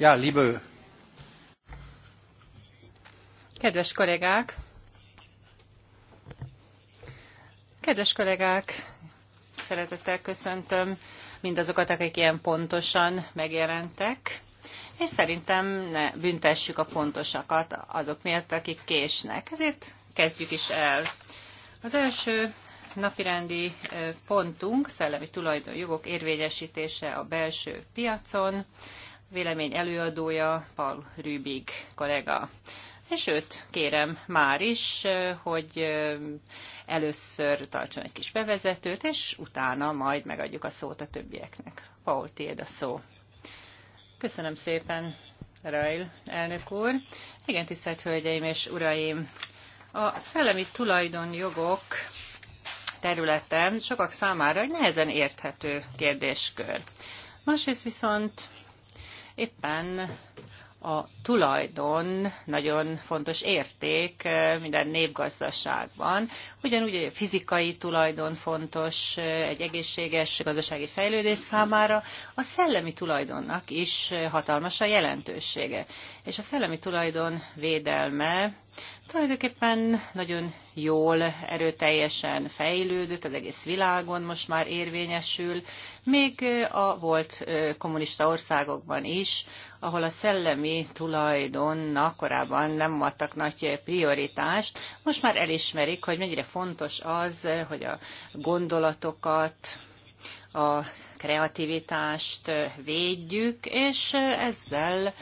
Ja, liebe. Kedves kollégák! Kedves kollégák! Szeretettel köszöntöm mindazokat, akik ilyen pontosan megjelentek, és szerintem ne büntessük a pontosakat azok miatt, akik késnek. Ezért kezdjük is el. Az első napirendi pontunk szellemi tulajdonjogok érvényesítése a belső piacon vélemény előadója Paul Rübig kollega. És őt kérem már is, hogy először tartson egy kis bevezetőt, és utána majd megadjuk a szót a többieknek. Paul, tiéd a szó. Köszönöm szépen, Rail elnök úr. Igen, tisztelt Hölgyeim és Uraim! A szellemi tulajdonjogok területen sokak számára egy nehezen érthető kérdéskör. Másrészt viszont Éppen a tulajdon nagyon fontos érték eh, minden népgazdaságban. Ugyanúgy a fizikai tulajdon fontos eh, egy egészséges gazdasági fejlődés számára, a szellemi tulajdonnak is eh, hatalmas a jelentősége. És a szellemi tulajdon védelme tulajdonképpen nagyon jól, erőteljesen fejlődött, az egész világon most már érvényesül, még a volt kommunista országokban is, ahol a szellemi tulajdonnak korábban nem adtak nagy prioritást, most már elismerik, hogy mennyire fontos az, hogy a gondolatokat, a kreativitást védjük, és ezzel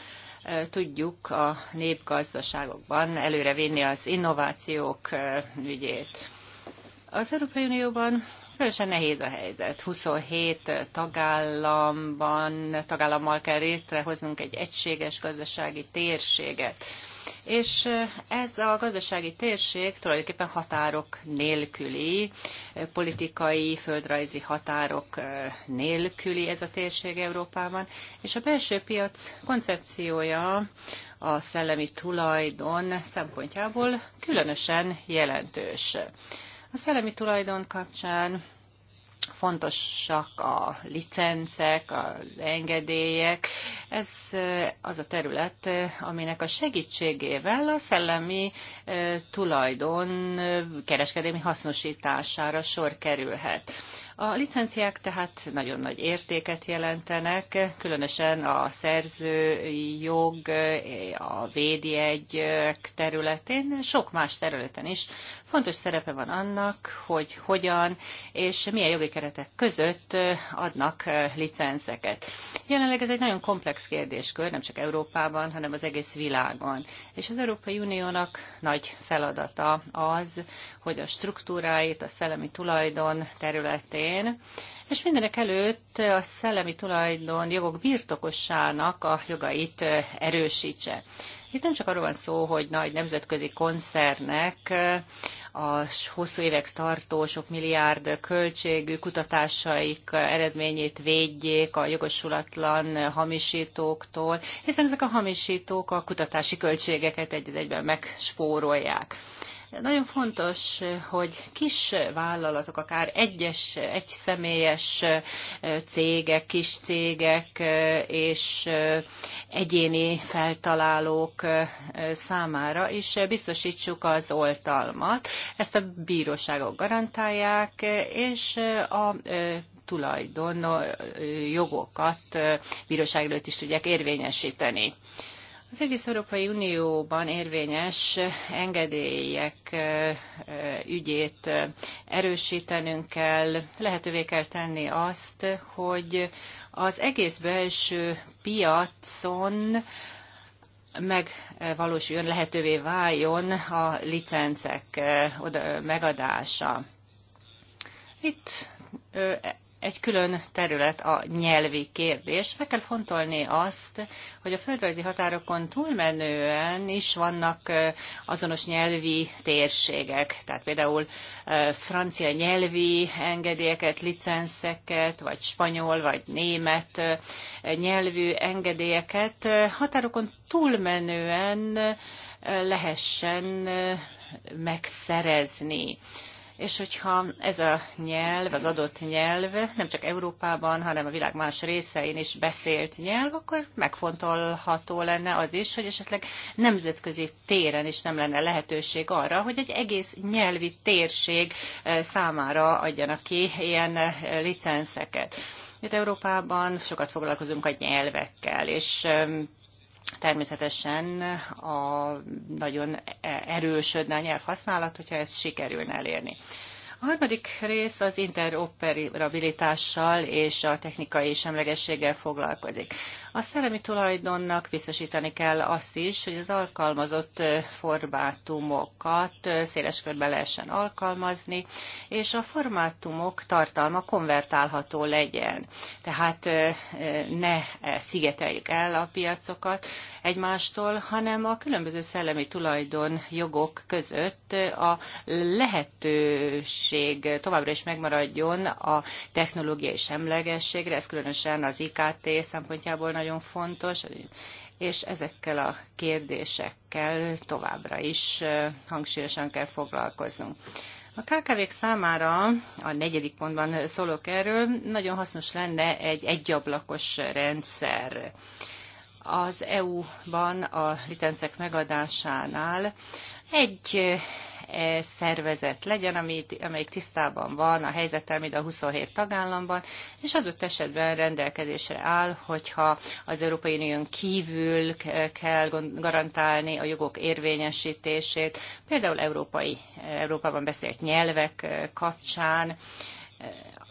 tudjuk a népgazdaságokban előrevinni az innovációk ügyét. Az Európai Unióban különösen nehéz a helyzet. 27 tagállamban, tagállammal kell létrehoznunk egy egységes gazdasági térséget és ez a gazdasági térség tulajdonképpen határok nélküli, politikai, földrajzi határok nélküli ez a térség Európában, és a belső piac koncepciója a szellemi tulajdon szempontjából különösen jelentős. A szellemi tulajdon kapcsán fontosak a licencek, az engedélyek. Ez az a terület, aminek a segítségével a szellemi tulajdon kereskedelmi hasznosítására sor kerülhet. A licenciák tehát nagyon nagy értéket jelentenek, különösen a szerzői jog, a védjegyek területén, sok más területen is Fontos szerepe van annak, hogy hogyan és milyen jogi keretek között adnak licenszeket. Jelenleg ez egy nagyon komplex kérdéskör, nem csak Európában, hanem az egész világon. És az Európai Uniónak nagy feladata az, hogy a struktúráit, a szellemi tulajdon területén és mindenek előtt a szellemi tulajdon jogok birtokossának a jogait erősítse. Itt nem csak arról van szó, hogy nagy nemzetközi koncernek a hosszú évek tartó sok milliárd költségű kutatásaik eredményét védjék a jogosulatlan hamisítóktól, hiszen ezek a hamisítók a kutatási költségeket egy egyben megspórolják. Nagyon fontos, hogy kis vállalatok, akár egyes, egy személyes cégek, kis cégek és egyéni feltalálók számára is biztosítsuk az oltalmat. Ezt a bíróságok garantálják, és a tulajdon jogokat bíróság előtt is tudják érvényesíteni. Az egész Európai Unióban érvényes engedélyek ügyét erősítenünk kell, lehetővé kell tenni azt, hogy az egész belső piacon megvalósuljon, lehetővé váljon a licencek megadása. Itt egy külön terület a nyelvi kérdés. Meg kell fontolni azt, hogy a földrajzi határokon túlmenően is vannak azonos nyelvi térségek, tehát például francia nyelvi engedélyeket, licenszeket, vagy spanyol, vagy német nyelvű engedélyeket határokon túlmenően lehessen megszerezni és hogyha ez a nyelv, az adott nyelv nem csak Európában, hanem a világ más részein is beszélt nyelv, akkor megfontolható lenne az is, hogy esetleg nemzetközi téren is nem lenne lehetőség arra, hogy egy egész nyelvi térség eh, számára adjanak ki ilyen eh, licenszeket. Itt Európában sokat foglalkozunk a nyelvekkel, és természetesen a nagyon erősödne a nyelvhasználat, hogyha ezt sikerülne elérni. A harmadik rész az interoperabilitással és a technikai semlegességgel foglalkozik. A szellemi tulajdonnak biztosítani kell azt is, hogy az alkalmazott formátumokat széles körben lehessen alkalmazni, és a formátumok tartalma konvertálható legyen. Tehát ne szigeteljük el a piacokat egymástól, hanem a különböző szellemi tulajdon jogok között a lehetőség továbbra is megmaradjon a technológiai semlegességre, ez különösen az IKT szempontjából nagyon fontos, és ezekkel a kérdésekkel továbbra is hangsúlyosan kell foglalkoznunk. A KKV-k számára a negyedik pontban szólok erről, nagyon hasznos lenne egy egyablakos rendszer. Az EU-ban a licencek megadásánál egy E, szervezet legyen, amelyik tisztában van a helyzettel, mint a 27 tagállamban, és adott esetben rendelkezésre áll, hogyha az Európai Unión kívül kell garantálni a jogok érvényesítését, például európai, Európában beszélt nyelvek e, kapcsán, e,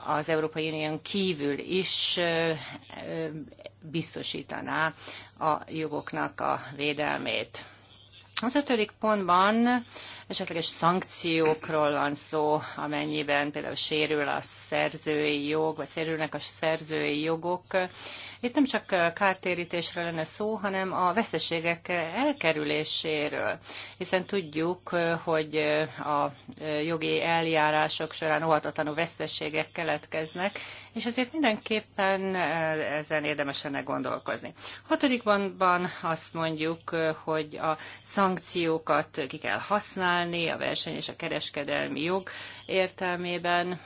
az Európai Unión kívül is biztosítaná a jogoknak a védelmét. Az ötödik pontban esetleges szankciókról van szó, amennyiben például sérül a szerzői jog, vagy sérülnek a szerzői jogok. Itt nem csak kártérítésről lenne szó, hanem a veszességek elkerüléséről, hiszen tudjuk, hogy a jogi eljárások során óhatatlanul veszességek keletkeznek, és ezért mindenképpen ezen érdemes lenne gondolkozni. Hatodikban azt mondjuk, hogy a szankciókat ki kell használni, a verseny és a kereskedelmi jog értelmében,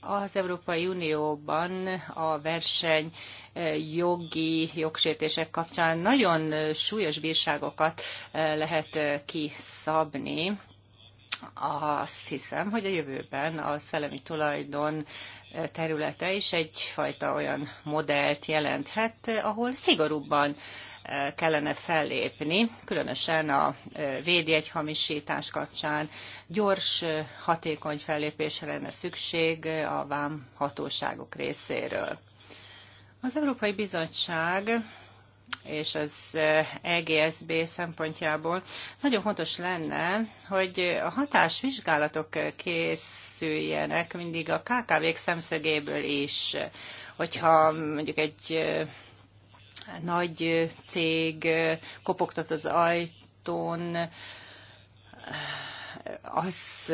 az Európai Unióban a verseny eh, jogi jogsértések kapcsán nagyon eh, súlyos bírságokat eh, lehet kiszabni. Azt hiszem, hogy a jövőben a szellemi tulajdon területe is egyfajta olyan modellt jelenthet, ahol szigorúbban kellene fellépni, különösen a védjegyhamisítás kapcsán. Gyors, hatékony fellépésre lenne szükség a vám hatóságok részéről. Az Európai Bizottság és az EGSB szempontjából nagyon fontos lenne, hogy a hatásvizsgálatok készüljenek mindig a KKV-k szemszögéből is. Hogyha mondjuk egy nagy cég kopogtat az ajtón, az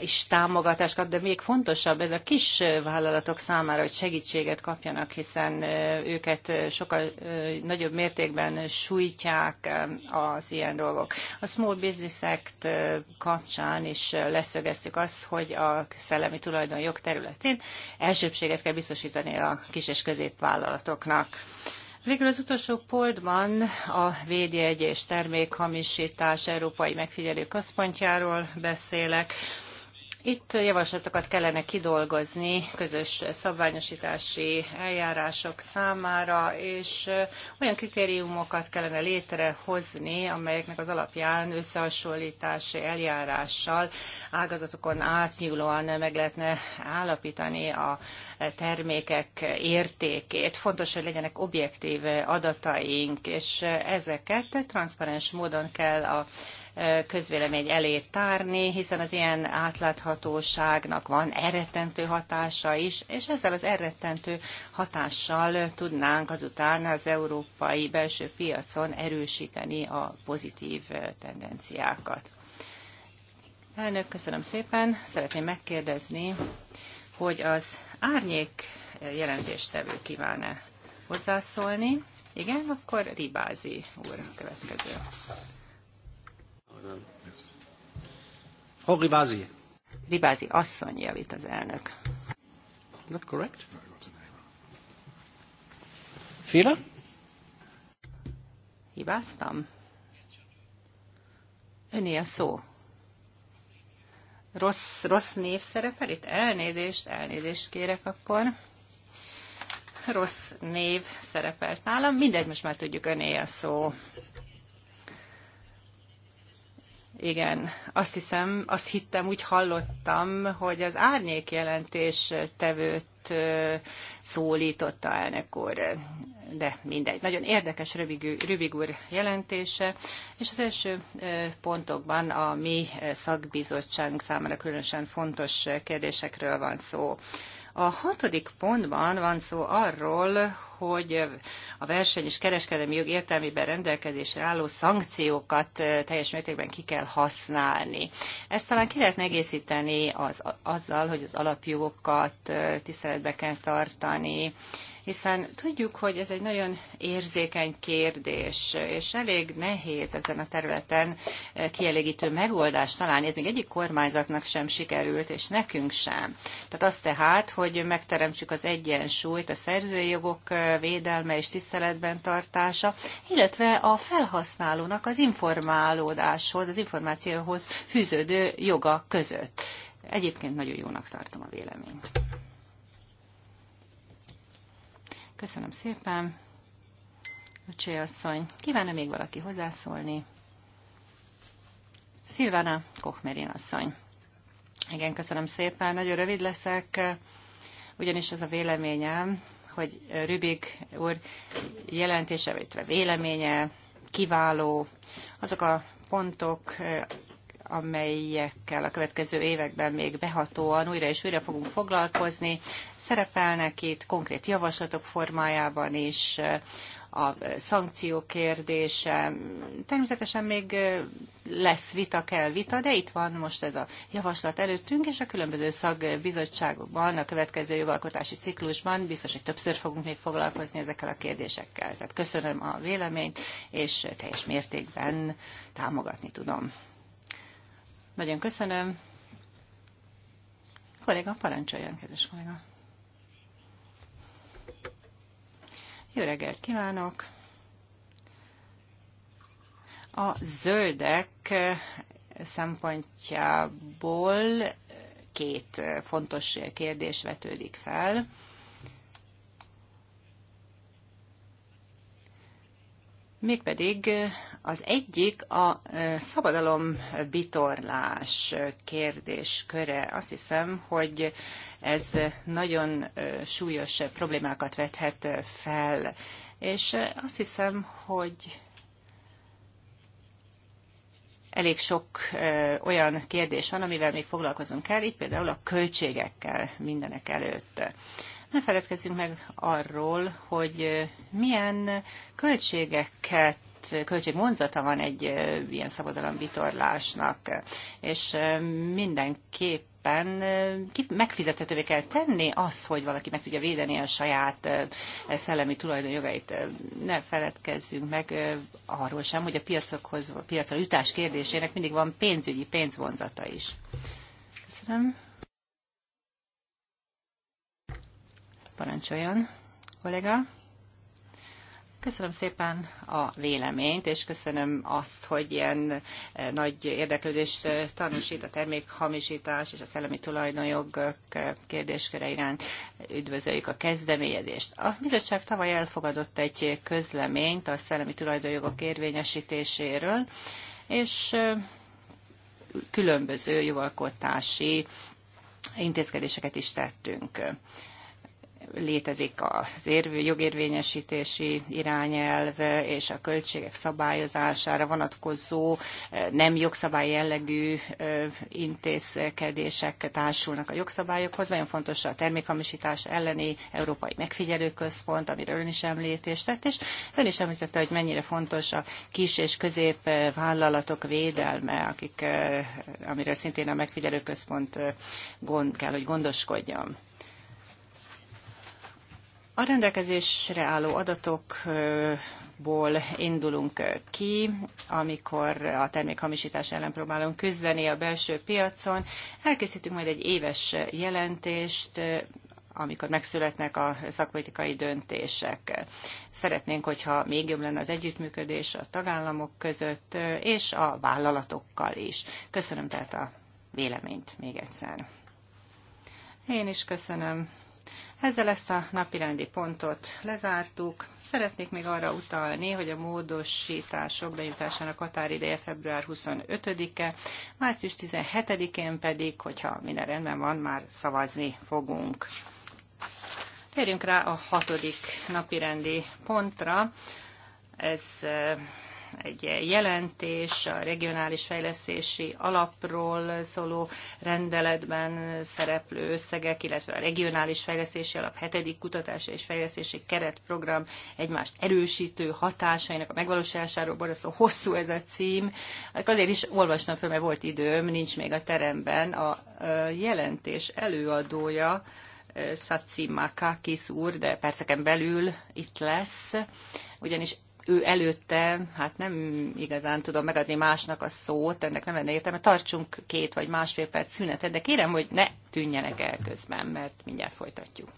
is támogatást kap, de még fontosabb ez a kis vállalatok számára, hogy segítséget kapjanak, hiszen őket sokkal nagyobb mértékben sújtják az ilyen dolgok. A Small Business Act kapcsán is leszögeztük azt, hogy a szellemi tulajdonjog területén elsőbséget kell biztosítani a kis és középvállalatoknak. Végül az utolsó poldban a védjegy és termékhamisítás európai megfigyelő központjáról beszélek. Itt javaslatokat kellene kidolgozni közös szabványosítási eljárások számára, és olyan kritériumokat kellene létrehozni, amelyeknek az alapján összehasonlítási eljárással ágazatokon átnyúlóan meg lehetne állapítani a termékek értékét. Fontos, hogy legyenek objektív adataink, és ezeket transzparens módon kell a közvélemény elé tárni, hiszen az ilyen átláthatóságnak van elrettentő hatása is, és ezzel az elrettentő hatással tudnánk azután az európai belső piacon erősíteni a pozitív tendenciákat. Elnök, köszönöm szépen. Szeretném megkérdezni, hogy az árnyék jelentéstevő kíván-e hozzászólni. Igen, akkor Ribázi úr a következő. Frau Ribázi. Ribázi asszony javít az elnök. Not correct? Féle? Hibáztam? Öné a szó. Rossz, rossz név szerepel itt? Elnézést, elnézést kérek akkor. Rossz név szerepelt nálam. Mindegy, most már tudjuk, öné a szó. Igen, azt hiszem, azt hittem, úgy hallottam, hogy az árnyék jelentés tevőt szólította elnök úr. De mindegy. Nagyon érdekes Rübig, úr jelentése, és az első pontokban a mi szakbizottságunk számára különösen fontos kérdésekről van szó. A hatodik pontban van szó arról, hogy a verseny és kereskedelmi jog értelmében rendelkezésre álló szankciókat teljes mértékben ki kell használni. Ezt talán ki lehet egészíteni az, azzal, hogy az alapjogokat tiszteletbe kell tartani, hiszen tudjuk, hogy ez egy nagyon érzékeny kérdés, és elég nehéz ezen a területen eh, kielégítő megoldást találni. Ez még egyik kormányzatnak sem sikerült, és nekünk sem. Tehát az tehát, hogy megteremtsük az egyensúlyt, a szerzői jogok eh, védelme és tiszteletben tartása, illetve a felhasználónak az informálódáshoz, az információhoz fűződő joga között. Egyébként nagyon jónak tartom a véleményt. Köszönöm szépen. Öcsé asszony, kívánna még valaki hozzászólni? Szilvana Kochmerin asszony. Igen, köszönöm szépen. Nagyon rövid leszek, ugyanis az a véleményem, hogy Rübik úr jelentése, vagy véleménye kiváló. Azok a pontok, amelyekkel a következő években még behatóan újra és újra fogunk foglalkozni szerepelnek itt, konkrét javaslatok formájában is, a szankció kérdése. Természetesen még lesz vita, kell vita, de itt van most ez a javaslat előttünk, és a különböző szakbizottságokban, a következő jogalkotási ciklusban biztos, hogy többször fogunk még foglalkozni ezekkel a kérdésekkel. Tehát köszönöm a véleményt, és teljes mértékben támogatni tudom. Nagyon köszönöm. Kolléga, parancsoljon, kedves kolléga. Jó reggelt kívánok! A zöldek szempontjából két fontos kérdés vetődik fel. Mégpedig az egyik a szabadalom bitorlás kérdésköre. Azt hiszem, hogy ez nagyon súlyos problémákat vethet fel. És azt hiszem, hogy elég sok olyan kérdés van, amivel még foglalkozunk kell, itt például a költségekkel mindenek előtt. Ne feledkezzünk meg arról, hogy milyen költségeket költségvonzata van egy ilyen szabadalomvitorlásnak, és mindenképp tulajdonképpen megfizethetővé kell tenni azt, hogy valaki meg tudja védeni a saját szellemi tulajdonjogait. Ne feledkezzünk meg arról sem, hogy a piacokhoz, a piacra jutás kérdésének mindig van pénzügyi pénzvonzata is. Köszönöm. Parancsoljon, kollega. Köszönöm szépen a véleményt, és köszönöm azt, hogy ilyen eh, nagy érdeklődést eh, tanúsít a termékhamisítás és a szellemi tulajdonjogok eh, kérdésköre iránt. Üdvözöljük a kezdeményezést. A bizottság tavaly elfogadott egy közleményt a szellemi tulajdonjogok érvényesítéséről, és különböző jogalkotási intézkedéseket is tettünk létezik az érvő, jogérvényesítési irányelv és a költségek szabályozására vonatkozó eh, nem jogszabály jellegű eh, intézkedések társulnak a jogszabályokhoz. Nagyon fontos a termékhamisítás elleni Európai Megfigyelőközpont, amiről ön is említést tett, és ön is említette, hogy mennyire fontos a kis és közép eh, vállalatok védelme, akik, amiről szintén a megfigyelőközpont gond, kell, hogy gondoskodjon. A rendelkezésre álló adatokból indulunk ki, amikor a termékhamisítás ellen próbálunk küzdeni a belső piacon. Elkészítünk majd egy éves jelentést, amikor megszületnek a szakpolitikai döntések. Szeretnénk, hogyha még jobb lenne az együttműködés a tagállamok között és a vállalatokkal is. Köszönöm tehát a véleményt még egyszer. Én is köszönöm. Ezzel ezt a napirendi pontot lezártuk. Szeretnék még arra utalni, hogy a módosítások bejutásának határideje február 25-e, március 17-én pedig, hogyha minden rendben van, már szavazni fogunk. Térjünk rá a hatodik napirendi pontra. Ez egy jelentés a regionális fejlesztési alapról szóló rendeletben szereplő összegek, illetve a regionális fejlesztési alap hetedik kutatási és fejlesztési keretprogram egymást erősítő hatásainak a megvalósításáról borzasztó hosszú ez a cím. Hát azért is olvastam fel, mert volt időm, nincs még a teremben a jelentés előadója, Saci Makakis úr, de perceken belül itt lesz, ugyanis ő előtte, hát nem igazán tudom megadni másnak a szót, ennek nem lenne értelme, tartsunk két vagy másfél perc szünetet, de kérem, hogy ne tűnjenek el közben, mert mindjárt folytatjuk.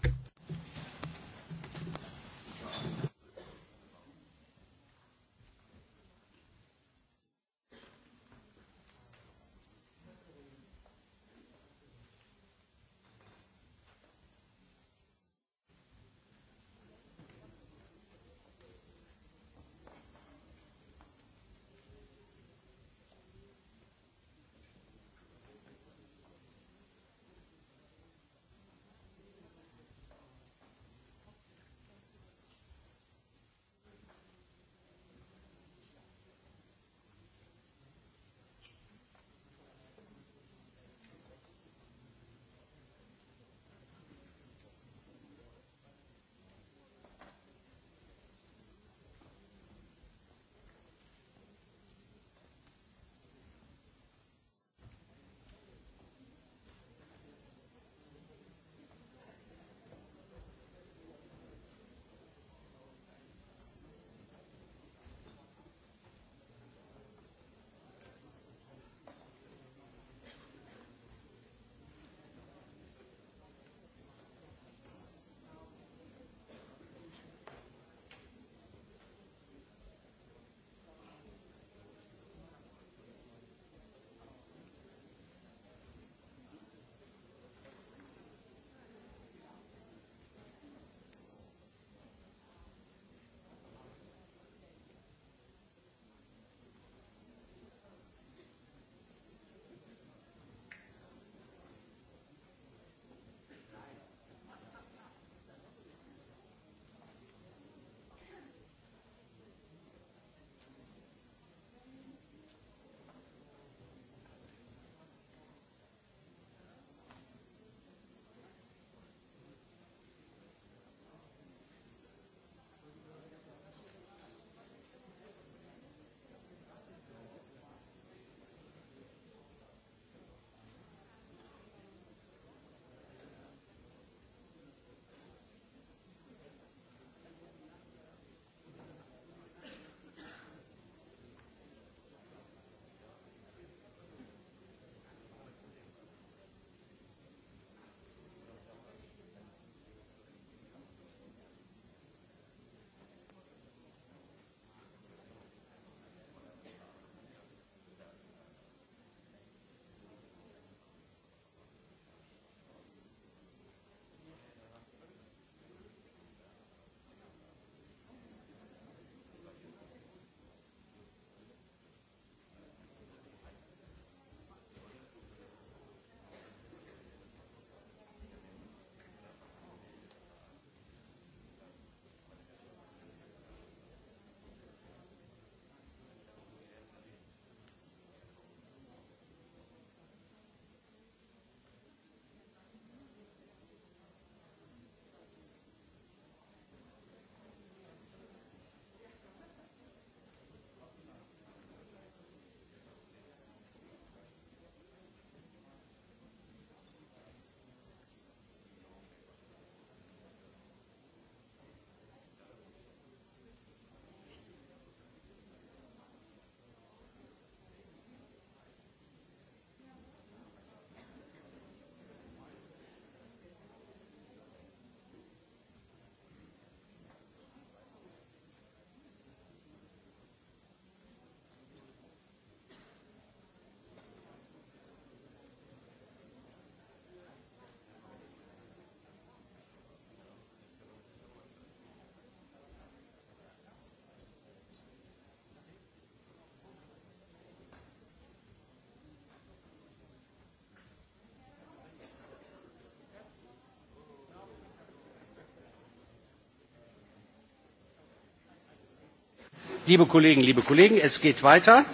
Liebe Kollegen, liebe Kollegen, es geht weiter.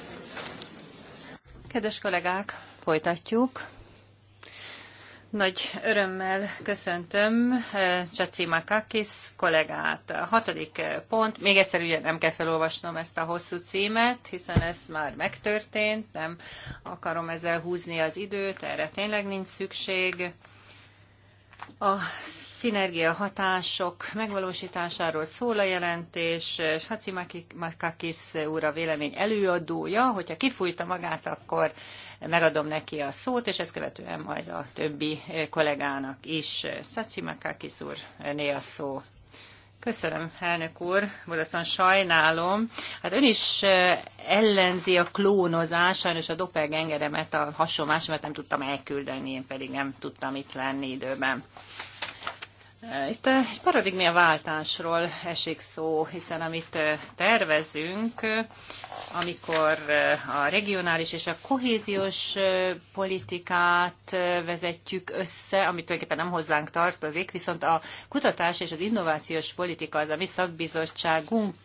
Kedves kollégák, folytatjuk. Nagy örömmel köszöntöm eh, Csaci Makakis kollégát. A hatodik eh, pont, még egyszer ugye nem kell felolvasnom ezt a hosszú címet, hiszen ez már megtörtént, nem akarom ezzel húzni az időt, erre tényleg nincs szükség. A szinergia hatások megvalósításáról szól a jelentés, és Makakis úr a vélemény előadója, hogyha kifújta magát, akkor megadom neki a szót, és ezt követően majd a többi kollégának is. Makakis úr, né szó. Köszönöm, elnök úr, borzasztóan sajnálom. Hát ön is ellenzi a klónozás, sajnos a doppelgengeremet, a mert nem tudtam elküldeni, én pedig nem tudtam itt lenni időben. Itt eh, egy paradigmia váltásról esik szó, hiszen amit eh, tervezünk, amikor eh, a regionális és a kohéziós politikát vezetjük össze, amit tulajdonképpen nem hozzánk tartozik, viszont a kutatás és az innovációs politika az a mi szakbizottságunk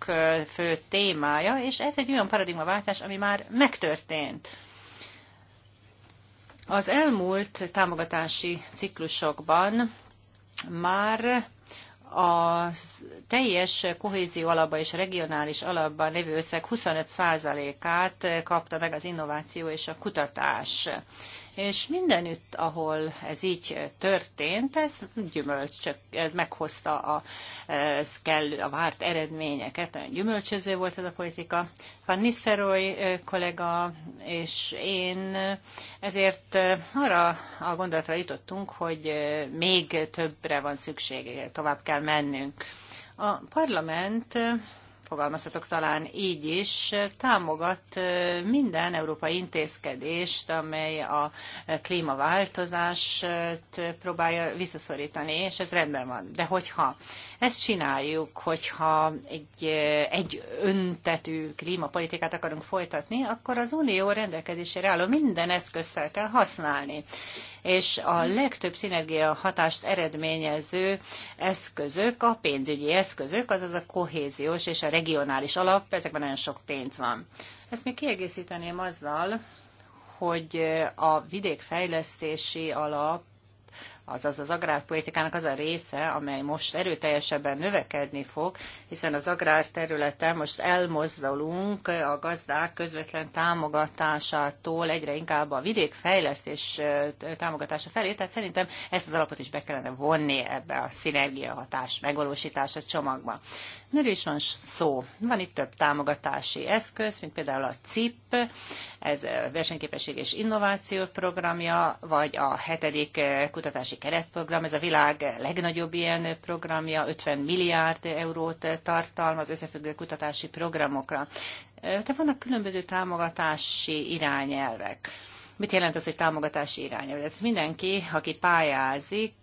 fő témája, és ez egy olyan paradigmaváltás, ami már megtörtént. Az elmúlt támogatási ciklusokban már a teljes kohézió alapban és regionális alapban lévő összeg 25%-át kapta meg az innováció és a kutatás és mindenütt, ahol ez így történt, ez gyümölcs, ez meghozta a, ez kell, a várt eredményeket, nagyon gyümölcsöző volt ez a politika. Van Niszeroy kollega és én ezért arra a gondolatra jutottunk, hogy még többre van szükség, tovább kell mennünk. A parlament fogalmazhatok talán így is, támogat minden európai intézkedést, amely a klímaváltozást próbálja visszaszorítani, és ez rendben van. De hogyha ezt csináljuk, hogyha egy, egy öntetű klímapolitikát akarunk folytatni, akkor az Unió rendelkezésére álló minden fel kell használni és a legtöbb szinergia hatást eredményező eszközök, a pénzügyi eszközök, azaz a kohéziós és a regionális alap, ezekben nagyon sok pénz van. Ezt még kiegészíteném azzal, hogy a vidékfejlesztési alap azaz az agrárpolitikának az a része, amely most erőteljesebben növekedni fog, hiszen az agrárterületen most elmozdulunk a gazdák közvetlen támogatásától egyre inkább a vidékfejlesztés támogatása felé, tehát szerintem ezt az alapot is be kellene vonni ebbe a szinergiahatás megvalósítása csomagba. Miről is van szó? Van itt több támogatási eszköz, mint például a CIP, ez versenyképesség és innováció programja, vagy a hetedik kutatási Kutatási Keretprogram, ez a világ legnagyobb ilyen programja, 50 milliárd eurót tartalmaz összefüggő kutatási programokra. Tehát vannak különböző támogatási irányelvek. Mit jelent az, hogy támogatási irányelv? Ez mindenki, aki pályázik,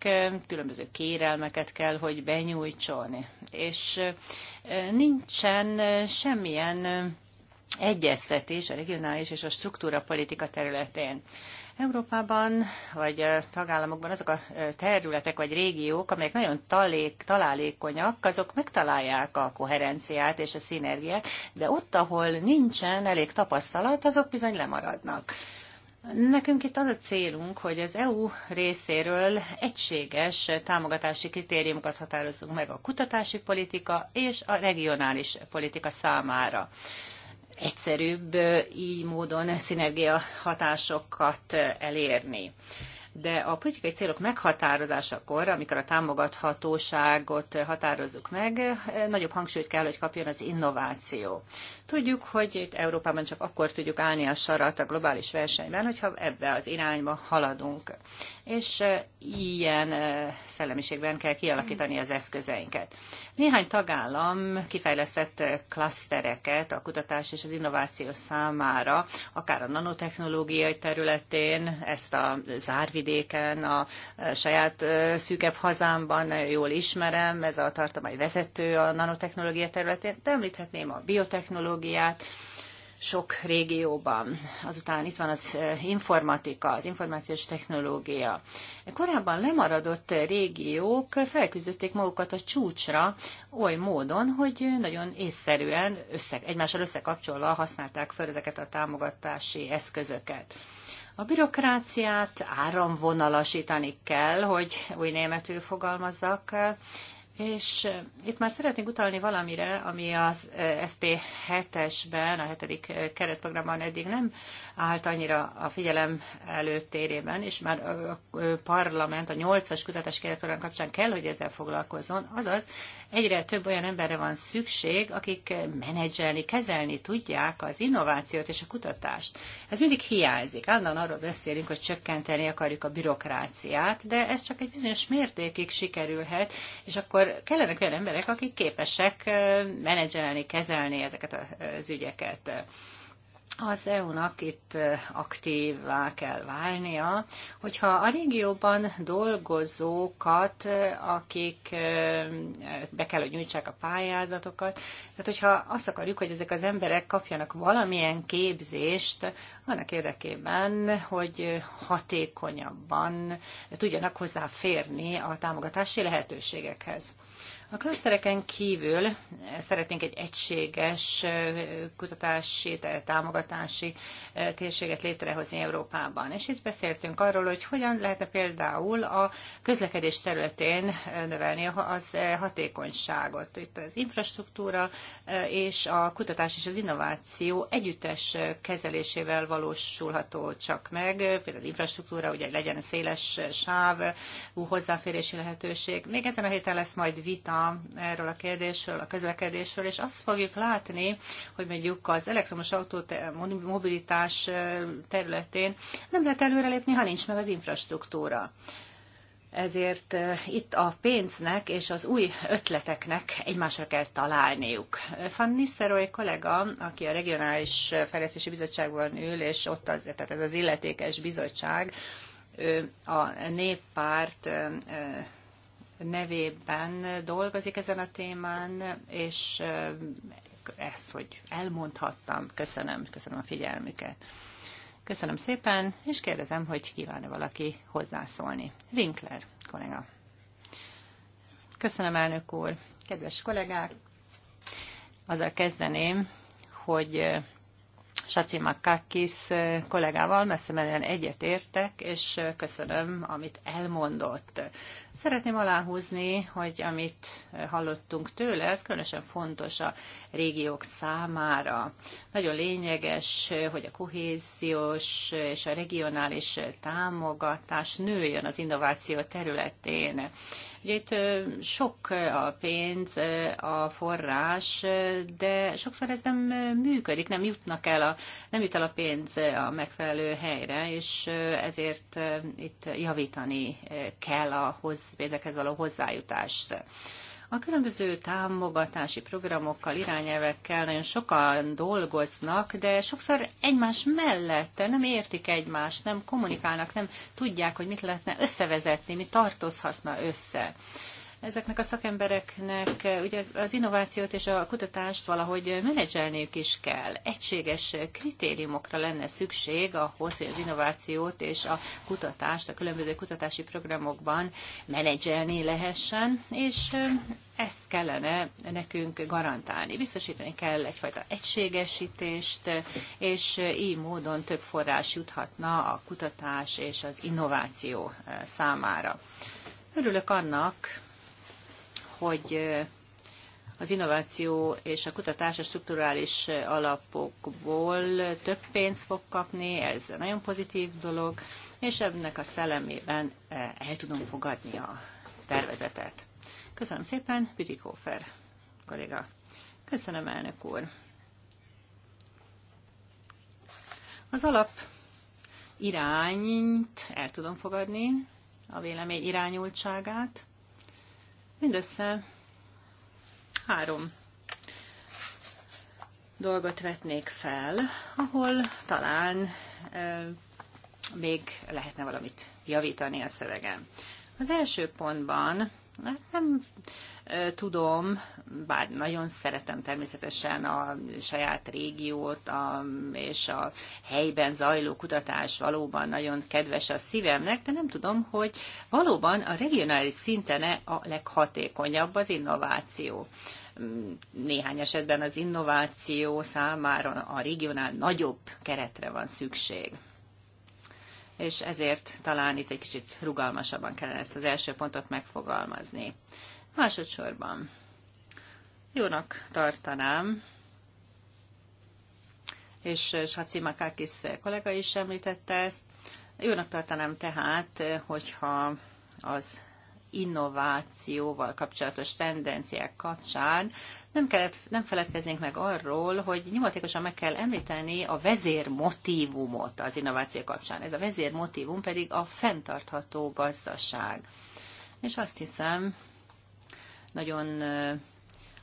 különböző kérelmeket kell, hogy benyújtson. És e, nincsen semmilyen egyeztetés a regionális és a struktúra politika területén. Európában vagy tagállamokban azok a területek vagy régiók, amelyek nagyon talék, találékonyak, azok megtalálják a koherenciát és a szinergiát, de ott, ahol nincsen elég tapasztalat, azok bizony lemaradnak. Nekünk itt az a célunk, hogy az EU részéről egységes támogatási kritériumokat határozzunk meg a kutatási politika és a regionális politika számára egyszerűbb így módon szinergia hatásokat elérni de a politikai célok meghatározásakor, amikor a támogathatóságot határozzuk meg, nagyobb hangsúlyt kell, hogy kapjon az innováció. Tudjuk, hogy itt Európában csak akkor tudjuk állni a sarat a globális versenyben, hogyha ebbe az irányba haladunk. És e, ilyen e, szellemiségben kell kialakítani az eszközeinket. Néhány tagállam kifejlesztett klasztereket a kutatás és az innováció számára, akár a nanotechnológiai területén, ezt a zárvi vidéken, a saját szűkebb hazámban jól ismerem, ez a tartomány vezető a nanotechnológia területén, de említhetném a biotechnológiát, sok régióban. Azután itt van az informatika, az információs technológia. Korábban lemaradott régiók felküzdötték magukat a csúcsra oly módon, hogy nagyon észszerűen össze, egymással összekapcsolva használták fel ezeket a támogatási eszközöket. A bürokráciát áramvonalasítani kell, hogy új németül fogalmazzak, és itt már szeretnék utalni valamire, ami az FP7-esben, a hetedik keretprogramban eddig nem állt annyira a figyelem előttérében, és már a parlament a nyolcas kutatás keretprogram kapcsán kell, hogy ezzel foglalkozzon, azaz egyre több olyan emberre van szükség, akik menedzselni, kezelni tudják az innovációt és a kutatást. Ez mindig hiányzik. Állandóan arról beszélünk, hogy csökkenteni akarjuk a bürokráciát, de ez csak egy bizonyos mértékig sikerülhet, és akkor kellenek olyan emberek, akik képesek menedzselni, kezelni ezeket az ügyeket az EU-nak itt aktívvá kell válnia, hogyha a régióban dolgozókat, akik be kell, hogy nyújtsák a pályázatokat, tehát hogyha azt akarjuk, hogy ezek az emberek kapjanak valamilyen képzést, annak érdekében, hogy hatékonyabban tudjanak hozzáférni a támogatási lehetőségekhez. A klasztereken kívül szeretnénk egy egységes kutatási, támogatási térséget létrehozni Európában. És itt beszéltünk arról, hogy hogyan lehetne például a közlekedés területén növelni az hatékonyságot. Itt az infrastruktúra és a kutatás és az innováció együttes kezelésével valósulható csak meg. Például az infrastruktúra, ugye legyen széles sáv, hozzáférési lehetőség. Még ezen a héten lesz majd vita erről a kérdésről, a közlekedésről, és azt fogjuk látni, hogy mondjuk az elektromos mobilitás területén nem lehet előrelépni, ha nincs meg az infrastruktúra. Ezért itt a pénznek és az új ötleteknek egymásra kell találniuk. Van Nisztelrooy kollega, aki a Regionális Fejlesztési Bizottságban ül, és ott az, tehát ez az illetékes bizottság, ő a néppárt nevében dolgozik ezen a témán, és ezt, hogy elmondhattam, köszönöm, köszönöm a figyelmüket. Köszönöm szépen, és kérdezem, hogy kíván-e valaki hozzászólni. Winkler kollega. Köszönöm, elnök úr. Kedves kollégák, azzal kezdeném, hogy Saci Makakis kollégával messze egyet egyetértek, és köszönöm, amit elmondott. Szeretném aláhúzni, hogy amit hallottunk tőle, ez különösen fontos a régiók számára. Nagyon lényeges, hogy a kohéziós és a regionális támogatás nőjön az innováció területén. Ugye itt sok a pénz, a forrás, de sokszor ez nem működik, nem jutnak el a, nem jut el a pénz a megfelelő helyre, és ezért itt javítani kell a hozzá közpénzekhez való hozzájutást. A különböző támogatási programokkal, irányelvekkel nagyon sokan dolgoznak, de sokszor egymás mellette nem értik egymást, nem kommunikálnak, nem tudják, hogy mit lehetne összevezetni, mi tartozhatna össze ezeknek a szakembereknek eh, ugye az innovációt és a kutatást valahogy menedzselniük is kell. Egységes kritériumokra lenne szükség ahhoz, hogy az innovációt és a kutatást a különböző kutatási programokban menedzselni lehessen, és eh, ezt kellene nekünk garantálni. Biztosítani kell egyfajta egységesítést, és eh, így módon több forrás juthatna a kutatás és az innováció számára. Örülök annak, hogy az innováció és a kutatás a strukturális alapokból több pénzt fog kapni, ez nagyon pozitív dolog, és ennek a szellemében el tudunk fogadni a tervezetet. Köszönöm szépen, Büdikófer kolléga. Köszönöm, elnök úr. Az alap irányt el tudom fogadni, a vélemény irányultságát, Mindössze három dolgot vetnék fel, ahol talán még lehetne valamit javítani a szövegen. Az első pontban hát nem tudom, bár nagyon szeretem természetesen a saját régiót a, és a helyben zajló kutatás valóban nagyon kedves a szívemnek, de nem tudom, hogy valóban a regionális szinten a leghatékonyabb az innováció néhány esetben az innováció számára a regionál nagyobb keretre van szükség. És ezért talán itt egy kicsit rugalmasabban kellene ezt az első pontot megfogalmazni. Másodszorban jónak tartanám, és Saci Makakis kollega is említette ezt, jónak tartanám tehát, hogyha az innovációval kapcsolatos tendenciák kapcsán nem, kellett, nem feledkeznénk meg arról, hogy nyomatékosan meg kell említeni a vezérmotívumot az innováció kapcsán. Ez a vezérmotívum pedig a fenntartható gazdaság. És azt hiszem, nagyon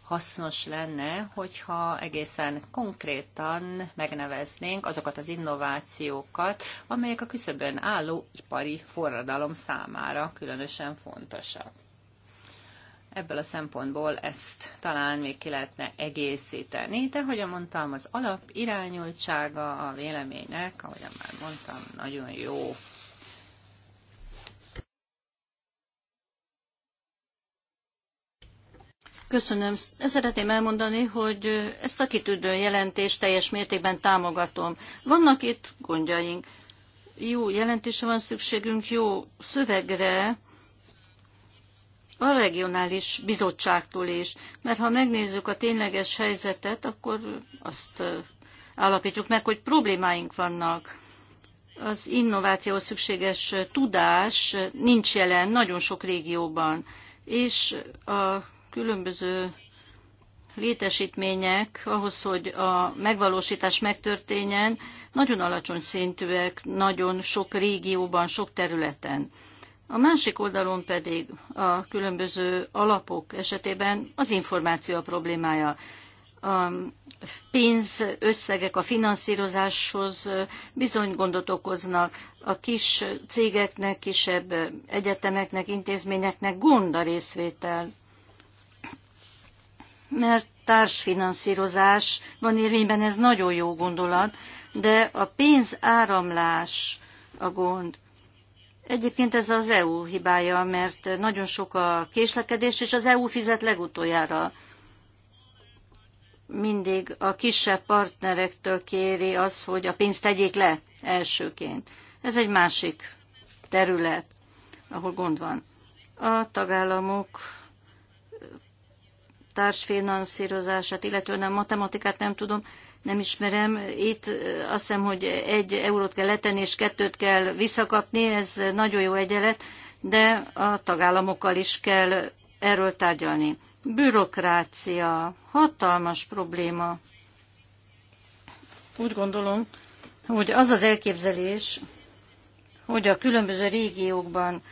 hasznos lenne, hogyha egészen konkrétan megneveznénk azokat az innovációkat, amelyek a küszöbön álló ipari forradalom számára különösen fontosak. Ebből a szempontból ezt talán még ki lehetne egészíteni, de hogy mondtam, az alap irányultsága a véleménynek, ahogyan már mondtam, nagyon jó. Köszönöm. Szeretném elmondani, hogy ezt a kitűdő jelentést teljes mértékben támogatom. Vannak itt gondjaink. Jó jelentése van szükségünk, jó szövegre, a regionális bizottságtól is. Mert ha megnézzük a tényleges helyzetet, akkor azt állapítjuk meg, hogy problémáink vannak. Az innovációhoz szükséges tudás nincs jelen nagyon sok régióban, és a különböző létesítmények ahhoz, hogy a megvalósítás megtörténjen, nagyon alacsony szintűek, nagyon sok régióban, sok területen. A másik oldalon pedig a különböző alapok esetében az információ a problémája. A pénzösszegek a finanszírozáshoz bizony gondot okoznak. A kis cégeknek, kisebb egyetemeknek, intézményeknek gond a részvétel mert társfinanszírozás van érvényben, ez nagyon jó gondolat, de a pénzáramlás a gond. Egyébként ez az EU hibája, mert nagyon sok a késlekedés, és az EU fizet legutoljára. Mindig a kisebb partnerektől kéri az, hogy a pénzt tegyék le elsőként. Ez egy másik terület, ahol gond van. A tagállamok társfinanszírozását, illetően a matematikát nem tudom, nem ismerem. Itt azt hiszem, hogy egy eurót kell letenni, és kettőt kell visszakapni, ez nagyon jó egyenlet, de a tagállamokkal is kell erről tárgyalni. Bürokrácia, hatalmas probléma. Úgy gondolom, hogy az az elképzelés, hogy a különböző régiókban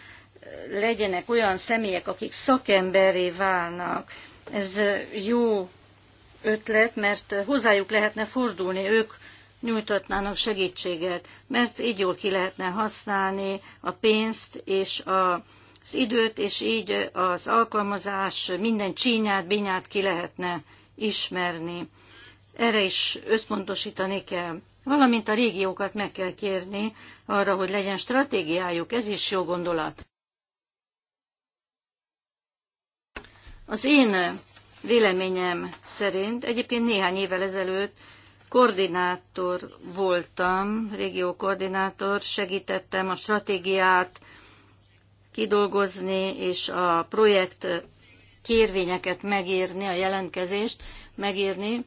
legyenek olyan személyek, akik szakemberré válnak, ez jó ötlet, mert hozzájuk lehetne fordulni, ők nyújtatnának segítséget, mert így jól ki lehetne használni a pénzt és a az időt, és így az alkalmazás minden csínyát, binyát ki lehetne ismerni. Erre is összpontosítani kell. Valamint a régiókat meg kell kérni arra, hogy legyen stratégiájuk, ez is jó gondolat. Az én véleményem szerint egyébként néhány évvel ezelőtt koordinátor voltam, régió koordinátor, segítettem a stratégiát kidolgozni és a projekt kérvényeket megírni, a jelentkezést megírni.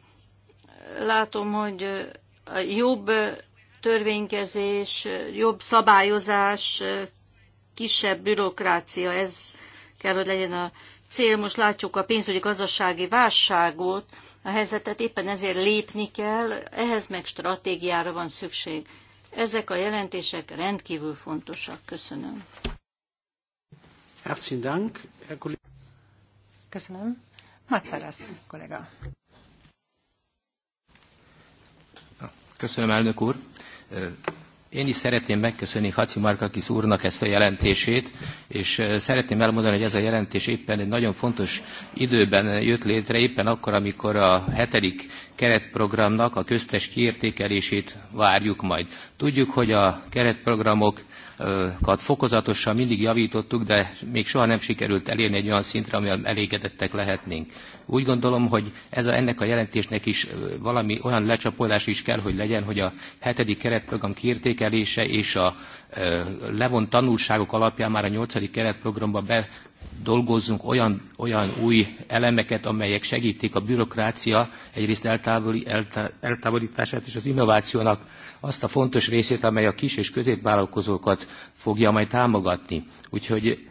Látom, hogy a jobb törvénykezés, jobb szabályozás, kisebb bürokrácia, ez kell, hogy legyen a cél, most látjuk a pénzügyi gazdasági válságot, a helyzetet, éppen ezért lépni kell, ehhez meg stratégiára van szükség. Ezek a jelentések rendkívül fontosak. Köszönöm. Herzlichen Dank, Herr Kollege. Köszönöm. Matszárasz, kollega. Köszönöm, elnök úr. Én is szeretném megköszönni Haci Markakis úrnak ezt a jelentését, és szeretném elmondani, hogy ez a jelentés éppen egy nagyon fontos időben jött létre, éppen akkor, amikor a hetedik keretprogramnak a köztes kiértékelését várjuk majd. Tudjuk, hogy a keretprogramok fokozatosan mindig javítottuk, de még soha nem sikerült elérni egy olyan szintre, amivel elégedettek lehetnénk. Úgy gondolom, hogy ez a, ennek a jelentésnek is valami olyan lecsapolás is kell, hogy legyen, hogy a hetedik keretprogram kiértékelése és a levont tanulságok alapján már a nyolcadik keretprogramba be dolgozzunk olyan, olyan új elemeket, amelyek segítik a bürokrácia egyrészt eltávoli, eltávolítását és az innovációnak azt a fontos részét, amely a kis és középvállalkozókat fogja majd támogatni. Úgyhogy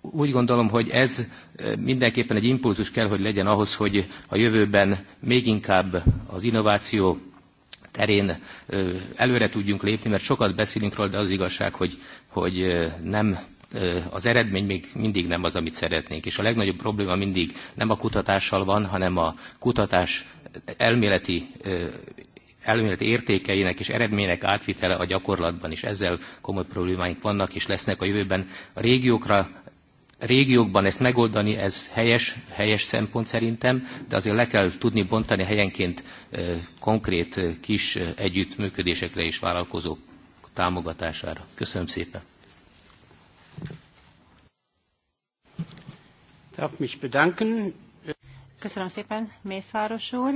úgy gondolom, hogy ez eh, mindenképpen egy impulzus kell, hogy legyen ahhoz, hogy a jövőben még inkább az innováció terén eh, előre tudjunk lépni, mert sokat beszélünk róla, de az igazság, hogy, hogy eh, nem az eredmény még mindig nem az, amit szeretnénk. És a legnagyobb probléma mindig nem a kutatással van, hanem a kutatás elméleti elmélet értékeinek és eredmények átvitele a gyakorlatban is. Ezzel komoly problémáink vannak és lesznek a jövőben. A régiókra régiókban ezt megoldani, ez helyes, helyes szempont szerintem, de azért le kell tudni bontani helyenként konkrét kis együttműködésekre és vállalkozók támogatására. Köszönöm szépen. Köszönöm szépen, Mészáros úr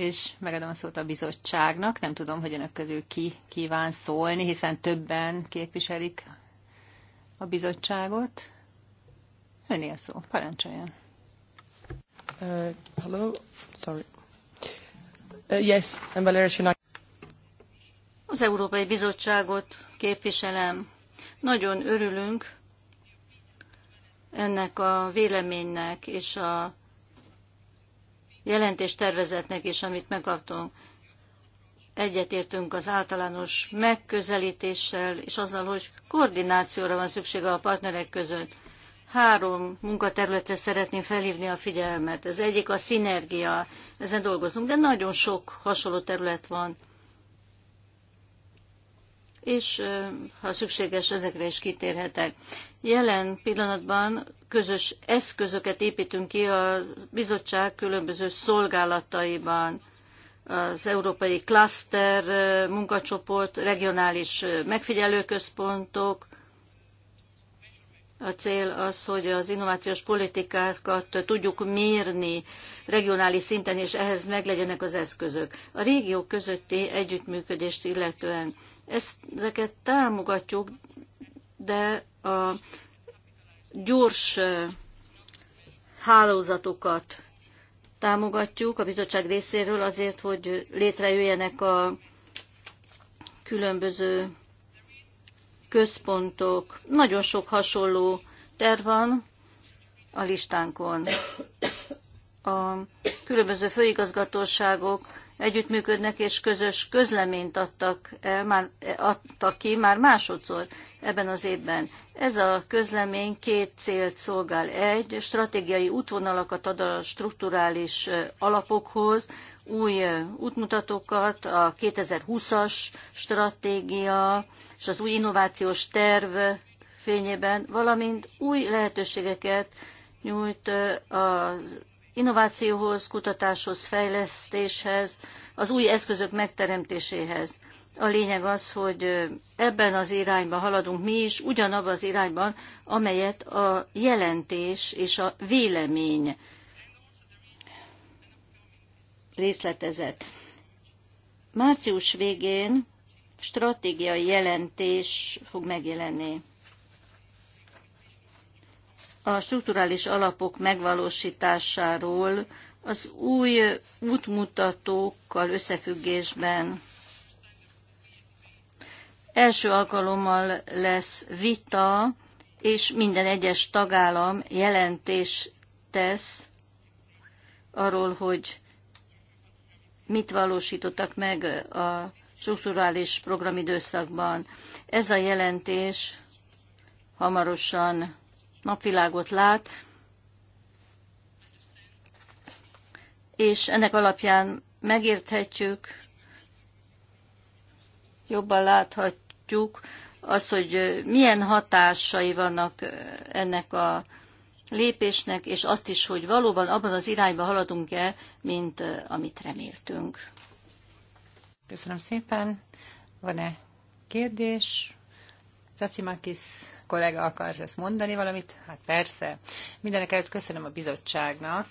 és megadom a szót a bizottságnak. Nem tudom, hogy önök közül ki kíván szólni, hiszen többen képviselik a bizottságot. Öné a szó, parancsoljon. Uh, hello, sorry. Uh, yes, I'm Valeria Sinai. Az Európai Bizottságot képviselem. Nagyon örülünk ennek a véleménynek és a jelentéstervezetnek is, amit megkaptunk. Egyetértünk az általános megközelítéssel és azzal, hogy koordinációra van szüksége a partnerek között. Három munkaterületre szeretném felhívni a figyelmet. Ez egyik a szinergia, ezen dolgozunk, de nagyon sok hasonló terület van. És ha szükséges, ezekre is kitérhetek. Jelen pillanatban közös eszközöket építünk ki a bizottság különböző szolgálataiban. Az Európai Cluster munkacsoport, regionális megfigyelőközpontok. A cél az, hogy az innovációs politikákat tudjuk mérni regionális szinten, és ehhez meglegyenek az eszközök. A régiók közötti együttműködést illetően ezeket támogatjuk, de a gyors hálózatokat támogatjuk a bizottság részéről azért, hogy létrejöjjenek a különböző központok. Nagyon sok hasonló terv van a listánkon. A különböző főigazgatóságok együttműködnek és közös közleményt adtak, el, már, adtak ki már másodszor ebben az évben. Ez a közlemény két célt szolgál. Egy, stratégiai útvonalakat ad a strukturális alapokhoz, új útmutatókat, a 2020-as stratégia és az új innovációs terv fényében, valamint új lehetőségeket nyújt az innovációhoz, kutatáshoz, fejlesztéshez, az új eszközök megteremtéséhez. A lényeg az, hogy ebben az irányba haladunk mi is, ugyanabban az irányban, amelyet a jelentés és a vélemény részletezett. Március végén stratégiai jelentés fog megjelenni a strukturális alapok megvalósításáról az új útmutatókkal összefüggésben. Első alkalommal lesz vita, és minden egyes tagállam jelentés tesz arról, hogy mit valósítottak meg a strukturális programidőszakban. Ez a jelentés hamarosan napvilágot lát, és ennek alapján megérthetjük, jobban láthatjuk az, hogy milyen hatásai vannak ennek a lépésnek, és azt is, hogy valóban abban az irányba haladunk-e, mint amit reméltünk. Köszönöm szépen. Van-e kérdés? Csacimakis kollega akar ezt mondani valamit? Hát persze. Mindenek előtt köszönöm a bizottságnak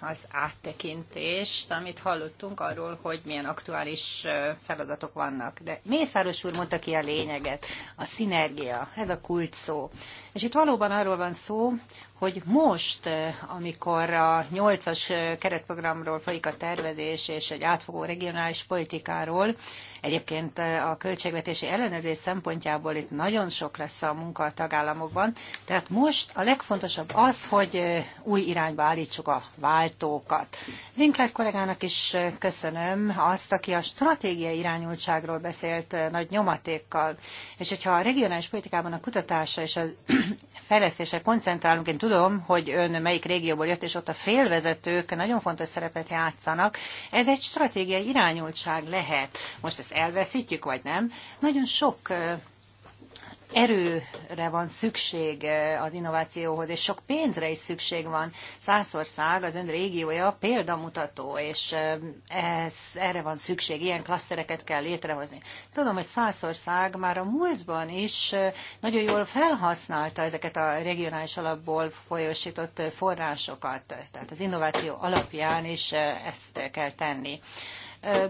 az áttekintést, amit hallottunk arról, hogy milyen aktuális feladatok vannak. De Mészáros úr mondta ki a lényeget, a szinergia, ez a kulcs. szó. És itt valóban arról van szó, hogy most, eh, amikor a nyolcas eh, keretprogramról folyik a tervezés és egy átfogó regionális politikáról, egyébként eh, a költségvetési ellenőrzés szempontjából itt nagyon sok lesz a munka a tagállamokban, tehát most a legfontosabb az, hogy új irányba állítsuk a váltókat. Winkler kollégának is köszönöm azt, aki a stratégiai irányultságról beszélt nagy nyomatékkal, és hogyha a regionális politikában a kutatása és az fejlesztésre koncentrálunk. Én tudom, hogy ön melyik régióból jött, és ott a félvezetők nagyon fontos szerepet játszanak. Ez egy stratégiai irányultság lehet. Most ezt elveszítjük, vagy nem? Nagyon sok erőre van szükség eh, az innovációhoz, és sok pénzre is szükség van. Szászország, az ön régiója példamutató, és eh, ez, erre van szükség, ilyen klasztereket kell létrehozni. Tudom, hogy Szászország már a múltban is eh, nagyon jól felhasználta ezeket a regionális alapból folyosított forrásokat, tehát az innováció alapján is ezt kell tenni.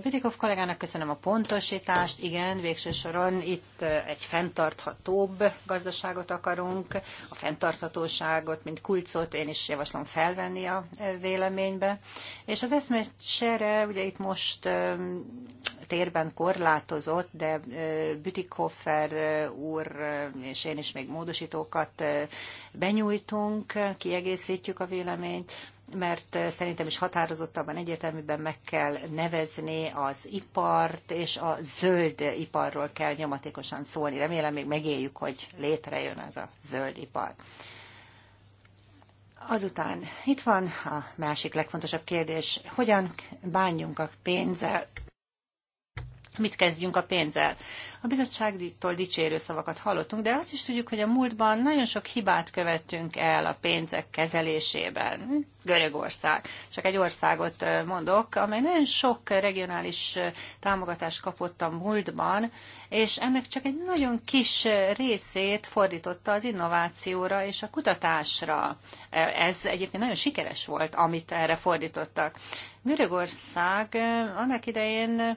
Bidikov kollégának köszönöm a pontosítást. Igen, végső soron itt egy fenntarthatóbb gazdaságot akarunk. A fenntarthatóságot, mint kulcsot én is javaslom felvenni a véleménybe. És az eszmecsere, ugye itt most térben korlátozott, de Bütikhofer úr és én is még módosítókat benyújtunk, kiegészítjük a véleményt, mert szerintem is határozottabban egyértelműben meg kell nevezni az ipart, és a zöld iparról kell nyomatékosan szólni. Remélem még megéljük, hogy létrejön ez a zöld ipar. Azután itt van a másik legfontosabb kérdés, hogyan bánjunk a pénzzel mit kezdjünk a pénzzel. A bizottságtól dicsérő szavakat hallottunk, de azt is tudjuk, hogy a múltban nagyon sok hibát követtünk el a pénzek kezelésében. Görögország. Csak egy országot mondok, amely nagyon sok regionális támogatást kapott a múltban, és ennek csak egy nagyon kis részét fordította az innovációra és a kutatásra. Ez egyébként nagyon sikeres volt, amit erre fordítottak. Görögország annak idején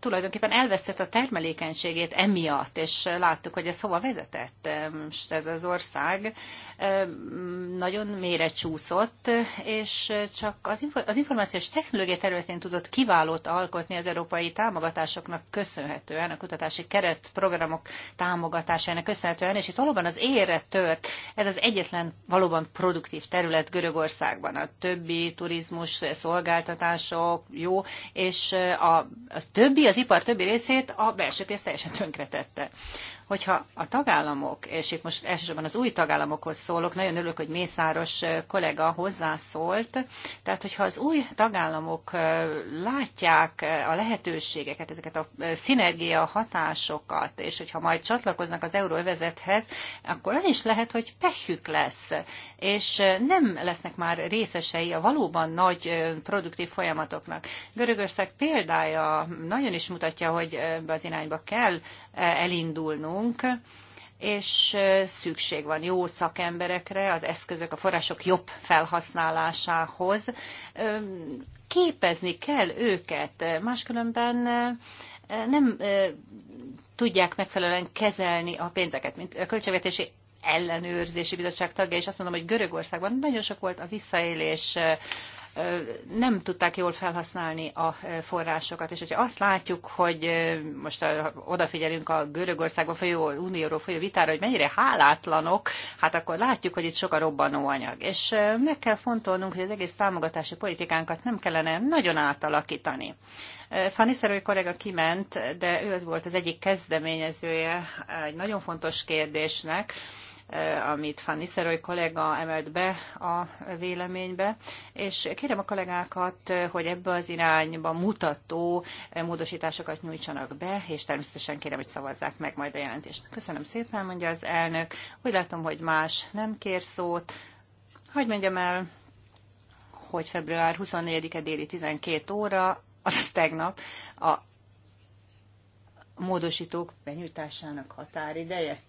tulajdonképpen elvesztett a termelékenységét emiatt, és láttuk, hogy ez hova vezetett. Most ez az ország nagyon mélyre csúszott, és csak az információs technológia területén tudott kiválót alkotni az európai támogatásoknak köszönhetően, a kutatási keretprogramok támogatásának köszönhetően, és itt valóban az érre tört. Ez az egyetlen valóban produktív terület Görögországban. A többi turizmus, szolgáltatások, jó, és a, a több többi, az ipar többi részét a belső pénz teljesen tönkretette. Hogyha a tagállamok, és itt most elsősorban az új tagállamokhoz szólok, nagyon örülök, hogy Mészáros kollega hozzászólt, tehát hogyha az új tagállamok látják a lehetőségeket, ezeket a szinergia hatásokat, és hogyha majd csatlakoznak az euróövezethez, akkor az is lehet, hogy pehük lesz, és nem lesznek már részesei a valóban nagy produktív folyamatoknak. Görögország példája nagyon is mutatja, hogy ebbe az irányba kell elindulnunk, és szükség van jó szakemberekre, az eszközök, a források jobb felhasználásához. Képezni kell őket, máskülönben nem tudják megfelelően kezelni a pénzeket, mint a költségvetési ellenőrzési bizottság tagja, és azt mondom, hogy Görögországban nagyon sok volt a visszaélés nem tudták jól felhasználni a forrásokat. És hogyha azt látjuk, hogy most odafigyelünk a Görögországban folyó, Unióról folyó vitára, hogy mennyire hálátlanok, hát akkor látjuk, hogy itt sok a robbanóanyag. És meg kell fontolnunk, hogy az egész támogatási politikánkat nem kellene nagyon átalakítani. Szerői kollega kiment, de ő az volt az egyik kezdeményezője egy nagyon fontos kérdésnek, Eh, amit Van Niszeroy kollega emelt be a véleménybe, és kérem a kollégákat, eh, hogy ebbe az irányba mutató eh, módosításokat nyújtsanak be, és természetesen kérem, hogy szavazzák meg majd a jelentést. Köszönöm szépen, mondja az elnök. Úgy látom, hogy más nem kér szót. Hogy mondjam el, hogy február 24-e déli 12 óra, az tegnap a módosítók benyújtásának határideje.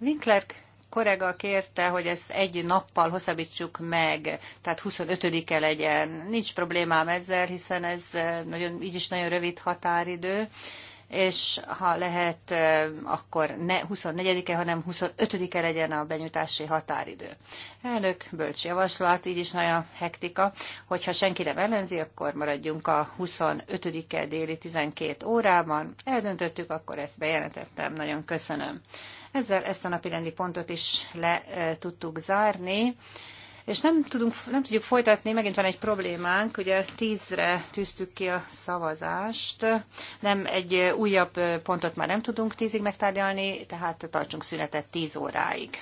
Winkler korega kérte, hogy ezt egy nappal hosszabbítsuk meg, tehát 25-e legyen. Nincs problémám ezzel, hiszen ez eh, nagyon, így is nagyon rövid határidő és ha lehet, akkor ne 24-e, hanem 25-e legyen a benyújtási határidő. Elnök, bölcs javaslat, így is nagy a hektika. Hogyha senki nem ellenzi, akkor maradjunk a 25-e déli 12 órában. Eldöntöttük, akkor ezt bejelentettem. Nagyon köszönöm. Ezzel ezt a napi rendi pontot is le tudtuk zárni. És nem, tudunk, nem tudjuk folytatni, megint van egy problémánk, ugye tízre tűztük ki a szavazást, nem egy újabb pontot már nem tudunk tízig megtárgyalni, tehát tartsunk szünetet tíz óráig.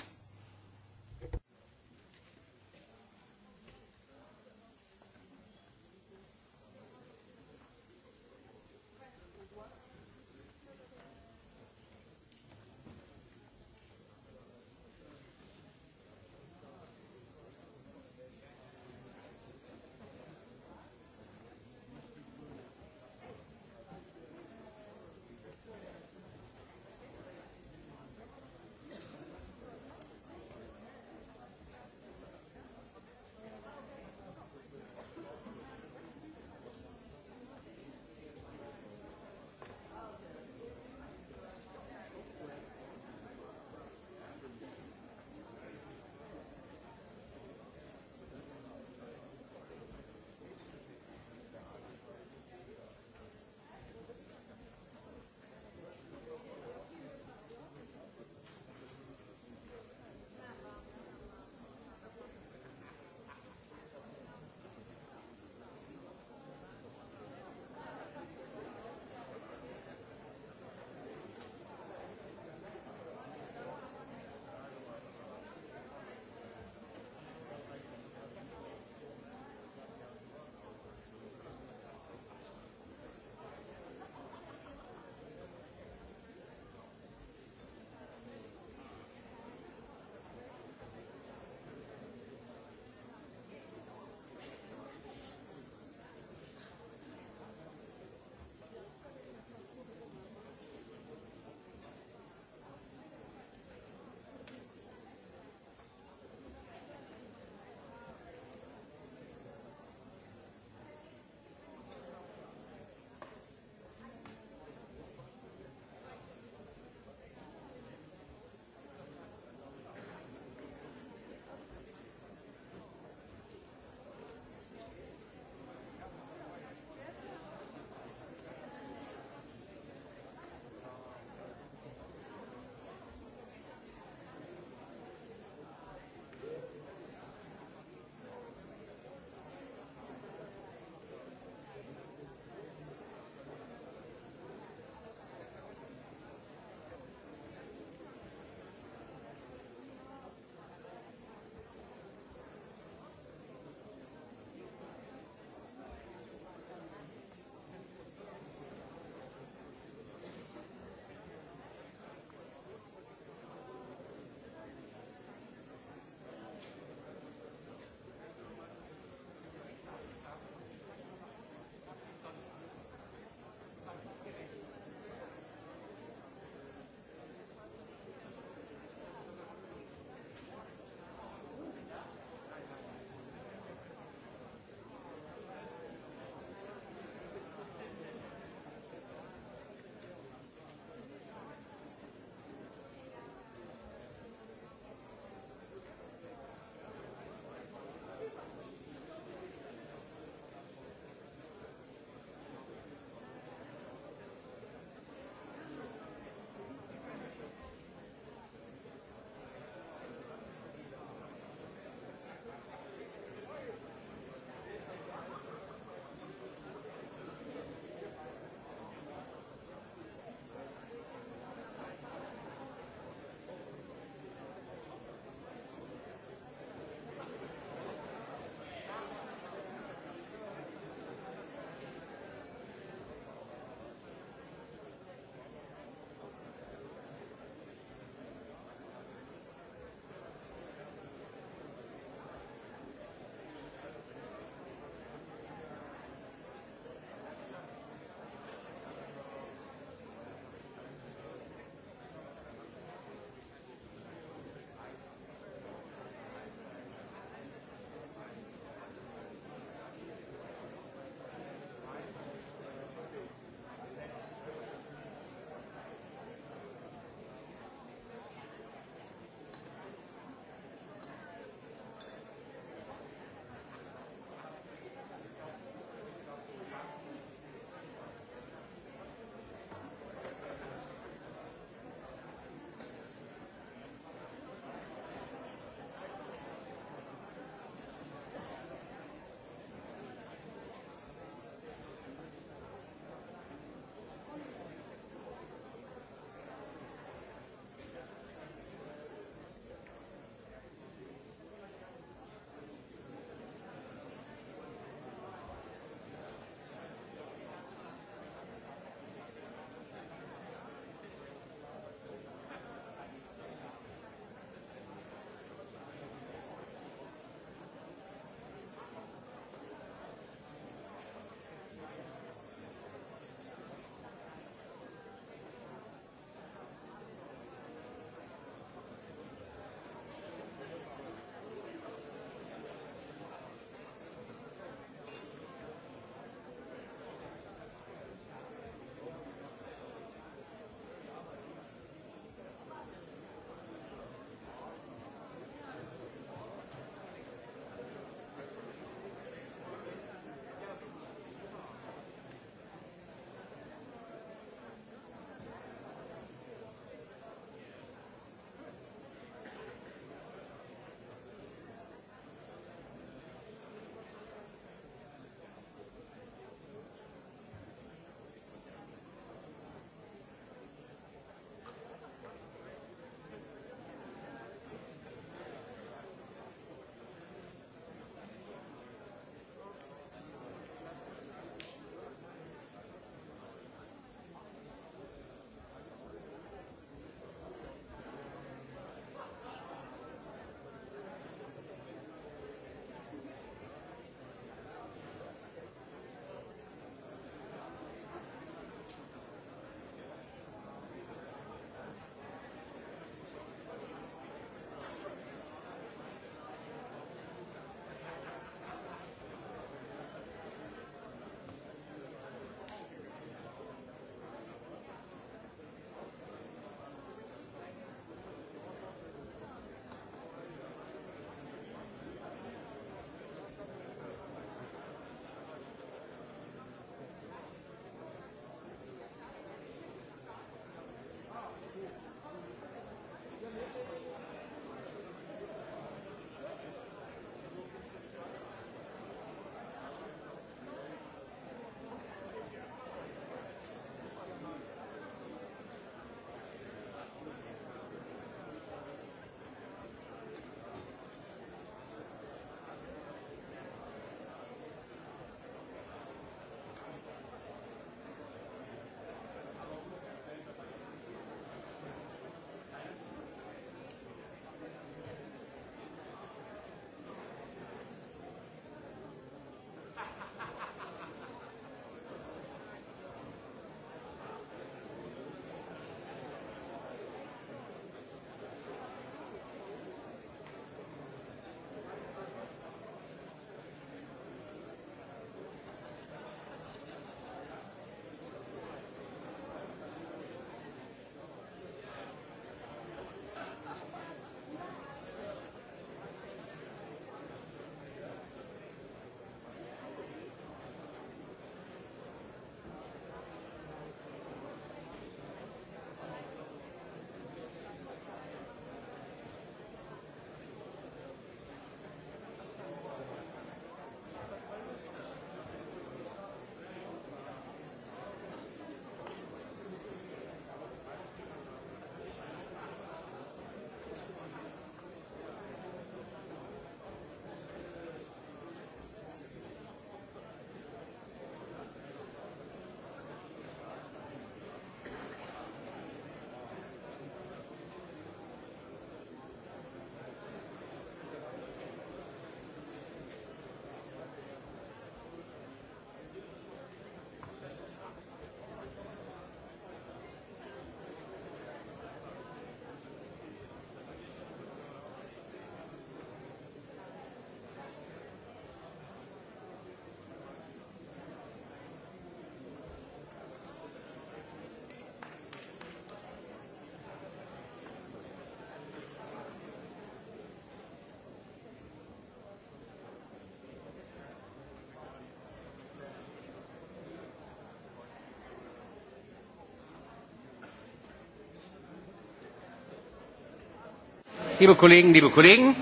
Liebe Kollegen, liebe Kollegen,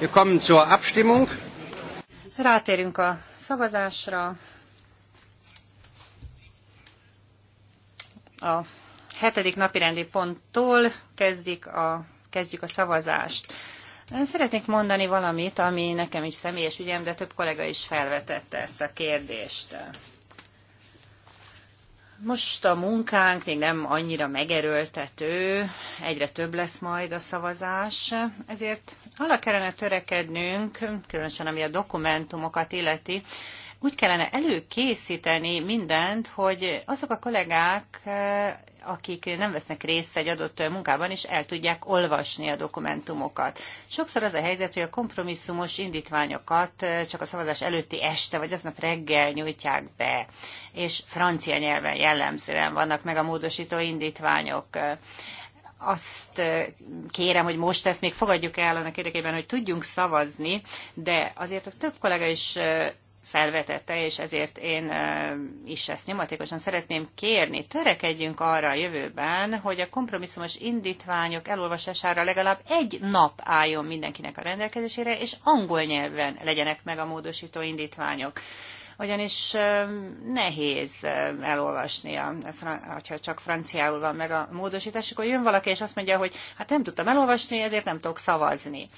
wir kommen zur Abstimmung. Rátérünk a szavazásra. A hetedik napirendi ponttól kezdik a, kezdjük a szavazást. Szeretnék mondani valamit, ami nekem is személyes ügyem, de több kollega is felvetette ezt a kérdést. Most a munkánk még nem annyira megerőltető, egyre több lesz majd a szavazás, ezért arra kellene törekednünk, különösen ami a dokumentumokat illeti, úgy kellene előkészíteni mindent, hogy azok a kollégák akik nem vesznek részt egy adott munkában, és el tudják olvasni a dokumentumokat. Sokszor az a helyzet, hogy a kompromisszumos indítványokat eh, csak a szavazás előtti este vagy aznap reggel nyújtják be, és francia nyelven jellemzően vannak meg a módosító indítványok azt eh, kérem, hogy most ezt még fogadjuk el annak érdekében, hogy tudjunk szavazni, de azért a több kollega is eh, felvetette, és ezért én is ezt nyomatékosan szeretném kérni. Törekedjünk arra a jövőben, hogy a kompromisszumos indítványok elolvasására legalább egy nap álljon mindenkinek a rendelkezésére, és angol nyelven legyenek meg a módosító indítványok ugyanis nehéz elolvasni, a, ha csak franciául van meg a módosítás, akkor jön valaki, és azt mondja, hogy hát nem tudtam elolvasni, ezért nem tudok szavazni.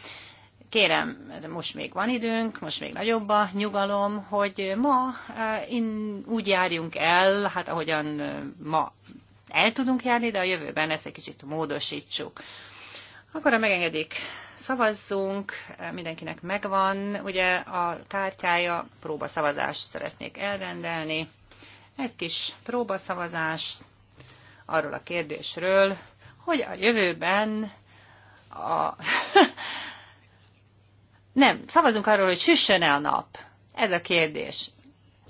Kérem, de most még van időnk, most még nagyobb a nyugalom, hogy ma e, in, úgy járjunk el, hát ahogyan e, ma el tudunk járni, de a jövőben ezt egy kicsit módosítsuk. Akkor, a megengedik, szavazzunk, e, mindenkinek megvan. Ugye a kártyája, próbaszavazást szeretnék elrendelni. Egy kis próbaszavazás arról a kérdésről, hogy a jövőben a Nem, szavazunk arról, hogy süssön-e a nap. Ez a kérdés.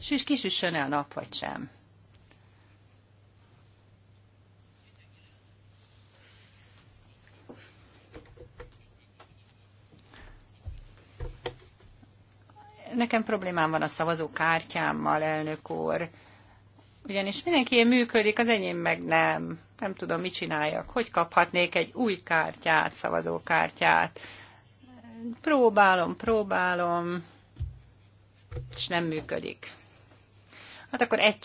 Süss, kisüssön-e a nap, vagy sem. Nekem problémám van a szavazókártyámmal, elnök úr. Ugyanis mindenki én működik, az enyém meg nem. Nem tudom, mit csináljak. Hogy kaphatnék egy új kártyát, szavazókártyát? próbálom, próbálom, és nem működik. Hát akkor egy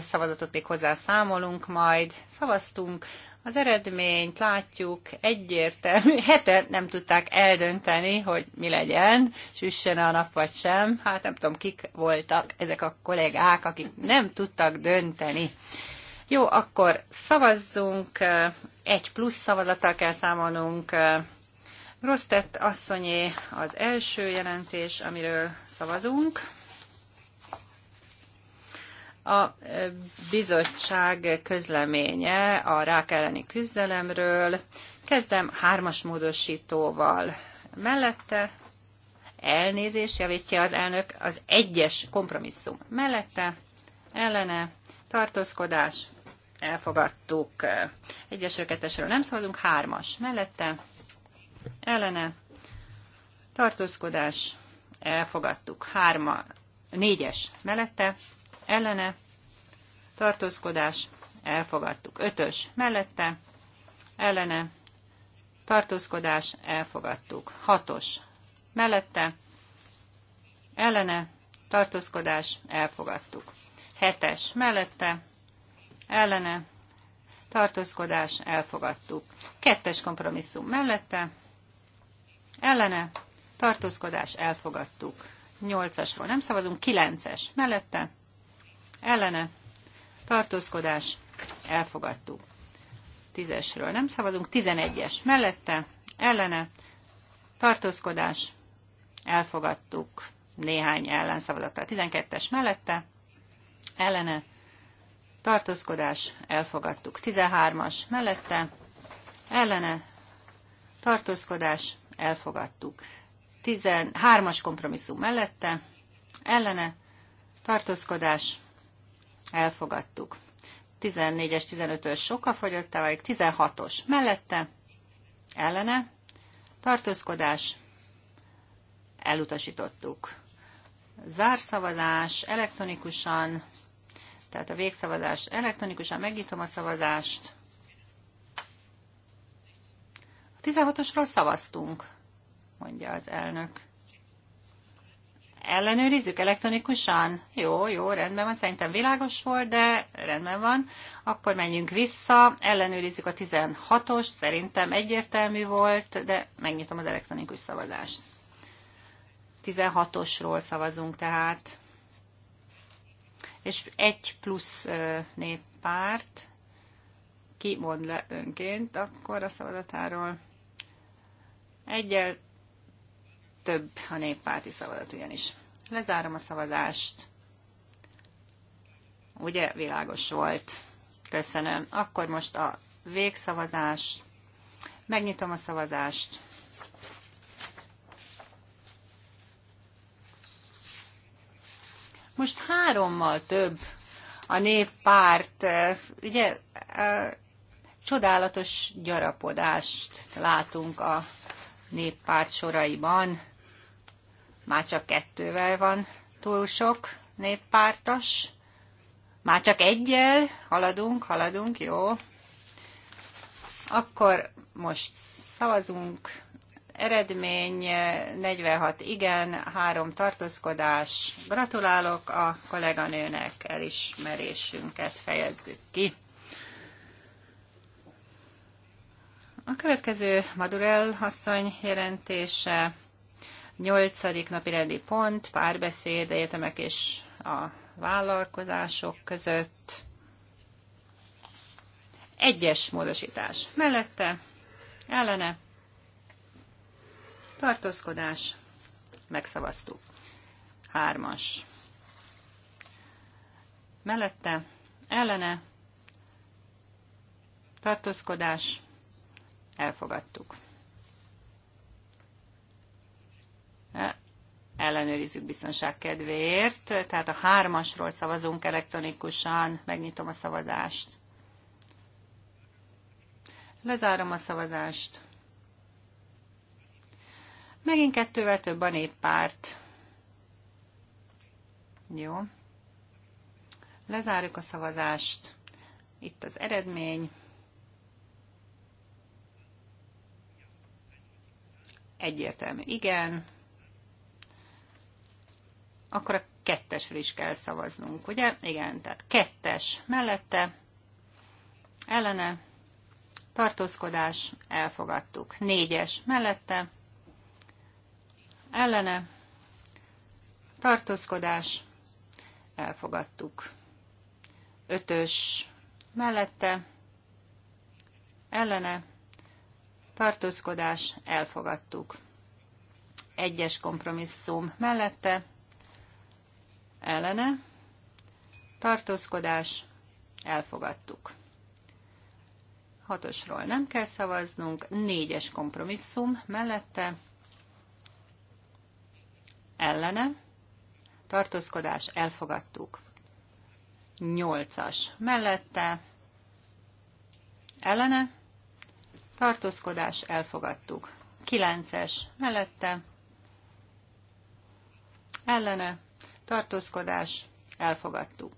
szavazatot még hozzá számolunk majd, szavaztunk, az eredményt látjuk, egyértelmű, hete nem tudták eldönteni, hogy mi legyen, süssen a nap vagy sem. Hát nem tudom, kik voltak ezek a kollégák, akik nem tudtak dönteni. Jó, akkor szavazzunk, egy plusz szavazattal kell számolnunk, Rostett asszonyé az első jelentés, amiről szavazunk. A e, bizottság közleménye a rák elleni küzdelemről. Kezdem hármas módosítóval. Mellette elnézés javítja az elnök az egyes kompromisszum. Mellette ellene tartózkodás elfogadtuk. Egyes kettesről nem szavazunk, hármas mellette ellene tartózkodás, elfogadtuk. Hárma, négyes mellette, ellene tartózkodás, elfogadtuk. Ötös mellette, ellene tartózkodás, elfogadtuk. Hatos mellette, ellene tartózkodás, elfogadtuk. Hetes mellette, ellene tartózkodás, elfogadtuk. Kettes kompromisszum mellette, ellene, tartózkodás, elfogadtuk. 8-asról nem szavazunk, 9-es mellette, ellene, tartózkodás, elfogadtuk. 10-esről nem szavazunk, 11-es mellette, ellene, tartózkodás, elfogadtuk néhány ellenszavazattal. 12-es mellette, ellene, tartózkodás, elfogadtuk. 13-as mellette, ellene, tartózkodás, elfogadtuk. 13-as kompromisszum mellette, ellene, tartózkodás, elfogadtuk. 14-es, 15-ös sokkal fogyott, 16-os mellette, ellene, tartózkodás, elutasítottuk. Zárszavazás elektronikusan, tehát a végszavazás elektronikusan, megnyitom a szavazást, 16-osról szavaztunk, mondja az elnök. Ellenőrizzük elektronikusan? Jó, jó, rendben van, szerintem világos volt, de rendben van. Akkor menjünk vissza, ellenőrizzük a 16-os, szerintem egyértelmű volt, de megnyitom az elektronikus szavazást. 16-osról szavazunk tehát. És egy plusz néppárt mond le önként akkor a szavazatáról. Egyel több a néppárti szavazat ugyanis. Lezárom a szavazást. Ugye világos volt. Köszönöm. Akkor most a végszavazás. Megnyitom a szavazást. Most hárommal több a néppárt. Eh, ugye eh, csodálatos gyarapodást látunk a néppárt soraiban már csak kettővel van túl sok néppártas. Már csak egyel haladunk, haladunk, jó. Akkor most szavazunk. Eredmény 46 igen, három tartózkodás. Gratulálok a kolléganőnek, elismerésünket fejezzük ki. A következő Madurell asszony jelentése, nyolcadik rendi pont, párbeszéd egyetemek és a vállalkozások között. Egyes módosítás. Mellette, ellene, tartózkodás, megszavaztuk. Hármas. Mellette, ellene, tartózkodás, Elfogadtuk. E, ellenőrizzük biztonság kedvéért. Tehát a hármasról szavazunk elektronikusan. Megnyitom a szavazást. Lezárom a szavazást. Megint kettővel több a néppárt. Jó. Lezárjuk a szavazást. Itt az eredmény. egyértelmű igen, akkor a kettesről is kell szavaznunk, ugye? Igen, tehát kettes mellette, ellene, tartózkodás, elfogadtuk. Négyes mellette, ellene, tartózkodás, elfogadtuk. Ötös mellette, ellene, tartózkodás, elfogadtuk. Egyes kompromisszum mellette, ellene, tartózkodás, elfogadtuk. Hatosról nem kell szavaznunk, négyes kompromisszum mellette, ellene, tartózkodás, elfogadtuk. Nyolcas mellette, ellene, tartózkodás, elfogadtuk. 9-es mellette, ellene, tartózkodás, elfogadtuk.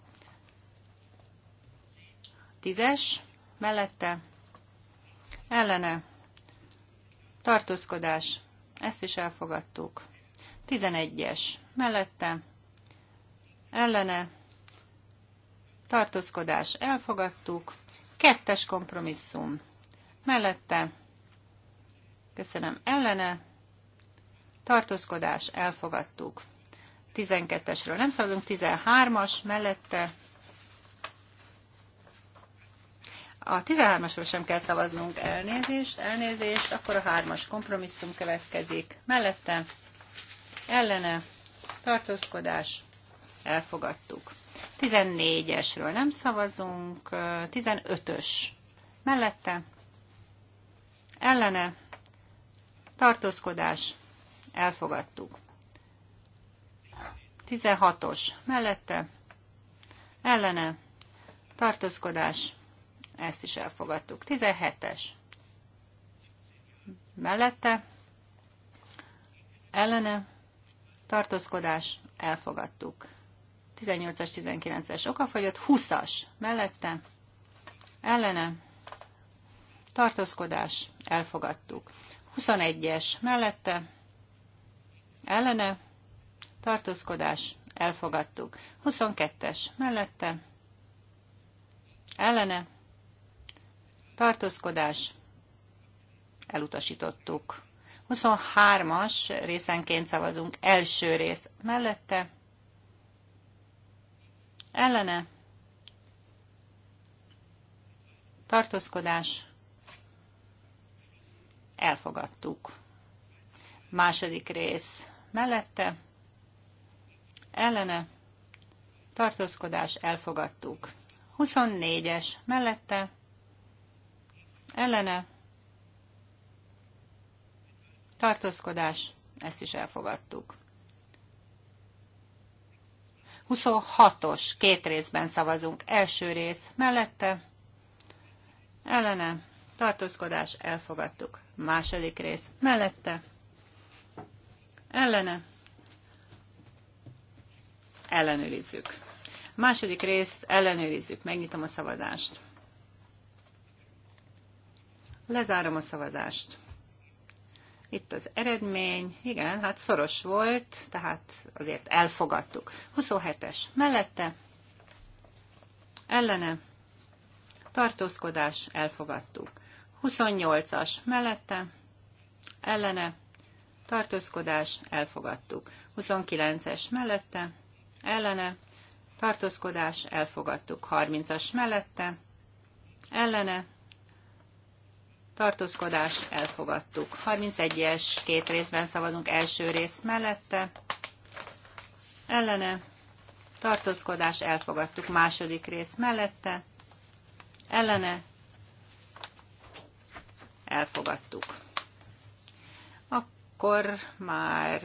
10-es mellette, ellene, tartózkodás, ezt is elfogadtuk. 11-es mellette, ellene, tartózkodás, elfogadtuk. Kettes kompromisszum mellette, köszönöm, ellene, tartózkodás, elfogadtuk. 12-esről nem szabadunk, 13-as mellette. A 13-asról sem kell szavaznunk elnézést, elnézést, akkor a 3-as kompromisszum következik. Mellette, ellene, tartózkodás, elfogadtuk. 14-esről nem szavazunk, 15-ös mellette, ellene, tartózkodás, elfogadtuk. 16-os, mellette, ellene, tartózkodás, ezt is elfogadtuk. 17-es, mellette, ellene, tartózkodás, elfogadtuk. 18-as, 19-es okafogyott, 20-as, mellette, ellene, tartózkodás, elfogadtuk. 21-es mellette, ellene, tartózkodás, elfogadtuk. 22-es mellette, ellene, tartózkodás, elutasítottuk. 23-as részenként szavazunk, első rész mellette, ellene, tartózkodás, elfogadtuk. Második rész mellette, ellene, tartózkodás, elfogadtuk. 24-es mellette, ellene, tartózkodás, ezt is elfogadtuk. 26-os két részben szavazunk. Első rész mellette, ellene, tartózkodás, elfogadtuk. Második rész. Mellette. Ellene. Ellenőrizzük. Második részt ellenőrizzük. Megnyitom a szavazást. Lezárom a szavazást. Itt az eredmény, igen, hát szoros volt, tehát azért elfogadtuk. 27-es mellette, ellene, tartózkodás, elfogadtuk. 28-as mellette, ellene, tartózkodás, elfogadtuk. 29-es mellette, ellene, tartózkodás, elfogadtuk. 30-as mellette, ellene, tartózkodás, elfogadtuk. 31-es, két részben szavazunk, első rész mellette, ellene, tartózkodás, elfogadtuk. Második rész mellette, ellene, elfogadtuk. Akkor már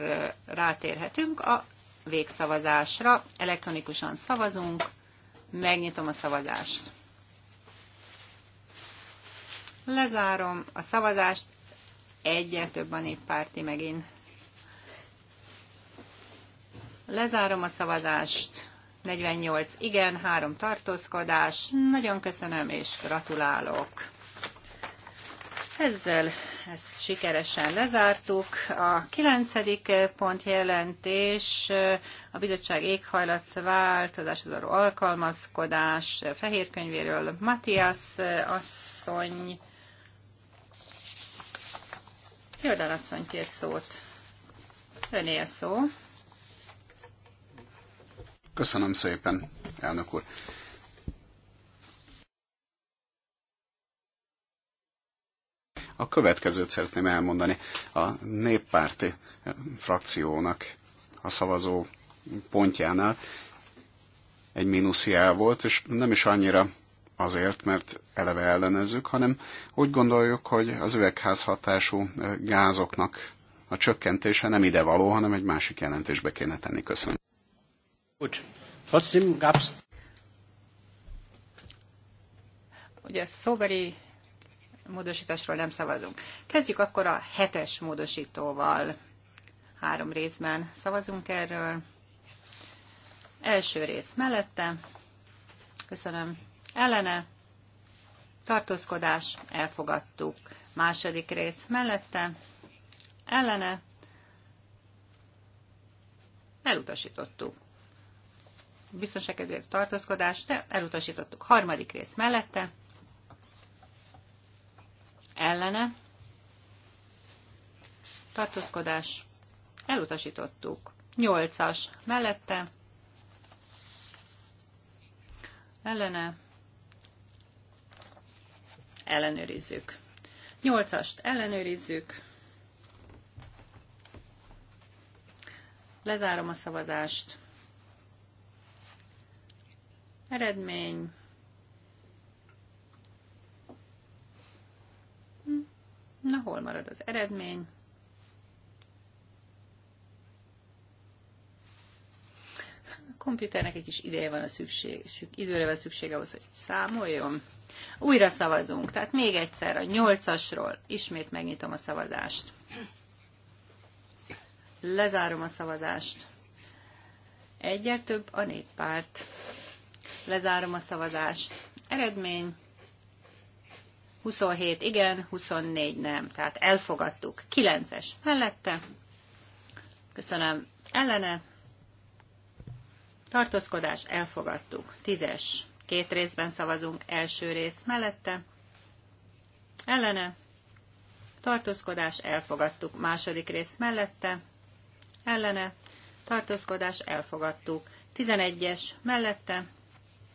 rátérhetünk a végszavazásra. Elektronikusan szavazunk, megnyitom a szavazást. Lezárom a szavazást, egyre több a néppárti megint. Lezárom a szavazást, 48 igen, 3 tartózkodás. Nagyon köszönöm és gratulálok! ezzel ezt sikeresen lezártuk. A kilencedik pont jelentés a bizottság éghajlatváltozáshoz az alkalmazkodás fehérkönyvéről Matthias asszony. Jordan asszony kér szót. Öné a szó. Köszönöm szépen, elnök úr. A következőt szeretném elmondani. A néppárti eh, frakciónak a szavazó pontjánál egy mínuszjel volt, és nem is annyira azért, mert eleve ellenezzük, hanem úgy gondoljuk, hogy az üvegházhatású eh, gázoknak a csökkentése nem ide való, hanem egy másik jelentésbe kéne tenni. Köszönöm. Gut. Trotzdem gab's. Ugye szóbeli módosításról nem szavazunk. Kezdjük akkor a hetes módosítóval. Három részben szavazunk erről. Első rész mellette. Köszönöm. Ellene. Tartózkodás. Elfogadtuk. Második rész mellette. Ellene. Elutasítottuk biztonságedvéért tartózkodás, de elutasítottuk harmadik rész mellette, ellene, tartózkodás, elutasítottuk. Nyolcas mellette, ellene, ellenőrizzük. Nyolcast ellenőrizzük. Lezárom a szavazást. Eredmény Na, hol marad az eredmény? A komputernek egy kis ideje van a szükség, időre van szüksége ahhoz, hogy számoljon. Újra szavazunk, tehát még egyszer a nyolcasról ismét megnyitom a szavazást. Lezárom a szavazást. Egyel több a néppárt. Lezárom a szavazást. Eredmény 27 igen, 24 nem. Tehát elfogadtuk. 9-es mellette. Köszönöm. Ellene. Tartózkodás. Elfogadtuk. 10-es. Két részben szavazunk. Első rész mellette. Ellene. Tartózkodás. Elfogadtuk. Második rész mellette. Ellene. Tartózkodás. Elfogadtuk. 11-es mellette.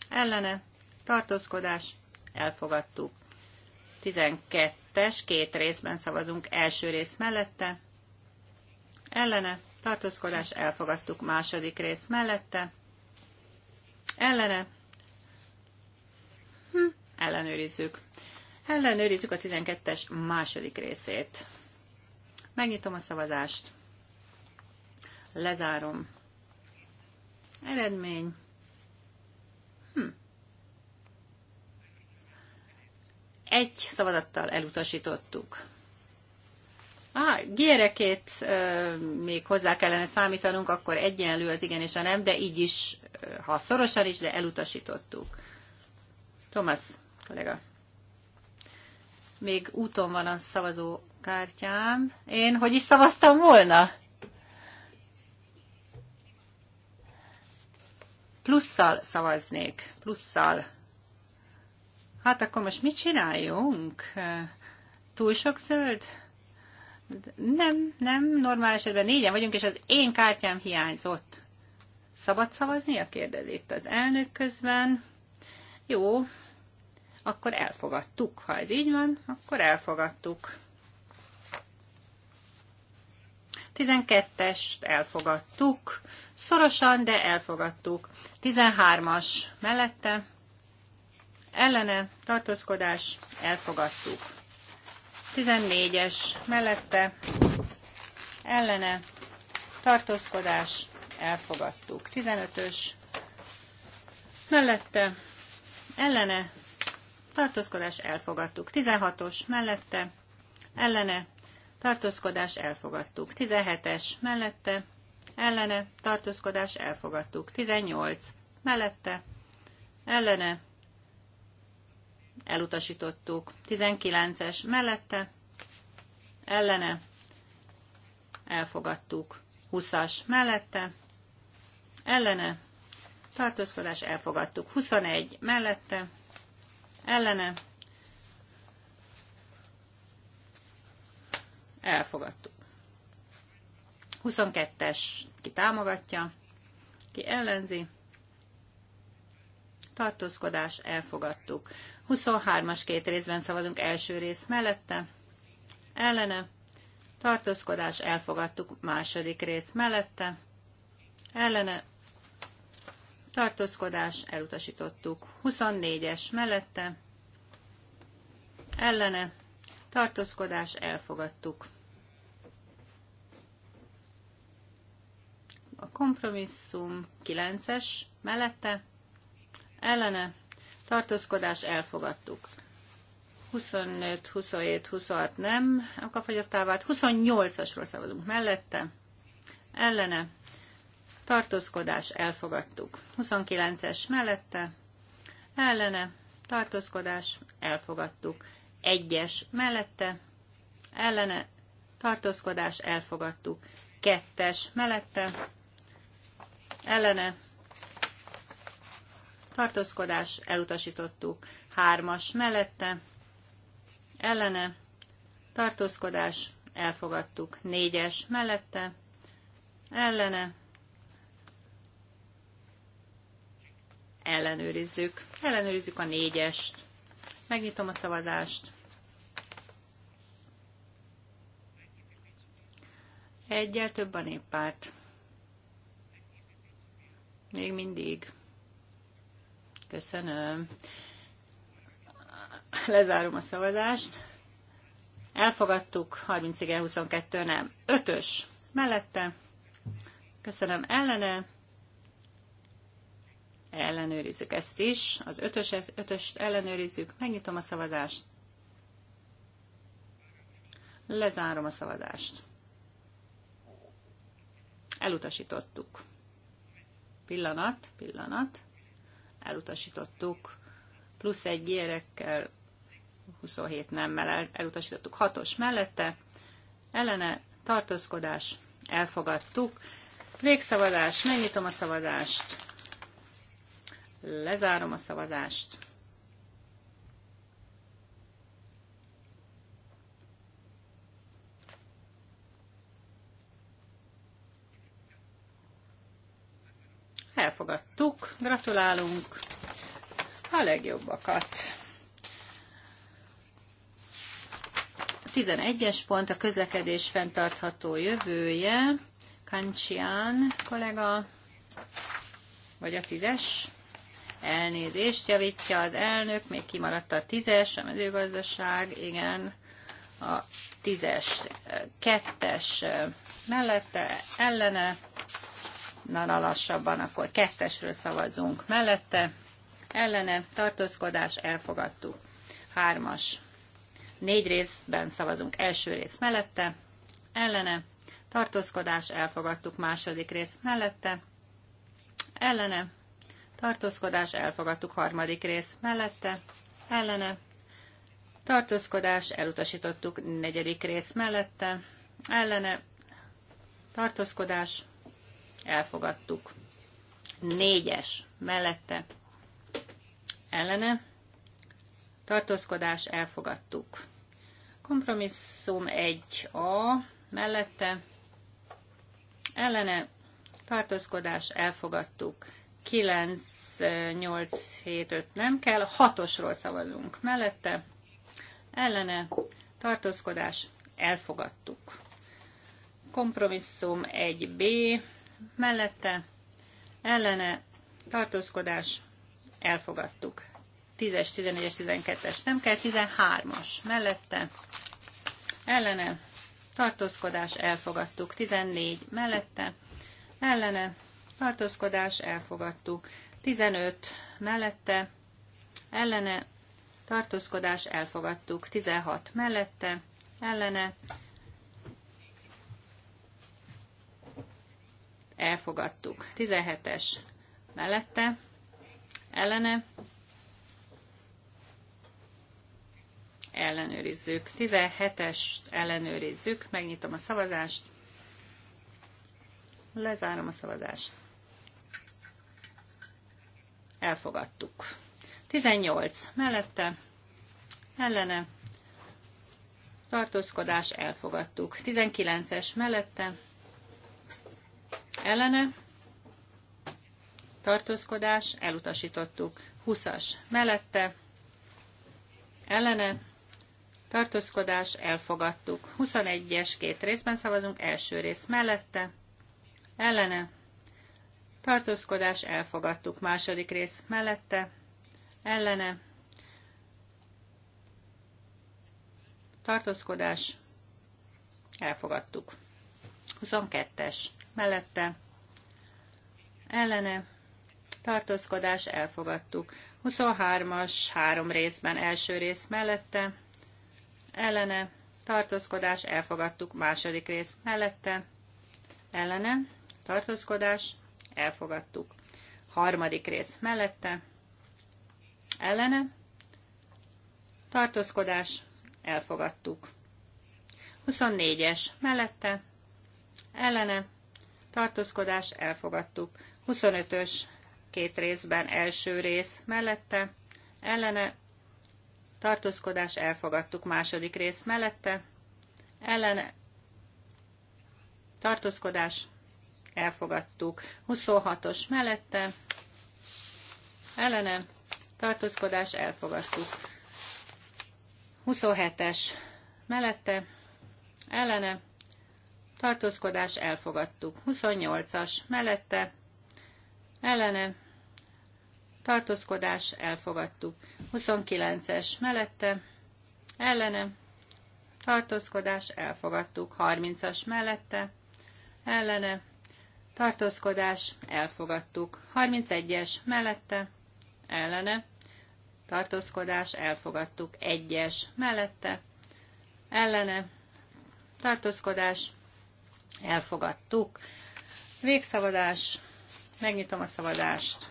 Ellene. Tartózkodás. Elfogadtuk. 12-es, két részben szavazunk, első rész mellette, ellene, tartózkodás, elfogadtuk, második rész mellette, ellene, hm, ellenőrizzük. Ellenőrizzük a 12-es második részét. Megnyitom a szavazást. Lezárom. Eredmény. Hm. egy szavazattal elutasítottuk. Á, gyerekét e, még hozzá kellene számítanunk, akkor egyenlő az igen és a nem, de így is, ha szorosan is, de elutasítottuk. Thomas, kollega. Még úton van a szavazókártyám. Én hogy is szavaztam volna? Plusszal szavaznék. Plusszal hát akkor most mit csináljunk? Túl sok zöld? Nem, nem, normál esetben négyen vagyunk, és az én kártyám hiányzott. Szabad szavazni? A kérdez itt az elnök közben. Jó, akkor elfogadtuk. Ha ez így van, akkor elfogadtuk. 12-est elfogadtuk. Szorosan, de elfogadtuk. 13-as mellette ellene tartózkodás elfogadtuk. 14-es mellette ellene tartózkodás elfogadtuk. 15-ös mellette ellene tartózkodás elfogadtuk. 16-os mellette ellene tartózkodás elfogadtuk. 17-es mellette ellene tartózkodás elfogadtuk. 18 mellette ellene elutasítottuk. 19-es mellette, ellene, elfogadtuk. 20-as mellette, ellene, tartózkodás, elfogadtuk. 21 mellette, ellene, elfogadtuk. 22-es ki támogatja, ki ellenzi, tartózkodás, elfogadtuk. 23-as két részben szavazunk első rész mellette, ellene, tartózkodás elfogadtuk második rész mellette, ellene, tartózkodás elutasítottuk 24-es mellette, ellene, tartózkodás elfogadtuk. A kompromisszum 9-es mellette, ellene, tartózkodás elfogadtuk. 25, 27, 26 nem, akkor fogyottá vált. 28-asról szavazunk mellette, ellene, tartózkodás elfogadtuk. 29-es mellette, ellene, tartózkodás elfogadtuk. 1-es mellette, ellene, tartózkodás elfogadtuk. 2-es mellette, ellene, tartózkodás, elutasítottuk. Hármas mellette, ellene, tartózkodás, elfogadtuk. Négyes mellette, ellene, ellenőrizzük. Ellenőrizzük a négyest. Megnyitom a szavazást. Egyel több a néppárt. Még mindig. Köszönöm. Lezárom a szavazást. Elfogadtuk, 30 igen, 22 nem. Ötös mellette. Köszönöm ellene. Ellenőrizzük ezt is. Az ötöset ötöst ellenőrizzük. Megnyitom a szavazást. Lezárom a szavazást. Elutasítottuk. Pillanat, pillanat elutasítottuk, plusz egy gyerekkel 27 nemmel elutasítottuk, hatos mellette, ellene tartózkodás, elfogadtuk. Végszavazás, megnyitom a szavazást, lezárom a szavazást. Elfogadtuk, gratulálunk a legjobbakat. 11-es pont a közlekedés fenntartható jövője. Kancsián kollega, vagy a tízes. Elnézést javítja az elnök, még kimaradt a tízes, a mezőgazdaság, igen, a tízes, kettes mellette, ellene, nál lassabban, akkor kettesről szavazzunk. Mellette, ellene, tartózkodás, elfogadtuk. Hármas. Négy részben szavazunk. Első rész mellette, ellene, tartózkodás, elfogadtuk. Második rész mellette, ellene, tartózkodás, elfogadtuk. Harmadik rész mellette, ellene, tartózkodás, elutasítottuk. Negyedik rész mellette, ellene, tartózkodás, elfogadtuk. Négyes mellette ellene tartózkodás elfogadtuk. Kompromisszum 1A mellette ellene tartózkodás elfogadtuk. 9, 8, 7, 5 nem kell, 6-osról szavazunk mellette, ellene tartózkodás elfogadtuk. Kompromisszum 1B mellette ellene tartózkodás elfogadtuk. 10-es, 11-es, 12-es nem kell, 13-as mellette ellene tartózkodás elfogadtuk. 14 mellette ellene tartózkodás elfogadtuk. 15 mellette ellene tartózkodás elfogadtuk. 16 mellette ellene elfogadtuk. 17-es mellette, ellene, ellenőrizzük. 17-es ellenőrizzük, megnyitom a szavazást, lezárom a szavazást. Elfogadtuk. 18 mellette, ellene, tartózkodás, elfogadtuk. 19-es mellette, ellene, tartózkodás, elutasítottuk. 20-as mellette, ellene, tartózkodás, elfogadtuk. 21-es két részben szavazunk, első rész mellette, ellene, tartózkodás, elfogadtuk. Második rész mellette, ellene, tartózkodás, elfogadtuk. 22-es mellette ellene tartózkodás elfogadtuk. 23-as három részben első rész mellette ellene tartózkodás elfogadtuk. Második rész mellette ellene tartózkodás elfogadtuk. Harmadik rész mellette ellene tartózkodás elfogadtuk. 24-es mellette ellene tartózkodás elfogadtuk. 25-ös két részben első rész mellette, ellene tartózkodás elfogadtuk második rész mellette, ellene tartózkodás elfogadtuk 26-os mellette, ellene tartózkodás elfogadtuk 27-es mellette, ellene tartózkodás elfogadtuk. 28-as mellette ellene tartózkodás elfogadtuk. 29-es mellette ellene tartózkodás elfogadtuk. 30-as mellette ellene tartózkodás elfogadtuk. 31-es mellette ellene tartózkodás elfogadtuk. 1-es mellette ellene tartózkodás Elfogadtuk. Végszavadás. Megnyitom a szavadást,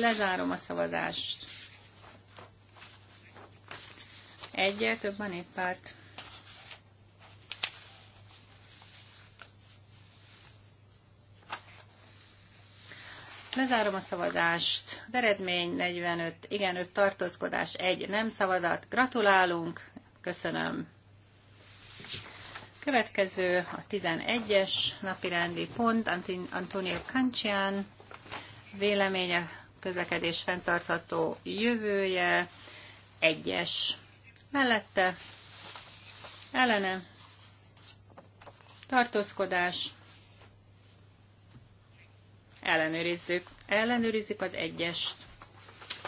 Lezárom a szavadást. Egyel több a néppárt. Lezárom a szavazást. Az eredmény 45, igen, 5 tartózkodás, 1 nem szavazat. Gratulálunk, köszönöm. Következő a 11-es napirendi pont, Antonio Kancsián véleménye, közlekedés fenntartható jövője, egyes. Mellette ellene tartózkodás, ellenőrizzük. Ellenőrizzük az egyest.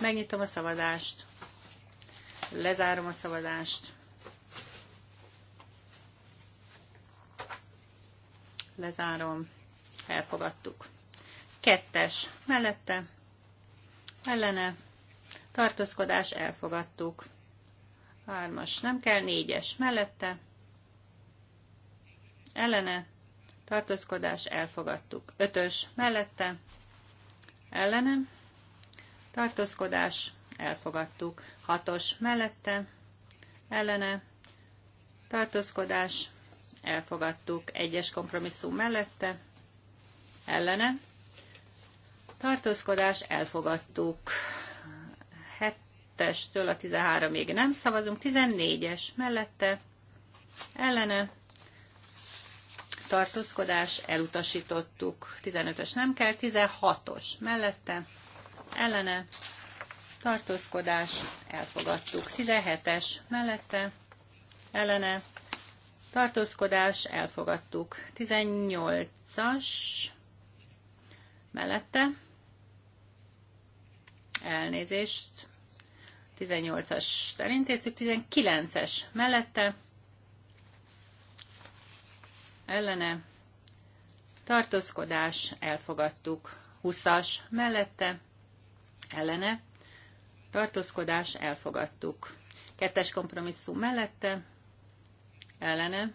Megnyitom a szavazást. Lezárom a szavazást. lezárom, elfogadtuk. Kettes, mellette, ellene, tartózkodás, elfogadtuk. Hármas, nem kell, négyes, mellette, ellene, tartózkodás, elfogadtuk. Ötös, mellette, ellene, tartózkodás, elfogadtuk. Hatos, mellette, ellene, tartózkodás, elfogadtuk egyes kompromisszum mellette, ellene. Tartózkodás elfogadtuk. 7-estől a 13-ig nem szavazunk, 14-es mellette, ellene. Tartózkodás elutasítottuk, 15-ös nem kell, 16-os mellette, ellene. Tartózkodás elfogadtuk, 17-es mellette, ellene tartózkodás, elfogadtuk. 18-as mellette, elnézést, 18-as elintéztük, 19-es mellette, ellene, tartózkodás, elfogadtuk. 20-as mellette, ellene, tartózkodás, elfogadtuk. Kettes kompromisszum mellette, ellene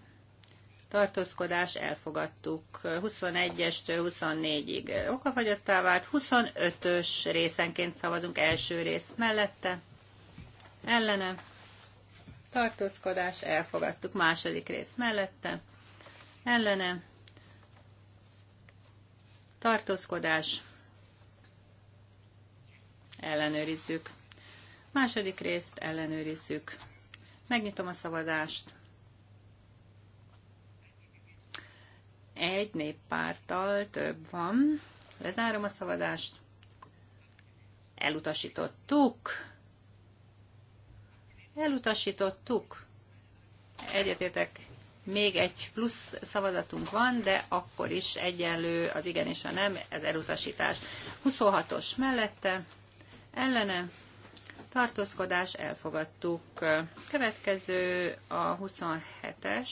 tartózkodás elfogadtuk 21-estől 24-ig okafagyottá vált, 25-ös részenként szavazunk első rész mellette, ellene tartózkodás elfogadtuk második rész mellette, ellene tartózkodás ellenőrizzük. Második részt ellenőrizzük. Megnyitom a szavazást. egy néppárttal több van. Lezárom a szavazást. Elutasítottuk. Elutasítottuk. Egyetértek, még egy plusz szavazatunk van, de akkor is egyenlő az igen és a nem, ez elutasítás. 26-os mellette, ellene, tartózkodás, elfogadtuk. Következő a 27-es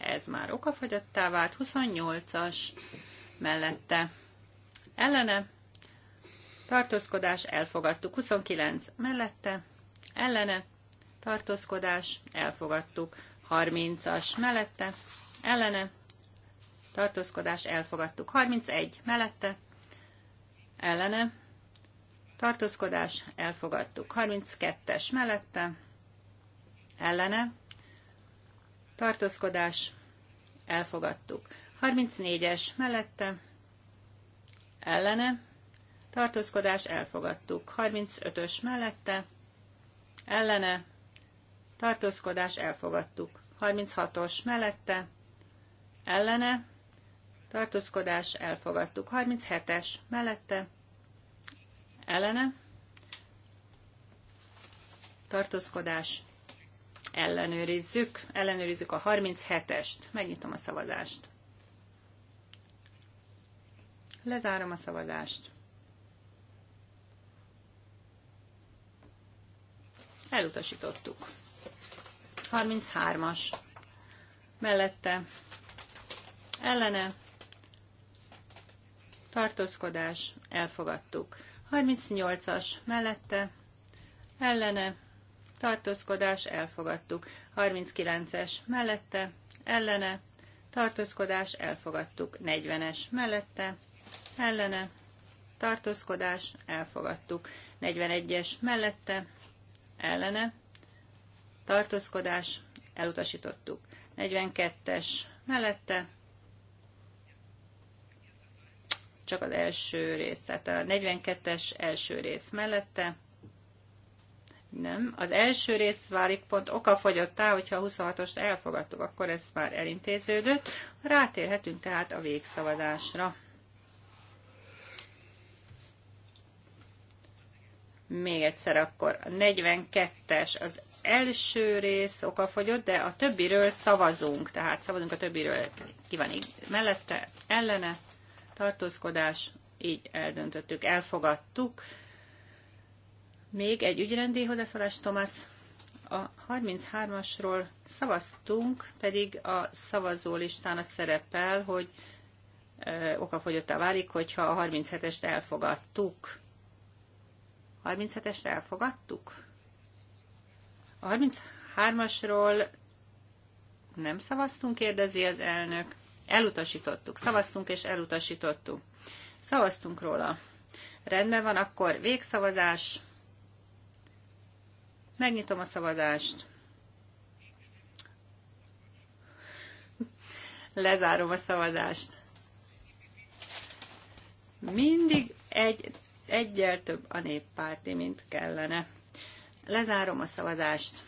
ez már okafogyottá vált, 28-as mellette ellene, tartózkodás, elfogadtuk, 29 mellette ellene, tartózkodás, elfogadtuk, 30-as mellette ellene, tartózkodás, elfogadtuk, 31 mellette ellene, tartózkodás, elfogadtuk, 32-es mellette ellene, tartózkodás, elfogadtuk. 34-es mellette, ellene, tartózkodás, elfogadtuk. 35-ös mellette, ellene, tartózkodás, elfogadtuk. 36-os mellette, ellene, tartózkodás, elfogadtuk. 37-es mellette, ellene, tartózkodás, ellenőrizzük. Ellenőrizzük a 37-est. Megnyitom a szavazást. Lezárom a szavazást. Elutasítottuk. 33-as. Mellette ellene tartózkodás elfogadtuk. 38-as mellette ellene tartózkodás, elfogadtuk. 39-es mellette, ellene, tartózkodás, elfogadtuk. 40-es mellette, ellene, tartózkodás, elfogadtuk. 41-es mellette, ellene, tartózkodás, elutasítottuk. 42-es mellette, csak az első rész, tehát a 42-es első rész mellette, nem. Az első rész válik pont okafogyottá, hogyha a 26-ost elfogadtuk, akkor ez már elintéződött. Rátérhetünk tehát a végszavazásra. Még egyszer akkor a 42-es, az első rész okafogyott, de a többiről szavazunk, tehát szavazunk a többiről, ki van így mellette, ellene, tartózkodás, így eldöntöttük, elfogadtuk. Még egy ügyrendi hozzászólás, Thomas. A 33-asról szavaztunk, pedig a listán az szerepel, hogy ö, okafogyottá válik, hogyha a 37-est elfogadtuk. 37-est elfogadtuk? A 33-asról nem szavaztunk, kérdezi az elnök. Elutasítottuk. Szavaztunk és elutasítottuk. Szavaztunk róla. Rendben van, akkor végszavazás. Megnyitom a szavazást. Lezárom a szavazást. Mindig egy, egyel több a néppárti, mint kellene. Lezárom a szavazást.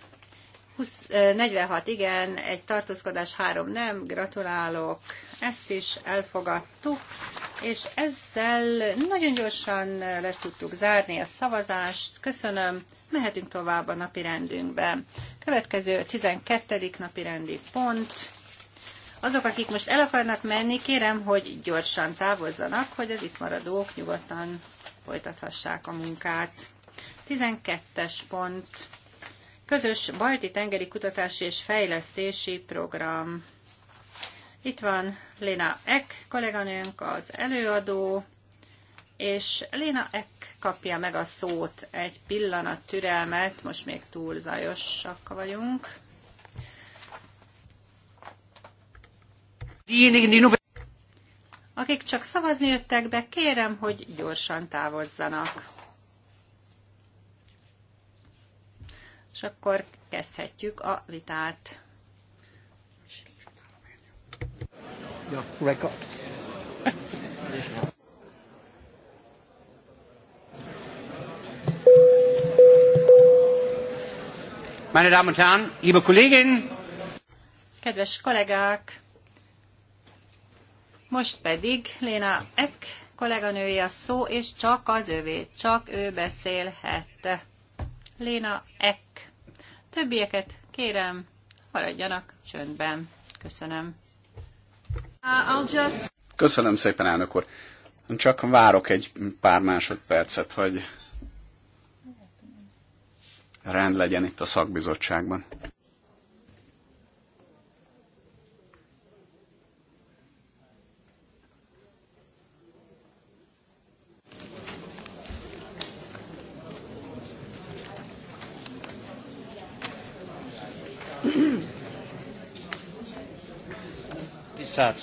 20, 46 igen, egy tartózkodás, három nem, gratulálok, ezt is elfogadtuk és ezzel nagyon gyorsan le tudtuk zárni a szavazást. Köszönöm, mehetünk tovább a napi rendünkbe. Következő 12. napi rendi pont. Azok, akik most el akarnak menni, kérem, hogy gyorsan távozzanak, hogy az itt maradók nyugodtan folytathassák a munkát. 12-es pont. Közös balti tengeri kutatási és fejlesztési program. Itt van Léna Eck kolléganőnk, az előadó, és Léna Eck kapja meg a szót. Egy pillanat türelmet, most még túl zajosak vagyunk. Akik csak szavazni jöttek be, kérem, hogy gyorsan távozzanak. És akkor kezdhetjük a vitát. your record. Meine Damen und Herren, liebe Kolleginnen, Kedves kollégák, most pedig Léna Eck kolléganője a szó, és csak az övé, csak ő beszélhet. Léna Eck. Többieket kérem, maradjanak csöndben. Köszönöm. Uh, Köszönöm szépen, elnök úr. Csak várok egy pár másodpercet, hogy rend legyen itt a szakbizottságban. start.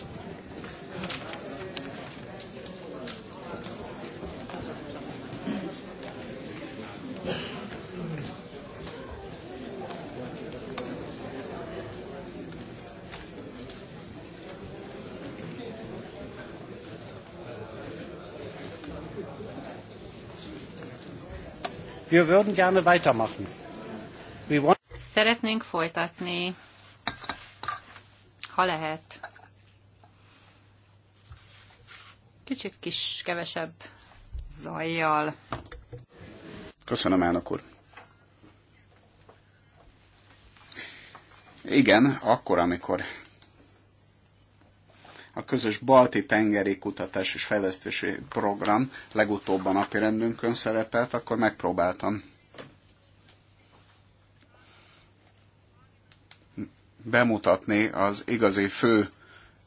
Wir würden gerne weitermachen. We want Szeretnénk folytatni, ha lehet. Kicsit kis, kevesebb zajjal. Köszönöm, elnök úr. Igen, akkor, amikor a közös balti tengeri kutatás és fejlesztési program legutóbb a napi rendünkön szerepelt, akkor megpróbáltam bemutatni az igazi fő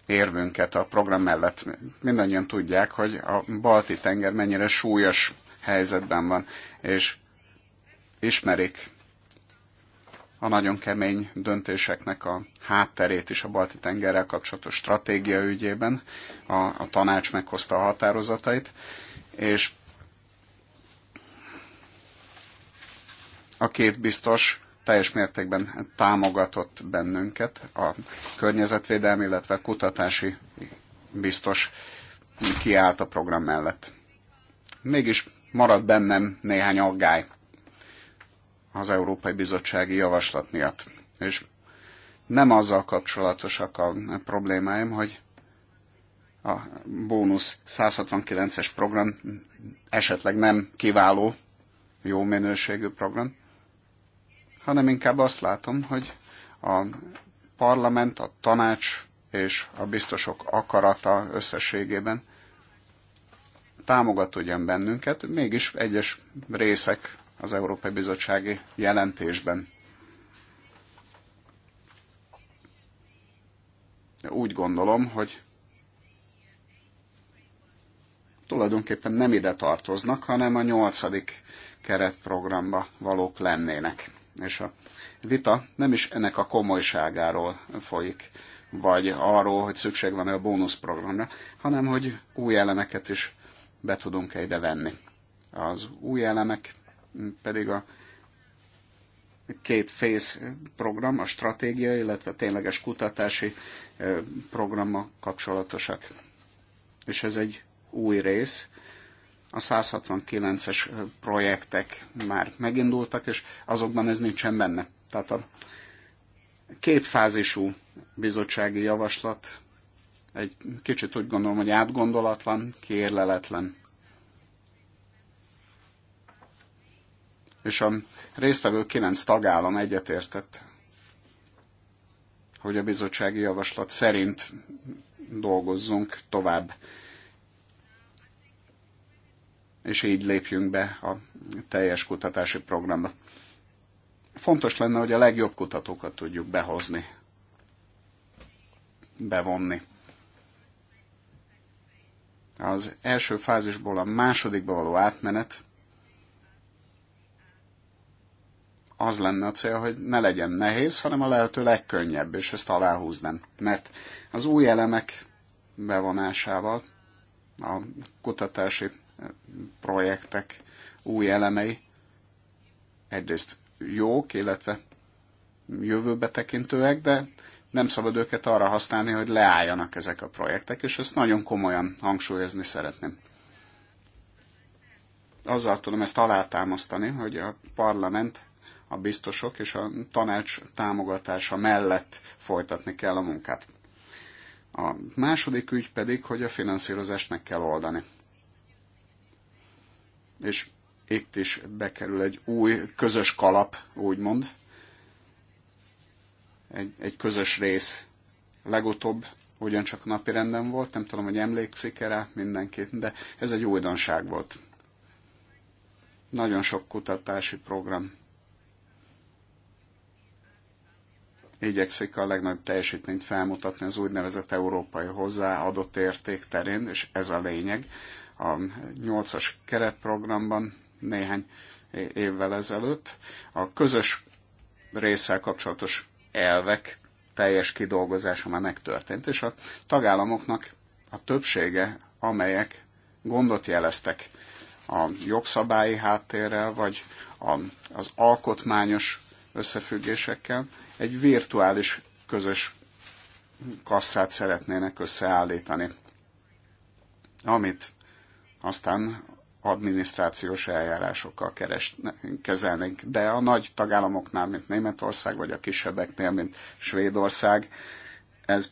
érvünket a program mellett. Mindannyian tudják, hogy a balti tenger mennyire súlyos helyzetben van, és ismerik a nagyon kemény döntéseknek a hátterét is a balti tengerrel kapcsolatos stratégia ügyében, a, a tanács meghozta a határozatait, és a két biztos teljes mértékben támogatott bennünket a környezetvédelmi, illetve kutatási biztos kiállt a program mellett. Mégis maradt bennem néhány aggály az Európai Bizottsági Javaslat miatt. És nem azzal kapcsolatosak a problémáim, hogy a bónusz 169-es program esetleg nem kiváló, jó minőségű program, hanem inkább azt látom, hogy a parlament, a tanács és a biztosok akarata összességében támogat ugyan bennünket, mégis egyes részek az Európai Bizottsági jelentésben úgy gondolom, hogy tulajdonképpen nem ide tartoznak, hanem a nyolcadik keretprogramba valók lennének és a vita nem is ennek a komolyságáról folyik, vagy arról, hogy szükség van-e a bónuszprogramra, hanem hogy új elemeket is be tudunk-e ide venni. Az új elemek pedig a két fész program, a stratégia, illetve a tényleges kutatási eh, programmal kapcsolatosak. És ez egy új rész, a 169-es projektek már megindultak, és azokban ez nincsen benne. Tehát a kétfázisú bizottsági javaslat egy kicsit úgy gondolom, hogy átgondolatlan, kérleletlen. És a résztvevő kilenc tagállam egyetértett, hogy a bizottsági javaslat szerint dolgozzunk tovább és így lépjünk be a teljes kutatási programba. Fontos lenne, hogy a legjobb kutatókat tudjuk behozni, bevonni. Az első fázisból a másodikba való átmenet az lenne a cél, hogy ne legyen nehéz, hanem a lehető legkönnyebb, és ezt aláhúznám. Mert az új elemek bevonásával a kutatási projektek új elemei egyrészt jók, illetve jövőbe tekintőek, de nem szabad őket arra használni, hogy leálljanak ezek a projektek, és ezt nagyon komolyan hangsúlyozni szeretném. Azzal tudom ezt alátámasztani, hogy a parlament, a biztosok és a tanács támogatása mellett folytatni kell a munkát. A második ügy pedig, hogy a finanszírozást meg kell oldani és itt is bekerül egy új közös kalap, úgymond, egy, egy közös rész. Legutóbb ugyancsak napi renden volt, nem tudom, hogy emlékszik erre mindenki, de ez egy újdonság volt. Nagyon sok kutatási program. Igyekszik a legnagyobb teljesítményt felmutatni az úgynevezett európai hozzáadott érték terén, és ez a lényeg, a 8-as keretprogramban néhány évvel ezelőtt. A közös részsel kapcsolatos elvek teljes kidolgozása már megtörtént, és a tagállamoknak a többsége, amelyek gondot jeleztek a jogszabályi háttérrel, vagy a, az alkotmányos összefüggésekkel, egy virtuális közös kasszát szeretnének összeállítani, amit aztán adminisztrációs eljárásokkal keres, kezelnénk. De a nagy tagállamoknál, mint Németország, vagy a kisebbeknél, mint Svédország, ez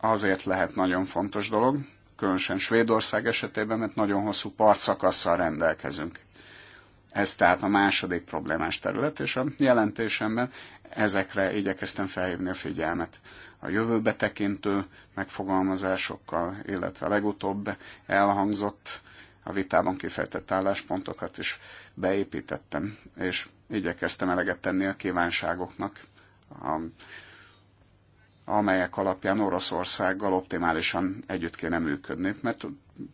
azért lehet nagyon fontos dolog, különösen Svédország esetében, mert nagyon hosszú partszakasszal rendelkezünk. Ez tehát a második problémás terület, és a jelentésemben Ezekre igyekeztem felhívni a figyelmet. A jövőbe tekintő megfogalmazásokkal, illetve legutóbb elhangzott a vitában kifejtett álláspontokat is beépítettem, és igyekeztem eleget tenni a kívánságoknak, amelyek alapján Oroszországgal optimálisan együtt kéne működni, mert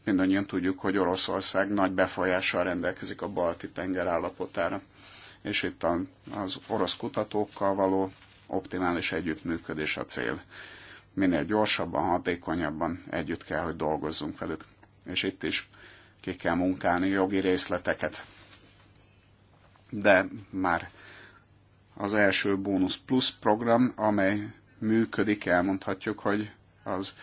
mindannyian tudjuk, hogy Oroszország nagy befolyással rendelkezik a balti tenger állapotára és itt az orosz kutatókkal való optimális együttműködés a cél. Minél gyorsabban, hatékonyabban együtt kell, hogy dolgozzunk velük. És itt is ki kell munkálni jogi részleteket. De már az első Bónusz Plus program, amely működik, elmondhatjuk, hogy az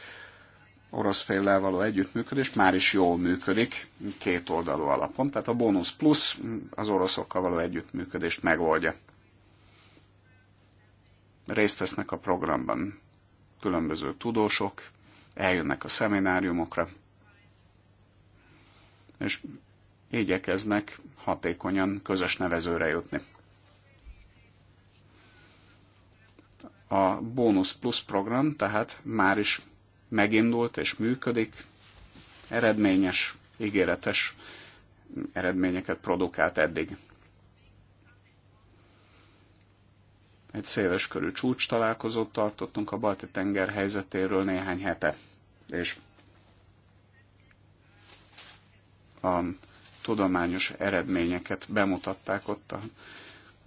orosz féllel való együttműködés már is jól működik két oldalú alapon, tehát a bónusz plusz az oroszokkal való együttműködést megoldja. Részt vesznek a programban különböző tudósok, eljönnek a szemináriumokra, és igyekeznek hatékonyan közös nevezőre jutni. A bónusz plusz program tehát már is megindult és működik, eredményes, ígéretes eredményeket produkált eddig. Egy széles körű csúcs találkozót tartottunk a Balti tenger helyzetéről néhány hete, és a tudományos eredményeket bemutatták ott a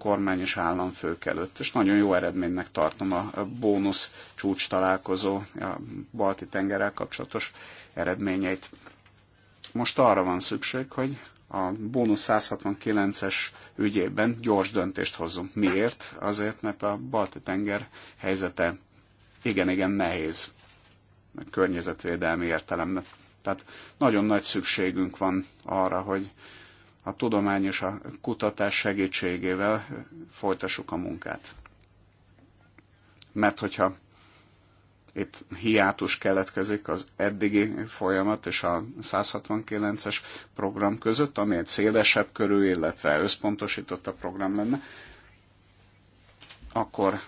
kormány és államfők előtt, és nagyon jó eredménynek tartom a bónusz csúcs találkozó, a balti tengerrel kapcsolatos eredményeit. Most arra van szükség, hogy a bónusz 169-es ügyében gyors döntést hozzunk. Miért? Azért, mert a balti tenger helyzete igen-igen nehéz környezetvédelmi értelemben. Tehát nagyon nagy szükségünk van arra, hogy a tudomány és a kutatás segítségével folytassuk a munkát. Mert hogyha itt hiátus keletkezik az eddigi folyamat és a 169-es program között, ami egy szélesebb körül, illetve összpontosított a program lenne, akkor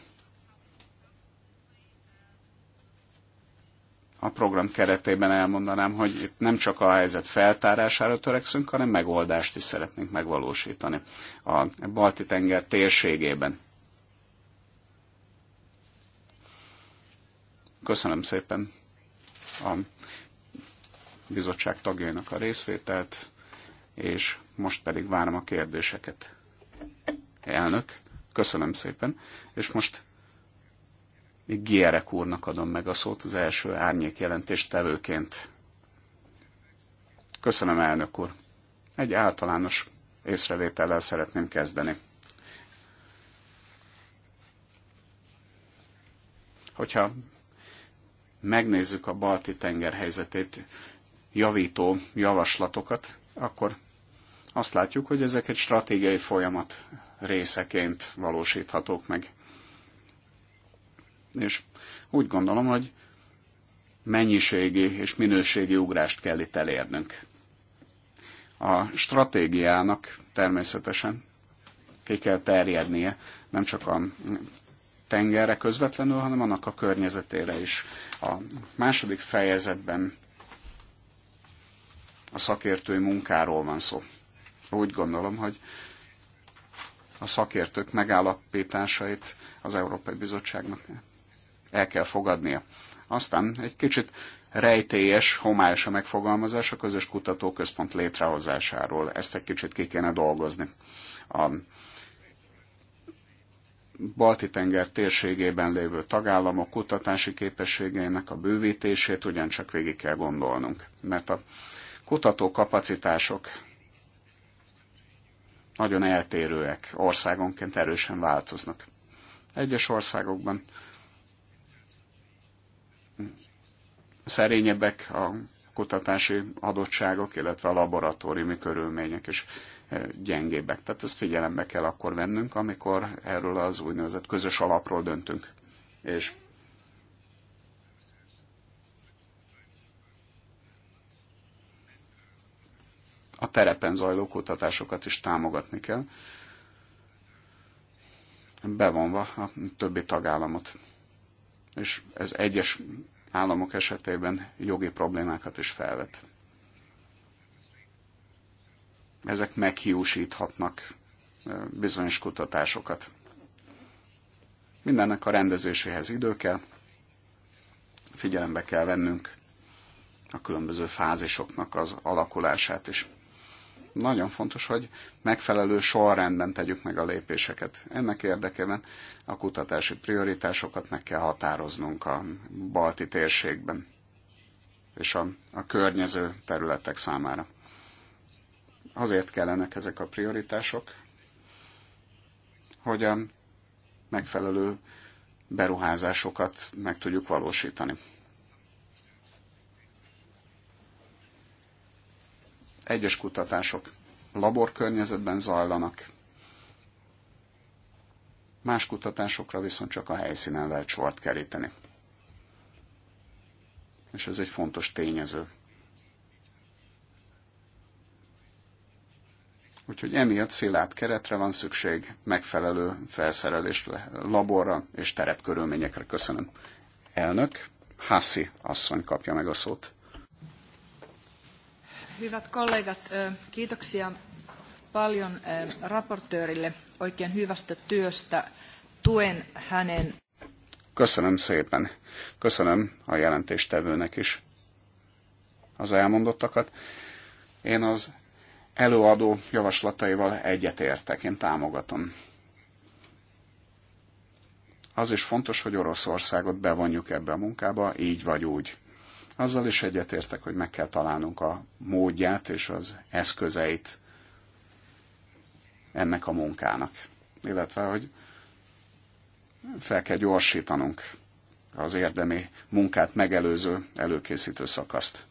a program keretében elmondanám, hogy itt nem csak a helyzet feltárására törekszünk, hanem megoldást is szeretnénk megvalósítani a Balti-tenger térségében. Köszönöm szépen a bizottság tagjainak a részvételt, és most pedig várom a kérdéseket. Elnök, köszönöm szépen, és most Gierek úrnak adom meg a szót az első árnyék jelentéstevőként. Köszönöm, elnök úr. Egy általános észrevétellel szeretném kezdeni. Hogyha megnézzük a balti tenger helyzetét javító javaslatokat, akkor azt látjuk, hogy ezek egy stratégiai folyamat részeként valósíthatók meg és úgy gondolom, hogy mennyiségi és minőségi ugrást kell itt elérnünk. A stratégiának természetesen ki kell terjednie, nem csak a tengerre közvetlenül, hanem annak a környezetére is. A második fejezetben a szakértői munkáról van szó. Úgy gondolom, hogy a szakértők megállapításait az Európai Bizottságnak el kell fogadnia. Aztán egy kicsit rejtélyes, homályos a megfogalmazás a közös kutatóközpont létrehozásáról. Ezt egy kicsit ki kéne dolgozni. A Balti-tenger térségében lévő tagállamok kutatási képességeinek a bővítését ugyancsak végig kell gondolnunk, mert a kutató kapacitások nagyon eltérőek, országonként erősen változnak. Egyes országokban szerényebbek a kutatási adottságok, illetve a laboratóriumi körülmények is eh, gyengébbek. Tehát ezt figyelembe kell akkor vennünk, amikor erről az úgynevezett közös alapról döntünk. És a terepen zajló kutatásokat is támogatni kell, bevonva a többi tagállamot. És ez egyes államok esetében jogi problémákat is felvet. Ezek meghiúsíthatnak bizonyos kutatásokat. Mindennek a rendezéséhez idő kell, figyelembe kell vennünk a különböző fázisoknak az alakulását is nagyon fontos, hogy megfelelő sorrendben tegyük meg a lépéseket. Ennek érdekében a kutatási prioritásokat meg kell határoznunk a balti térségben és a, a környező területek számára. Azért kellenek ezek a prioritások, hogy a megfelelő beruházásokat meg tudjuk valósítani. Egyes kutatások laborkörnyezetben zajlanak, más kutatásokra viszont csak a helyszínen lehet sort keríteni. És ez egy fontos tényező. Úgyhogy emiatt szilárd keretre van szükség, megfelelő felszerelés laborra és terepkörülményekre. Köszönöm. Elnök, Hassi asszony kapja meg a szót. Hyvät kollegat, kiitoksia paljon raportöörille oikein hyvästä työstä. Tuen hänen... Köszönöm szépen. Köszönöm a jelentéstevőnek is az elmondottakat. Én az előadó javaslataival egyetértek, én támogatom. Az is fontos, hogy Oroszországot bevonjuk ebbe a munkába, így vagy úgy azzal is egyetértek, hogy meg kell találnunk a módját és az eszközeit ennek a munkának. Illetve, hogy fel kell gyorsítanunk az érdemi munkát megelőző előkészítő szakaszt.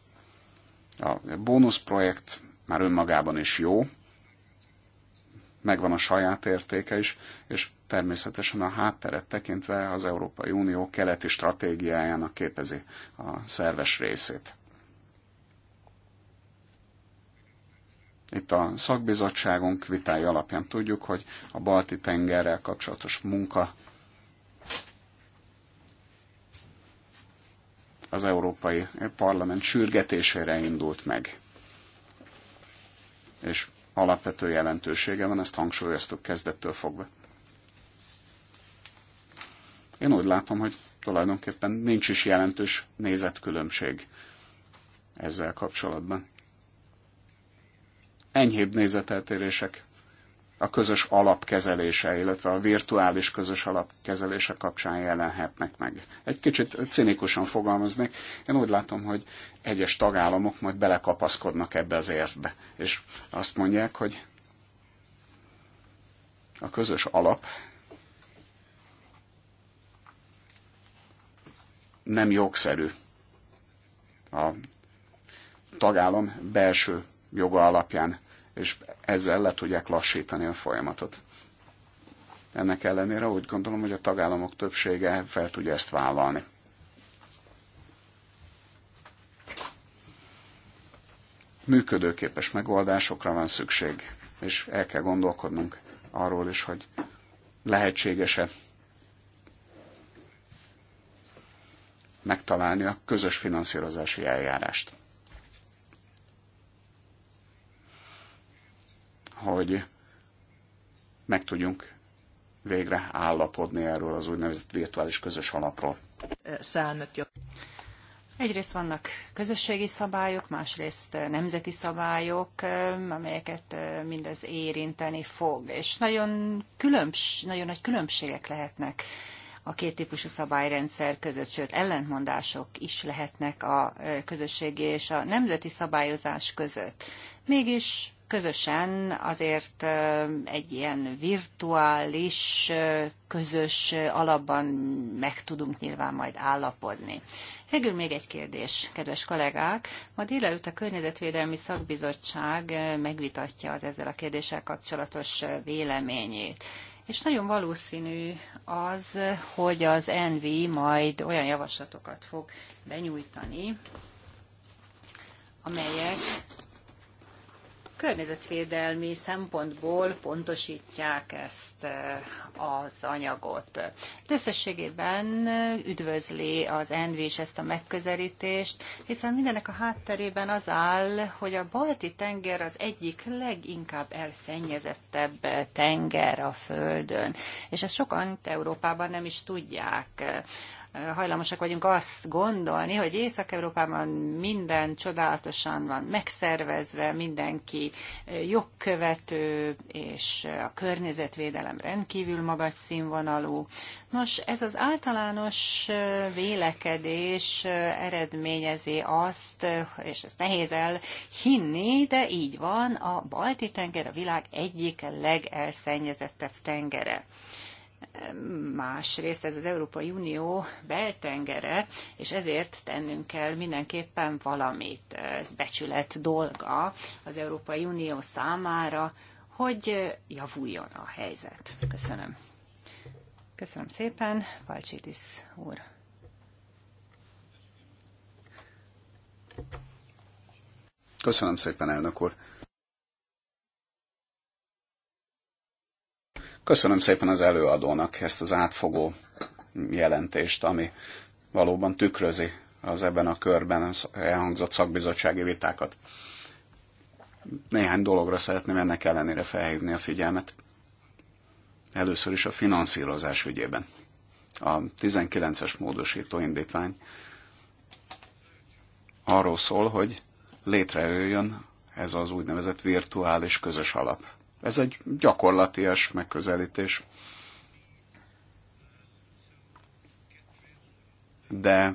A bónuszprojekt már önmagában is jó, megvan a saját értéke is, és természetesen a hátteret tekintve az Európai Unió keleti stratégiájának képezi a szerves részét. Itt a szakbizottságunk vitája alapján tudjuk, hogy a balti tengerrel kapcsolatos munka az Európai Parlament sürgetésére indult meg. És alapvető jelentősége van, ezt hangsúlyoztuk kezdettől fogva. Én úgy látom, hogy tulajdonképpen nincs is jelentős nézetkülönbség ezzel kapcsolatban. Enyhébb nézeteltérések a közös alapkezelése, illetve a virtuális közös alapkezelése kapcsán jelenhetnek meg. Egy kicsit cinikusan fogalmaznék, én úgy látom, hogy egyes tagállamok majd belekapaszkodnak ebbe az érvbe, és azt mondják, hogy a közös alap nem jogszerű. A tagállam belső joga alapján és ezzel le tudják lassítani a folyamatot. Ennek ellenére úgy gondolom, hogy a tagállamok többsége fel tudja ezt vállalni. Működőképes megoldásokra van szükség, és el kell gondolkodnunk arról is, hogy lehetséges-e megtalálni a közös finanszírozási eljárást. hogy meg tudjunk végre állapodni erről az úgynevezett virtuális közös alapról. Egyrészt vannak közösségi szabályok, másrészt nemzeti szabályok, amelyeket mindez érinteni fog, és nagyon, különbs, nagyon nagy különbségek lehetnek a két típusú szabályrendszer között, sőt ellentmondások is lehetnek a közösségi és a nemzeti szabályozás között. Mégis közösen azért egy ilyen virtuális, közös alapban meg tudunk nyilván majd állapodni. Végül még egy kérdés, kedves kollégák. Ma délelőtt a Környezetvédelmi Szakbizottság megvitatja az ezzel a kérdéssel kapcsolatos véleményét. És nagyon valószínű az, hogy az NV majd olyan javaslatokat fog benyújtani, amelyek környezetvédelmi szempontból pontosítják ezt eh, az anyagot. De összességében eh, üdvözli az ENVI is ezt a megközelítést, hiszen mindenek a hátterében az áll, hogy a balti tenger az egyik leginkább elszennyezettebb tenger a Földön, és ezt sokan Európában nem is tudják hajlamosak vagyunk azt gondolni, hogy Észak-Európában minden csodálatosan van megszervezve, mindenki jogkövető, és a környezetvédelem rendkívül magas színvonalú. Nos, ez az általános vélekedés eredményezi azt, és ez nehéz elhinni, de így van, a Balti-tenger a világ egyik legelszennyezettebb tengere másrészt ez az Európai Unió beltengere, és ezért tennünk kell mindenképpen valamit. Ez becsület dolga az Európai Unió számára, hogy javuljon a helyzet. Köszönöm. Köszönöm szépen, Valcsidis úr. Köszönöm szépen, elnök úr. Köszönöm szépen az előadónak ezt az átfogó jelentést, ami valóban tükrözi az ebben a körben elhangzott szakbizottsági vitákat. Néhány dologra szeretném ennek ellenére felhívni a figyelmet. Először is a finanszírozás ügyében. A 19-es módosító indítvány arról szól, hogy létrejöjjön ez az úgynevezett virtuális közös alap. Ez egy gyakorlatias megközelítés. De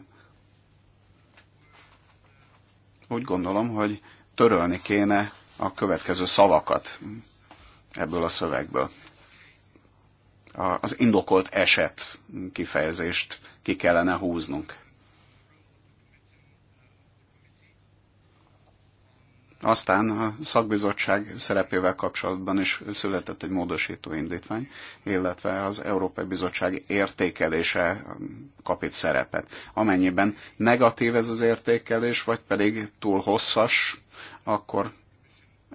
úgy gondolom, hogy törölni kéne a következő szavakat ebből a szövegből. Az indokolt eset kifejezést ki kellene húznunk. Aztán a szakbizottság szerepével kapcsolatban is született egy módosító indítvány, illetve az Európai Bizottság értékelése kap itt szerepet. Amennyiben negatív ez az értékelés, vagy pedig túl hosszas, akkor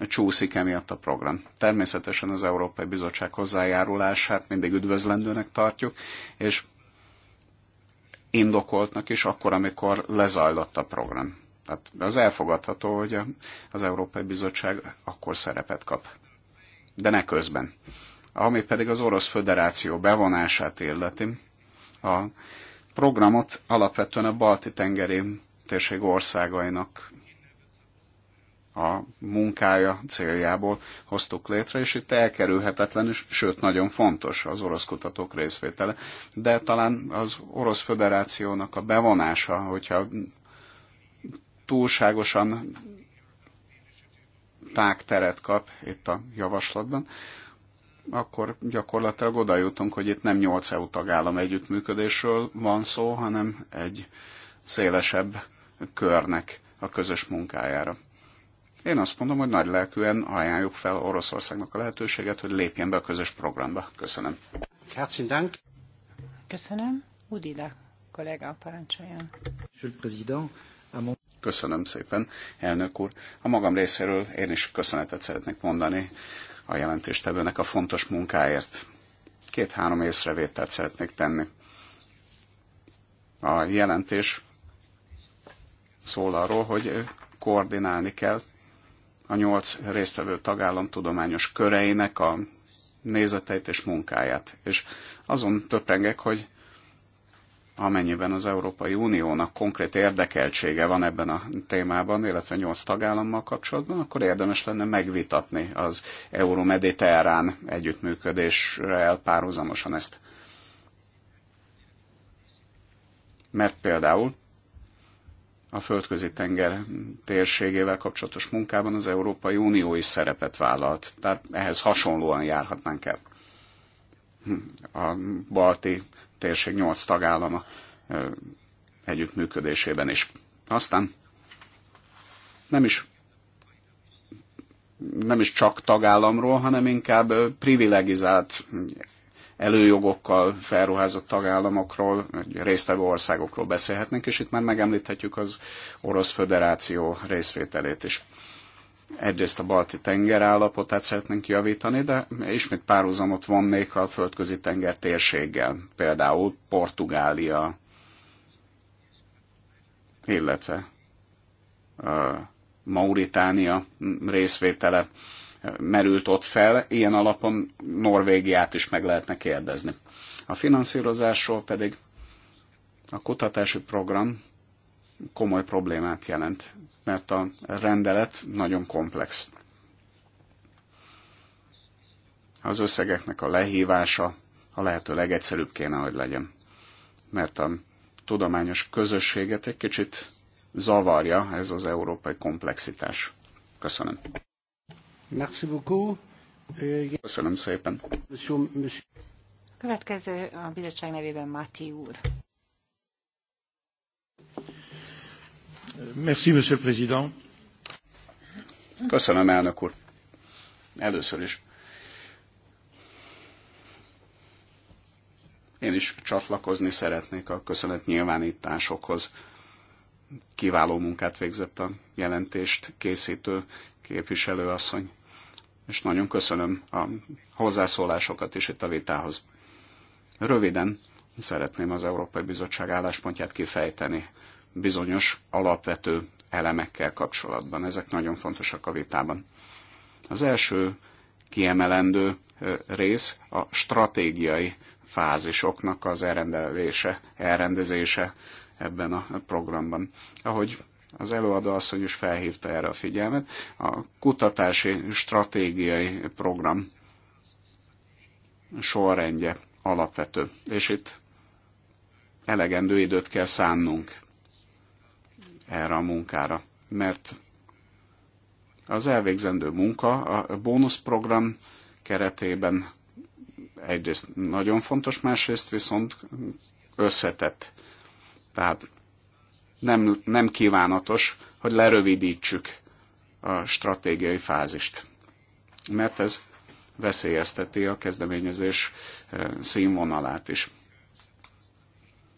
csúszik emiatt a program. Természetesen az Európai Bizottság hozzájárulását mindig üdvözlendőnek tartjuk, és indokoltnak is akkor, amikor lezajlott a program tehát az elfogadható, hogy az Európai Bizottság akkor szerepet kap. De ne közben. Ami pedig az Orosz Föderáció bevonását illeti, a programot alapvetően a Balti-tengeri térség országainak a munkája céljából hoztuk létre, és itt elkerülhetetlen, és sőt nagyon fontos az orosz kutatók részvétele. De talán az Orosz Föderációnak a bevonása, hogyha túlságosan teret kap itt a javaslatban, akkor gyakorlatilag oda jutunk, hogy itt nem 8 EU tagállam együttműködésről van szó, hanem egy szélesebb körnek a közös munkájára. Én azt mondom, hogy nagy lelkűen ajánljuk fel Oroszországnak a lehetőséget, hogy lépjen be a közös programba. Köszönöm. Herzlichen Dank. Köszönöm. Udida kollega parancsoljon. Monsieur le Président, Köszönöm szépen, elnök úr. A magam részéről én is köszönetet szeretnék mondani a jelentéstevőnek a fontos munkáért. Két-három észrevételt szeretnék tenni. A jelentés szól arról, hogy koordinálni kell a nyolc résztvevő tagállam tudományos köreinek a nézeteit és munkáját. És azon töprengek, hogy amennyiben az Európai Uniónak konkrét érdekeltsége van ebben a témában, illetve nyolc tagállammal kapcsolatban, akkor érdemes lenne megvitatni az euró-mediterrán együttműködéssel párhuzamosan ezt. Mert például a földközi tenger térségével kapcsolatos munkában az Európai Unió is szerepet vállalt. Tehát ehhez hasonlóan járhatnánk el. Hm. A balti térség nyolc tagállama együttműködésében is. Aztán nem is nem is csak tagállamról, hanem inkább privilegizált előjogokkal felruházott tagállamokról, résztvevő országokról beszélhetnénk, és itt már megemlíthetjük az Orosz Föderáció részvételét is egyrészt a balti tenger állapotát szeretnénk javítani, de ismét párhuzamot még a földközi tenger térséggel, például Portugália, illetve Mauritánia részvétele merült ott fel, ilyen alapon Norvégiát is meg lehetne kérdezni. A finanszírozásról pedig a kutatási program komoly problémát jelent mert a rendelet nagyon komplex. Az összegeknek a lehívása a lehető legegyszerűbb kéne, hogy legyen. Mert a tudományos közösséget egy kicsit zavarja ez az európai komplexitás. Köszönöm. Merci beaucoup. Euh, Köszönöm szépen. Következő a bizottság nevében Máti úr. Merci, Monsieur le Président. Köszönöm, elnök úr. Először is. Én is csatlakozni szeretnék a köszönet nyilvánításokhoz. Kiváló munkát végzett a jelentést készítő képviselőasszony, és nagyon köszönöm a hozzászólásokat is itt a vitához. Röviden szeretném az Európai Bizottság álláspontját kifejteni bizonyos alapvető elemekkel kapcsolatban. Ezek nagyon fontosak a vitában. Az első kiemelendő rész a stratégiai fázisoknak az elrendelése, elrendezése ebben a programban. Ahogy az előadó asszony is felhívta erre a figyelmet, a kutatási stratégiai program sorrendje alapvető, és itt elegendő időt kell szánnunk erre a munkára, mert az elvégzendő munka a bónuszprogram keretében egyrészt nagyon fontos, másrészt viszont összetett. Tehát nem, nem kívánatos, hogy lerövidítsük a stratégiai fázist, mert ez veszélyezteti a kezdeményezés eh, színvonalát is.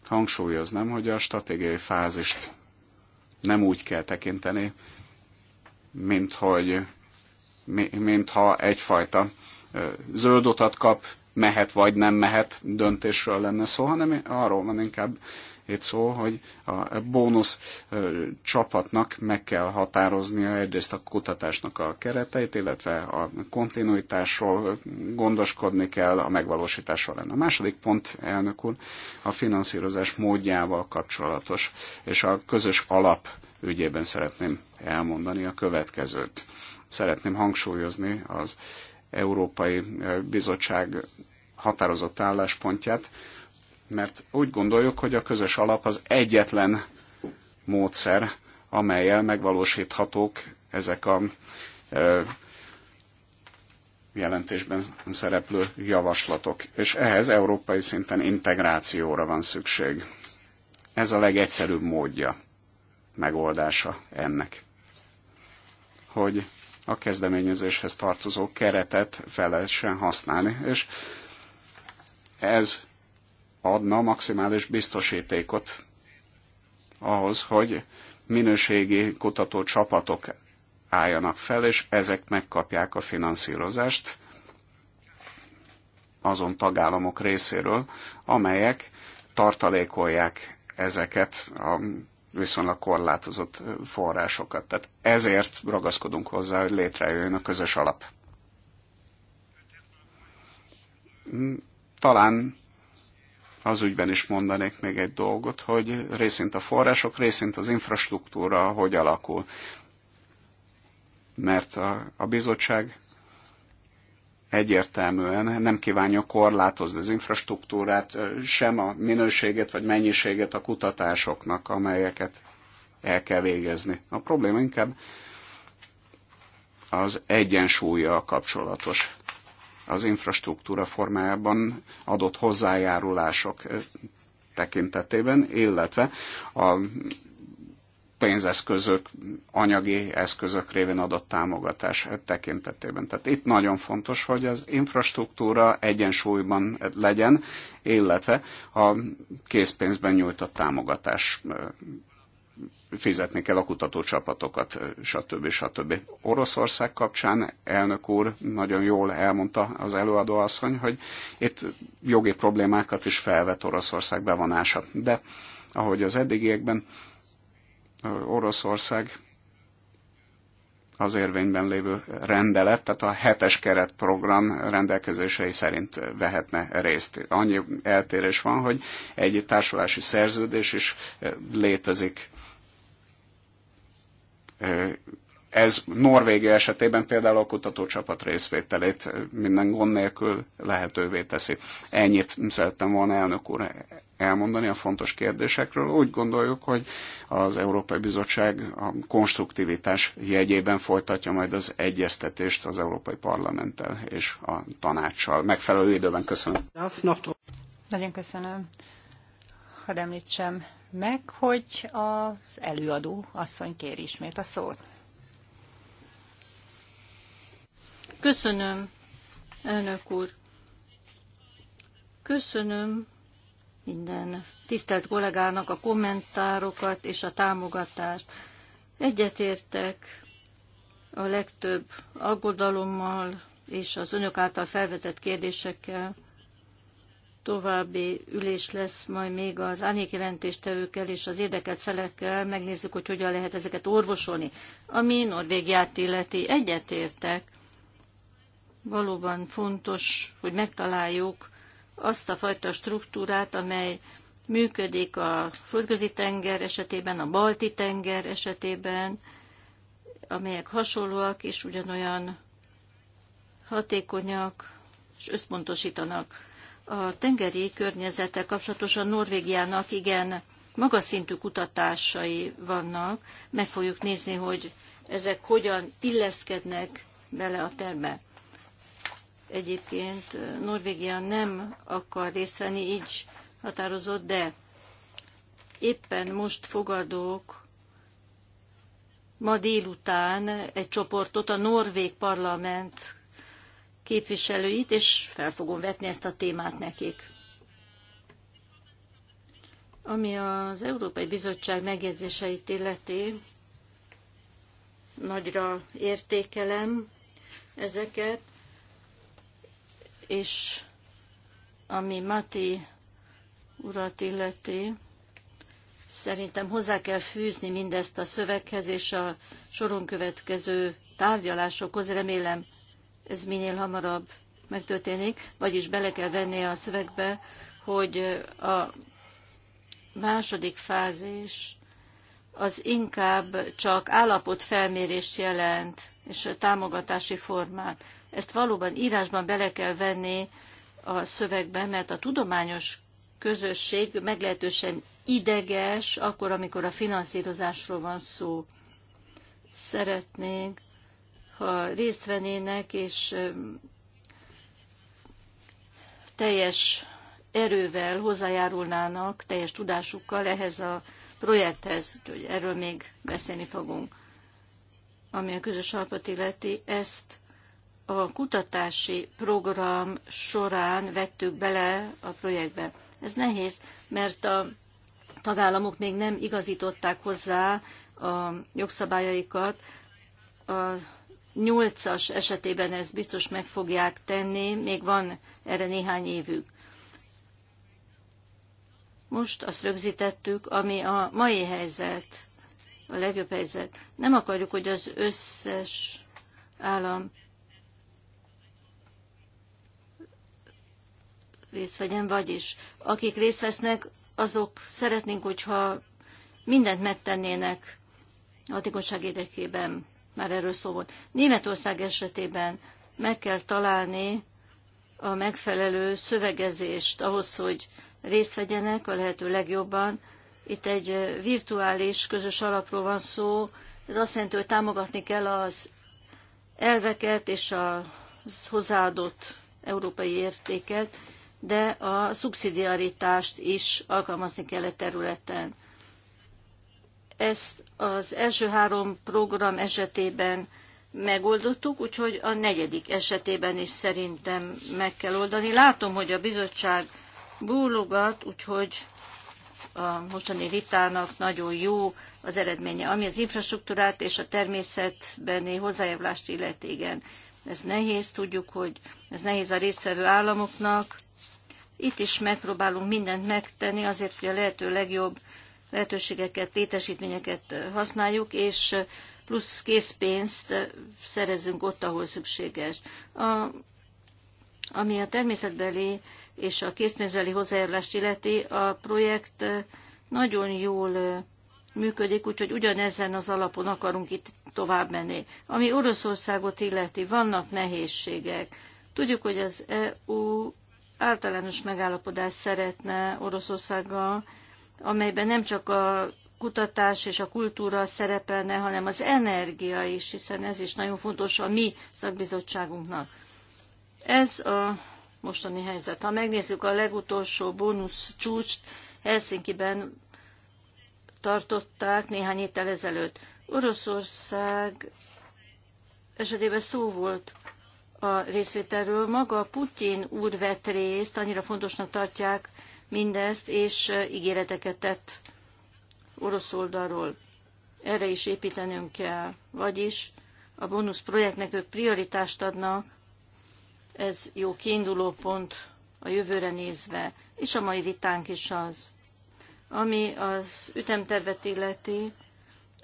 Hangsúlyoznám, hogy a stratégiai fázist nem úgy kell tekinteni, mint hogy mintha egyfajta zöld utat kap, mehet vagy nem mehet döntésről lenne szó, hanem arról van inkább itt szó, hogy a bónusz csapatnak meg kell határoznia egyrészt a kutatásnak a kereteit, illetve a kontinuitásról gondoskodni kell a megvalósítás során. A második pont, elnök úr, a finanszírozás módjával kapcsolatos, és a közös alap ügyében szeretném elmondani a következőt. Szeretném hangsúlyozni az Európai Bizottság határozott álláspontját mert úgy gondoljuk, hogy a közös alap az egyetlen módszer, amelyel megvalósíthatók ezek a jelentésben szereplő javaslatok. És ehhez európai szinten integrációra van szükség. Ez a legegyszerűbb módja, megoldása ennek. Hogy a kezdeményezéshez tartozó keretet fel lehessen használni, és ez adna maximális biztosítékot ahhoz, hogy minőségi kutató csapatok álljanak fel, és ezek megkapják a finanszírozást azon tagállamok részéről, amelyek tartalékolják ezeket a viszonylag korlátozott forrásokat. Tehát ezért ragaszkodunk hozzá, hogy létrejöjjön a közös alap. Talán az ügyben is mondanék még egy dolgot, hogy részint a források, részint az infrastruktúra hogy alakul. Mert a, a bizottság egyértelműen nem kívánja korlátozni az infrastruktúrát, sem a minőséget vagy mennyiséget a kutatásoknak, amelyeket el kell végezni. A probléma inkább az egyensúlya kapcsolatos az infrastruktúra formájában adott hozzájárulások eh, tekintetében, illetve a pénzeszközök, anyagi eszközök révén adott támogatás tekintetében. Tehát itt nagyon fontos, hogy az infrastruktúra egyensúlyban legyen, illetve a készpénzben nyújtott támogatás eh, fizetni kell a kutatócsapatokat, stb. stb. Oroszország kapcsán elnök úr nagyon jól elmondta az előadó asszony, hogy itt jogi problémákat is felvet Oroszország bevonása. De ahogy az eddigiekben Oroszország az érvényben lévő rendelet, tehát a hetes keretprogram rendelkezései szerint vehetne részt. Annyi eltérés van, hogy egy társulási szerződés is létezik ez Norvégia esetében például a kutatócsapat részvételét minden gond nélkül lehetővé teszi. Ennyit szerettem volna elnök úr elmondani a fontos kérdésekről. Úgy gondoljuk, hogy az Európai Bizottság a konstruktivitás jegyében folytatja majd az egyeztetést az Európai Parlamenttel és a tanácssal. Megfelelő időben köszönöm. Nagyon köszönöm. Hadd említsem meg, hogy az előadó asszony kér ismét a szót. Köszönöm, elnök úr. Köszönöm minden tisztelt kollégának a kommentárokat és a támogatást. Egyetértek a legtöbb aggodalommal és az önök által felvetett kérdésekkel további ülés lesz majd még az árnyékjelentéstevőkkel és az érdekelt felekkel, megnézzük, hogy hogyan lehet ezeket orvosolni. Ami Norvégiát illeti, egyetértek. Valóban fontos, hogy megtaláljuk azt a fajta struktúrát, amely működik a földközi tenger esetében, a balti tenger esetében, amelyek hasonlóak és ugyanolyan hatékonyak, és összpontosítanak a tengeri környezettel kapcsolatosan Norvégiának igen magas szintű kutatásai vannak. Meg fogjuk nézni, hogy ezek hogyan illeszkednek bele a terbe. Egyébként Norvégia nem akar részt venni, így határozott, de éppen most fogadok ma délután egy csoportot a Norvég Parlament képviselőit, és fel fogom vetni ezt a témát nekik. Ami az Európai Bizottság megjegyzéseit illeti, nagyra értékelem ezeket, és ami Mati urat illeti, szerintem hozzá kell fűzni mindezt a szöveghez, és a soron következő tárgyalásokhoz remélem ez minél hamarabb megtörténik, vagyis bele kell venni a szövegbe, hogy a második fázis az inkább csak állapotfelmérést jelent, és támogatási formát. Ezt valóban írásban bele kell venni a szövegbe, mert a tudományos közösség meglehetősen ideges, akkor, amikor a finanszírozásról van szó. Szeretnénk ha részt vennének, és teljes erővel hozzájárulnának, teljes tudásukkal ehhez a projekthez, úgyhogy erről még beszélni fogunk. Ami a közös alapot illeti, ezt a kutatási program során vettük bele a projektbe. Ez nehéz, mert a tagállamok még nem igazították hozzá a jogszabályaikat a nyolcas esetében ezt biztos meg fogják tenni, még van erre néhány évük. Most azt rögzítettük, ami a mai helyzet, a legjobb helyzet. Nem akarjuk, hogy az összes állam részt vegyen, vagyis akik részt vesznek, azok szeretnénk, hogyha mindent megtennének hatékonyság érdekében már erről szó volt. Németország esetében meg kell találni a megfelelő szövegezést ahhoz, hogy részt vegyenek a lehető legjobban. Itt egy virtuális közös alapról van szó, ez azt jelenti, hogy támogatni kell az elveket és a hozzáadott európai értéket, de a szubszidiaritást is alkalmazni kell a e területen. Ezt az első három program esetében megoldottuk, úgyhogy a negyedik esetében is szerintem meg kell oldani. Látom, hogy a bizottság búlogat, úgyhogy a mostani vitának nagyon jó az eredménye, ami az infrastruktúrát és a természetbeni hozzájárulást illeti. Igen, ez nehéz, tudjuk, hogy ez nehéz a résztvevő államoknak. Itt is megpróbálunk mindent megtenni azért, hogy a lehető legjobb lehetőségeket, létesítményeket használjuk, és plusz készpénzt szerezzünk ott, ahol szükséges. A, ami a természetbeli és a készpénzbeli hozzájárulást illeti, a projekt nagyon jól működik, úgyhogy ugyanezen az alapon akarunk itt tovább menni. Ami Oroszországot illeti, vannak nehézségek. Tudjuk, hogy az EU általános megállapodást szeretne Oroszországgal, amelyben nem csak a kutatás és a kultúra szerepelne, hanem az energia is, hiszen ez is nagyon fontos a mi szakbizottságunknak. Ez a mostani helyzet. Ha megnézzük a legutolsó bónusz csúcst, Helsinki-ben tartották néhány héttel ezelőtt. Oroszország esetében szó volt a részvételről. Maga Putyin úr vett részt, annyira fontosnak tartják mindezt, és ígéreteket tett orosz oldalról. Erre is építenünk kell. Vagyis a bónusz projektnek ők prioritást adnak, ez jó kiinduló pont a jövőre nézve, és a mai vitánk is az. Ami az ütemtervet illeti,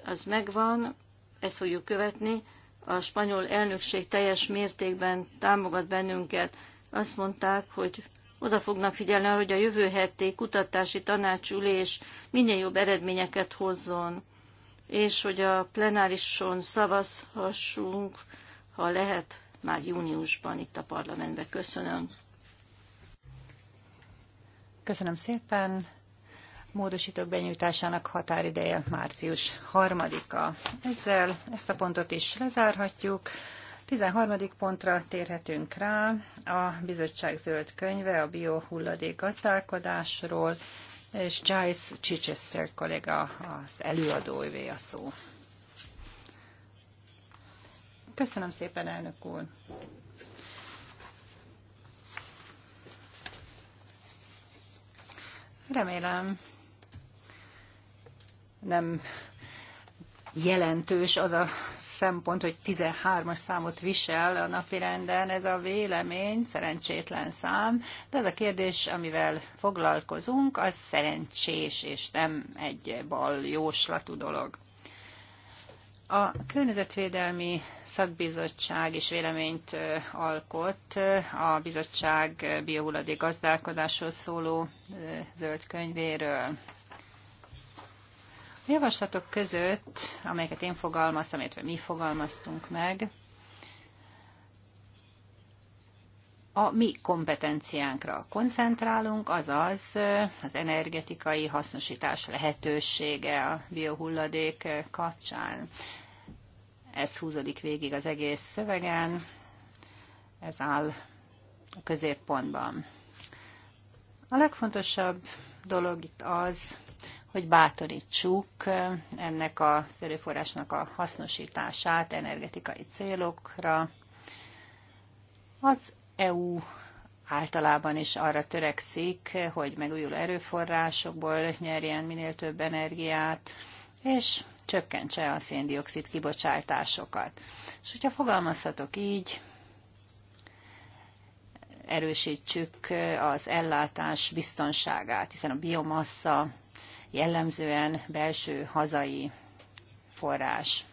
az megvan, ezt fogjuk követni. A spanyol elnökség teljes mértékben támogat bennünket. Azt mondták, hogy oda fognak figyelni arra, hogy a jövő heti kutatási tanácsülés minél jobb eredményeket hozzon, és hogy a plenárison szavazhassunk, ha lehet, már júniusban itt a parlamentben. Köszönöm. Köszönöm szépen. Módosítók benyújtásának határideje március 3-a. Ezzel ezt a pontot is lezárhatjuk. 13. pontra térhetünk rá, a bizottság zöld könyve a biohulladék gazdálkodásról, és Giles Chichester kollega az előadóivé a szó. Köszönöm szépen, elnök úr! Remélem, nem jelentős az a szempont, hogy 13-as számot visel a renden ez a vélemény, szerencsétlen szám, de ez a kérdés, amivel foglalkozunk, az szerencsés, és nem egy bal jóslatú dolog. A Környezetvédelmi Szakbizottság is véleményt alkott. a bizottság biohulladék gazdálkodásról szóló zöld könyvéről. A javaslatok között, amelyeket én fogalmaztam, illetve mi fogalmaztunk meg, a mi kompetenciánkra koncentrálunk, azaz az energetikai hasznosítás lehetősége a biohulladék kapcsán. Ez húzódik végig az egész szövegen, ez áll a középpontban. A legfontosabb dolog itt az, hogy bátorítsuk ennek a erőforrásnak a hasznosítását energetikai célokra. Az EU általában is arra törekszik, hogy megújuló erőforrásokból nyerjen minél több energiát, és csökkentse a széndiokszid kibocsátásokat. És hogyha fogalmazhatok így, erősítsük az ellátás biztonságát, hiszen a biomassa jellemzően belső hazai forrás.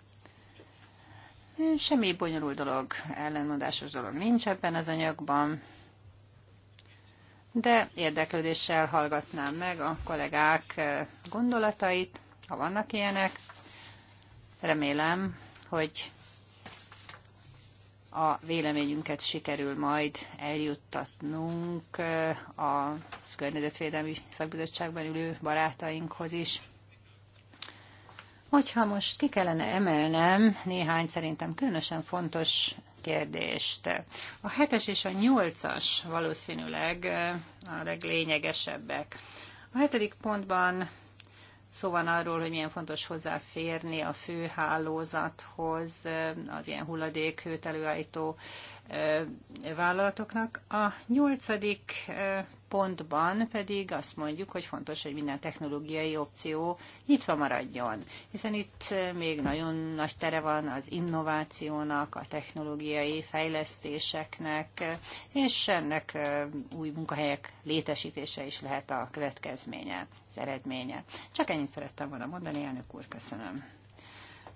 Semmi bonyolult dolog, ellenmondásos dolog nincs ebben az anyagban, de érdeklődéssel hallgatnám meg a kollégák eh, gondolatait, ha vannak ilyenek. Remélem, hogy a véleményünket sikerül majd eljuttatnunk eh, a környezetvédelmi szakbizottságban ülő barátainkhoz is. Hogyha most ki kellene emelnem néhány szerintem különösen fontos kérdést. A hetes és a nyolcas valószínűleg eh, a leglényegesebbek. A hetedik pontban Szó van arról, hogy milyen fontos hozzáférni a főhálózathoz az ilyen hulladék előállító vállalatoknak. A nyolcadik pontban pedig azt mondjuk, hogy fontos, hogy minden technológiai opció nyitva maradjon, hiszen itt eh, még nagyon nagy tere van az innovációnak, a technológiai fejlesztéseknek, eh, és ennek eh, új munkahelyek létesítése is lehet a következménye, az eredménye. Csak ennyit szerettem volna mondani, elnök úr, köszönöm.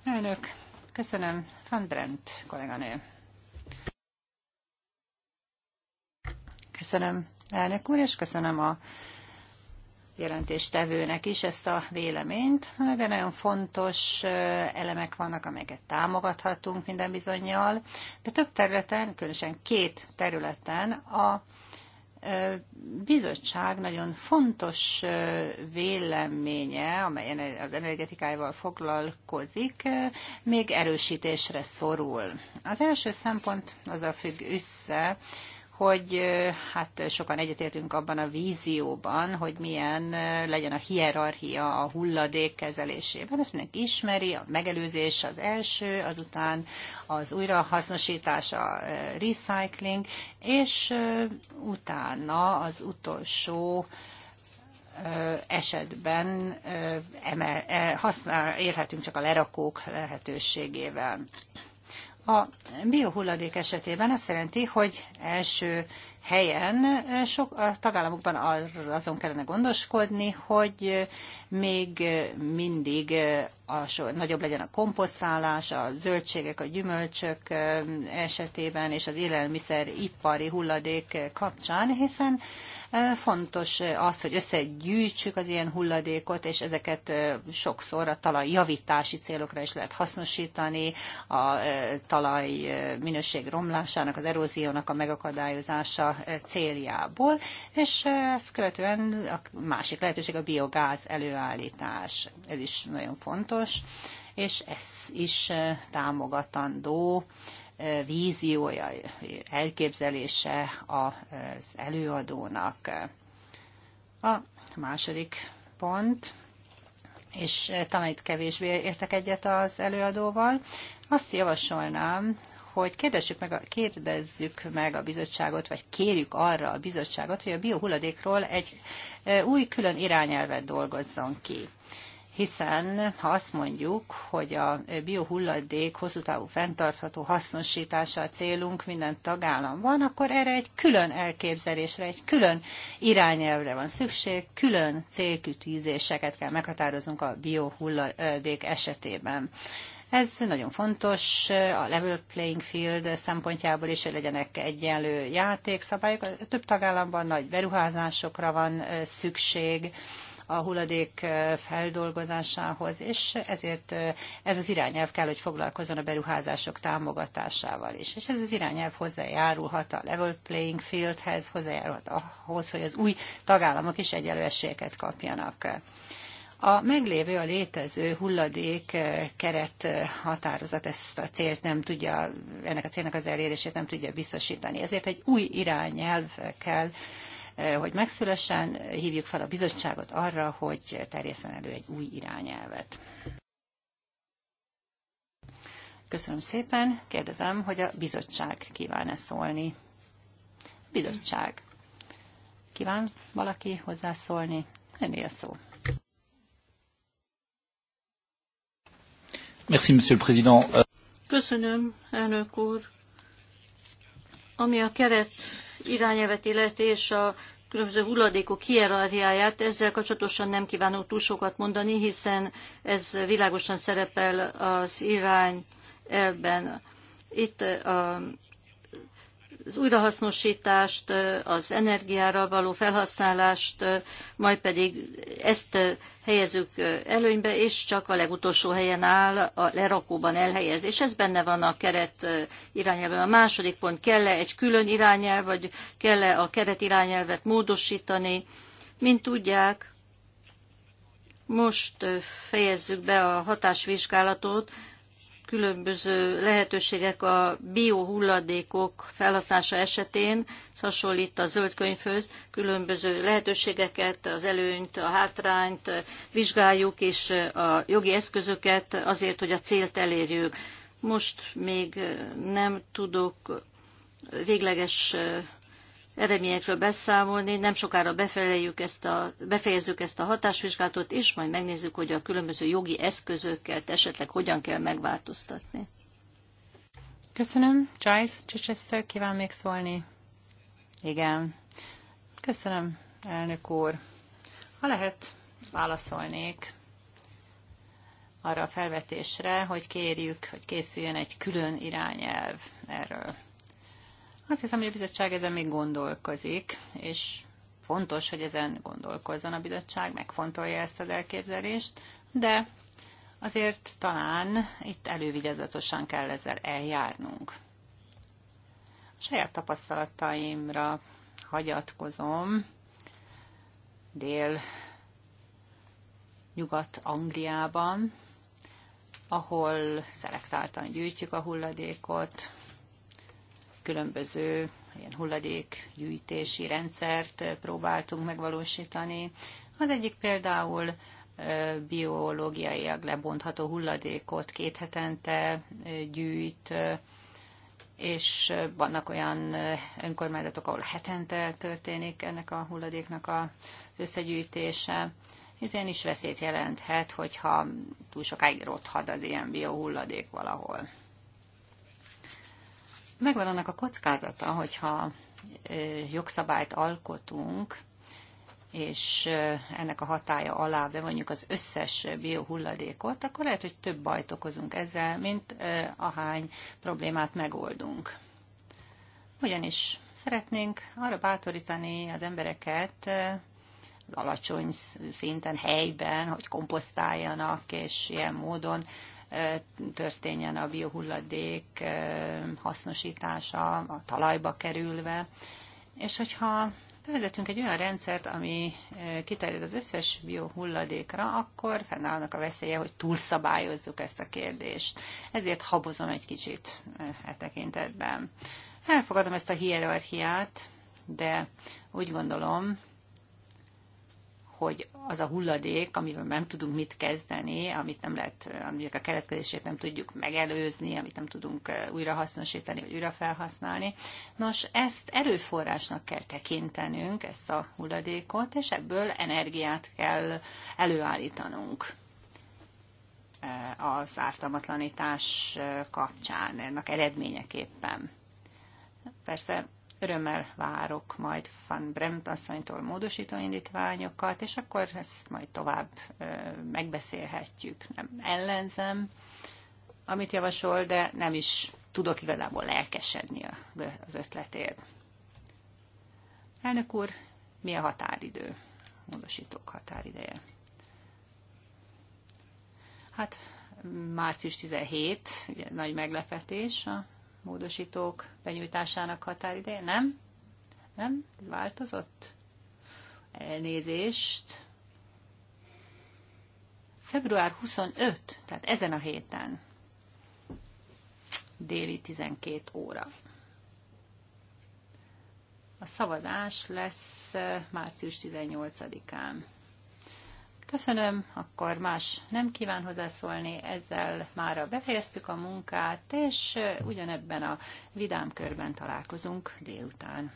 Elnök, köszönöm, Van Brent kolléganő. Köszönöm, elnök úr, és köszönöm a jelentéstevőnek is ezt a véleményt, mert nagyon fontos elemek vannak, amelyeket támogathatunk minden bizonyal, de több területen, különösen két területen a bizottság nagyon fontos véleménye, amelyen az energetikával foglalkozik, még erősítésre szorul. Az első szempont az a függ össze, hogy hát sokan egyetértünk abban a vízióban, hogy milyen legyen a hierarchia a hulladék kezelésében. Ezt mindenki ismeri, a megelőzés az első, azután az újrahasznosítás, a recycling, és utána az utolsó esetben emel, e, használ, élhetünk csak a lerakók lehetőségével. A biohulladék esetében azt jelenti, hogy első helyen eh, sok a tagállamokban azon kellene gondoskodni, hogy eh, még eh, mindig a, so, nagyobb legyen a komposztálás, a zöldségek, a gyümölcsök esetében és az élelmiszer ipari hulladék kapcsán, hiszen Fontos az, hogy összegyűjtsük az ilyen hulladékot, és ezeket sokszor a talajjavítási célokra is lehet hasznosítani, a talaj minőség romlásának, az eróziónak a megakadályozása céljából, és ezt követően a másik lehetőség a biogáz előállítás. Ez is nagyon fontos, és ez is támogatandó víziója, elképzelése az előadónak. A második pont, és talán itt kevésbé értek egyet az előadóval, azt javasolnám, hogy kérdezzük meg, a, kérdezzük meg a bizottságot, vagy kérjük arra a bizottságot, hogy a biohulladékról egy új külön irányelvet dolgozzon ki hiszen ha azt mondjuk, hogy a biohulladék hosszú távú fenntartható hasznosítása a célunk minden tagállamban, akkor erre egy külön elképzelésre, egy külön irányelvre van szükség, külön célkütűzéseket kell meghatároznunk a biohulladék esetében. Ez nagyon fontos a level playing field szempontjából is, hogy legyenek egyenlő játékszabályok. A több tagállamban nagy beruházásokra van szükség, a hulladék feldolgozásához, és ezért ez az irányelv kell, hogy foglalkozzon a beruházások támogatásával is. És ez az irányelv hozzájárulhat a level playing fieldhez, hozzájárulhat ahhoz, hogy az új tagállamok is egyenlő esélyeket kapjanak. A meglévő, a létező hulladék keret határozat ezt a célt nem tudja, ennek a célnak az elérését nem tudja biztosítani. Ezért egy új irányelv kell Eh, hogy megszülessen, hívjuk fel a bizottságot arra, hogy terjeszen elő egy új irányelvet. Köszönöm szépen. Kérdezem, hogy a bizottság kíván-e szólni? Bizottság. Kíván valaki hozzászólni? Ennél a szó. Merci, Monsieur le Président. Köszönöm, elnök úr. Ami a keret irányelvet illeti és a különböző hulladékok hierarchiáját, ezzel kapcsolatosan nem kívánok túl sokat mondani, hiszen ez világosan szerepel az irányelvben. Itt a az újrahasznosítást, az energiára való felhasználást, majd pedig ezt helyezzük előnybe, és csak a legutolsó helyen áll a lerakóban elhelyez. És ez benne van a keret irányelvben. A második pont, kell-e egy külön irányelv, vagy kell-e a keret irányelvet módosítani. Mint tudják, most fejezzük be a hatásvizsgálatot, különböző lehetőségek a biohulladékok felhasználása esetén, ez hasonlít a zöld könyvhöz, különböző lehetőségeket, az előnyt, a hátrányt vizsgáljuk, és a jogi eszközöket azért, hogy a célt elérjük. Most még nem tudok végleges eredményekről beszámolni. Nem sokára befejezzük ezt a, befejezzük ezt a hatásvizsgálatot, és majd megnézzük, hogy a különböző jogi eszközöket esetleg hogyan kell megváltoztatni. Köszönöm. Giles Chichester kíván még szólni? Igen. Köszönöm, elnök úr. Ha lehet, válaszolnék arra a felvetésre, hogy kérjük, hogy készüljön egy külön irányelv erről. Azt hiszem, hogy a bizottság ezen még gondolkozik, és fontos, hogy ezen gondolkozzon a bizottság, megfontolja ezt az elképzelést, de azért talán itt elővigyázatosan kell ezzel eljárnunk. A saját tapasztalataimra hagyatkozom dél Nyugat-Angliában, ahol szelektáltan gyűjtjük a hulladékot, különböző ilyen hulladékgyűjtési rendszert eh, próbáltunk megvalósítani. Az egyik például eh, biológiaiak lebontható hulladékot két hetente eh, gyűjt, és vannak olyan önkormányzatok, ahol hetente történik ennek a hulladéknak az összegyűjtése. Ez ilyen is veszélyt jelenthet, hogyha túl sokáig rothad az ilyen biohulladék valahol megvan annak a kockázata, hogyha jogszabályt alkotunk, és ennek a hatája alá bevonjuk az összes biohulladékot, akkor lehet, hogy több bajt okozunk ezzel, mint ahány problémát megoldunk. Ugyanis szeretnénk arra bátorítani az embereket, az alacsony szinten, helyben, hogy komposztáljanak, és ilyen módon történjen a biohulladék hasznosítása, a talajba kerülve. És hogyha bevezetünk egy olyan rendszert, ami kiterjed az összes biohulladékra, akkor fennállnak a veszélye, hogy túlszabályozzuk ezt a kérdést. Ezért habozom egy kicsit e tekintetben. Elfogadom ezt a hierarchiát, de úgy gondolom, hogy az a hulladék, amivel nem tudunk mit kezdeni, amit nem lehet, amik a keletkezését nem tudjuk megelőzni, amit nem tudunk újrahasznosítani, vagy újrafelhasználni. Nos, ezt erőforrásnak kell tekintenünk, ezt a hulladékot, és ebből energiát kell előállítanunk az ártalmatlanítás kapcsán, ennek eredményeképpen. Persze Örömmel várok majd Van Bremt asszonytól módosító indítványokat, és akkor ezt majd tovább megbeszélhetjük. Nem ellenzem, amit javasol, de nem is tudok igazából lelkesedni az ötletért. Elnök úr, mi a határidő? Módosítók határideje. Hát március 17, ugye nagy meglepetés a módosítók benyújtásának határideje? Nem? Nem? Ez változott? Elnézést. Február 25, tehát ezen a héten, déli 12 óra. A szavazás lesz eh, március 18-án. Köszönöm, akkor más nem kíván hozzászólni, ezzel már befejeztük a munkát, és ugyanebben a vidám körben találkozunk délután.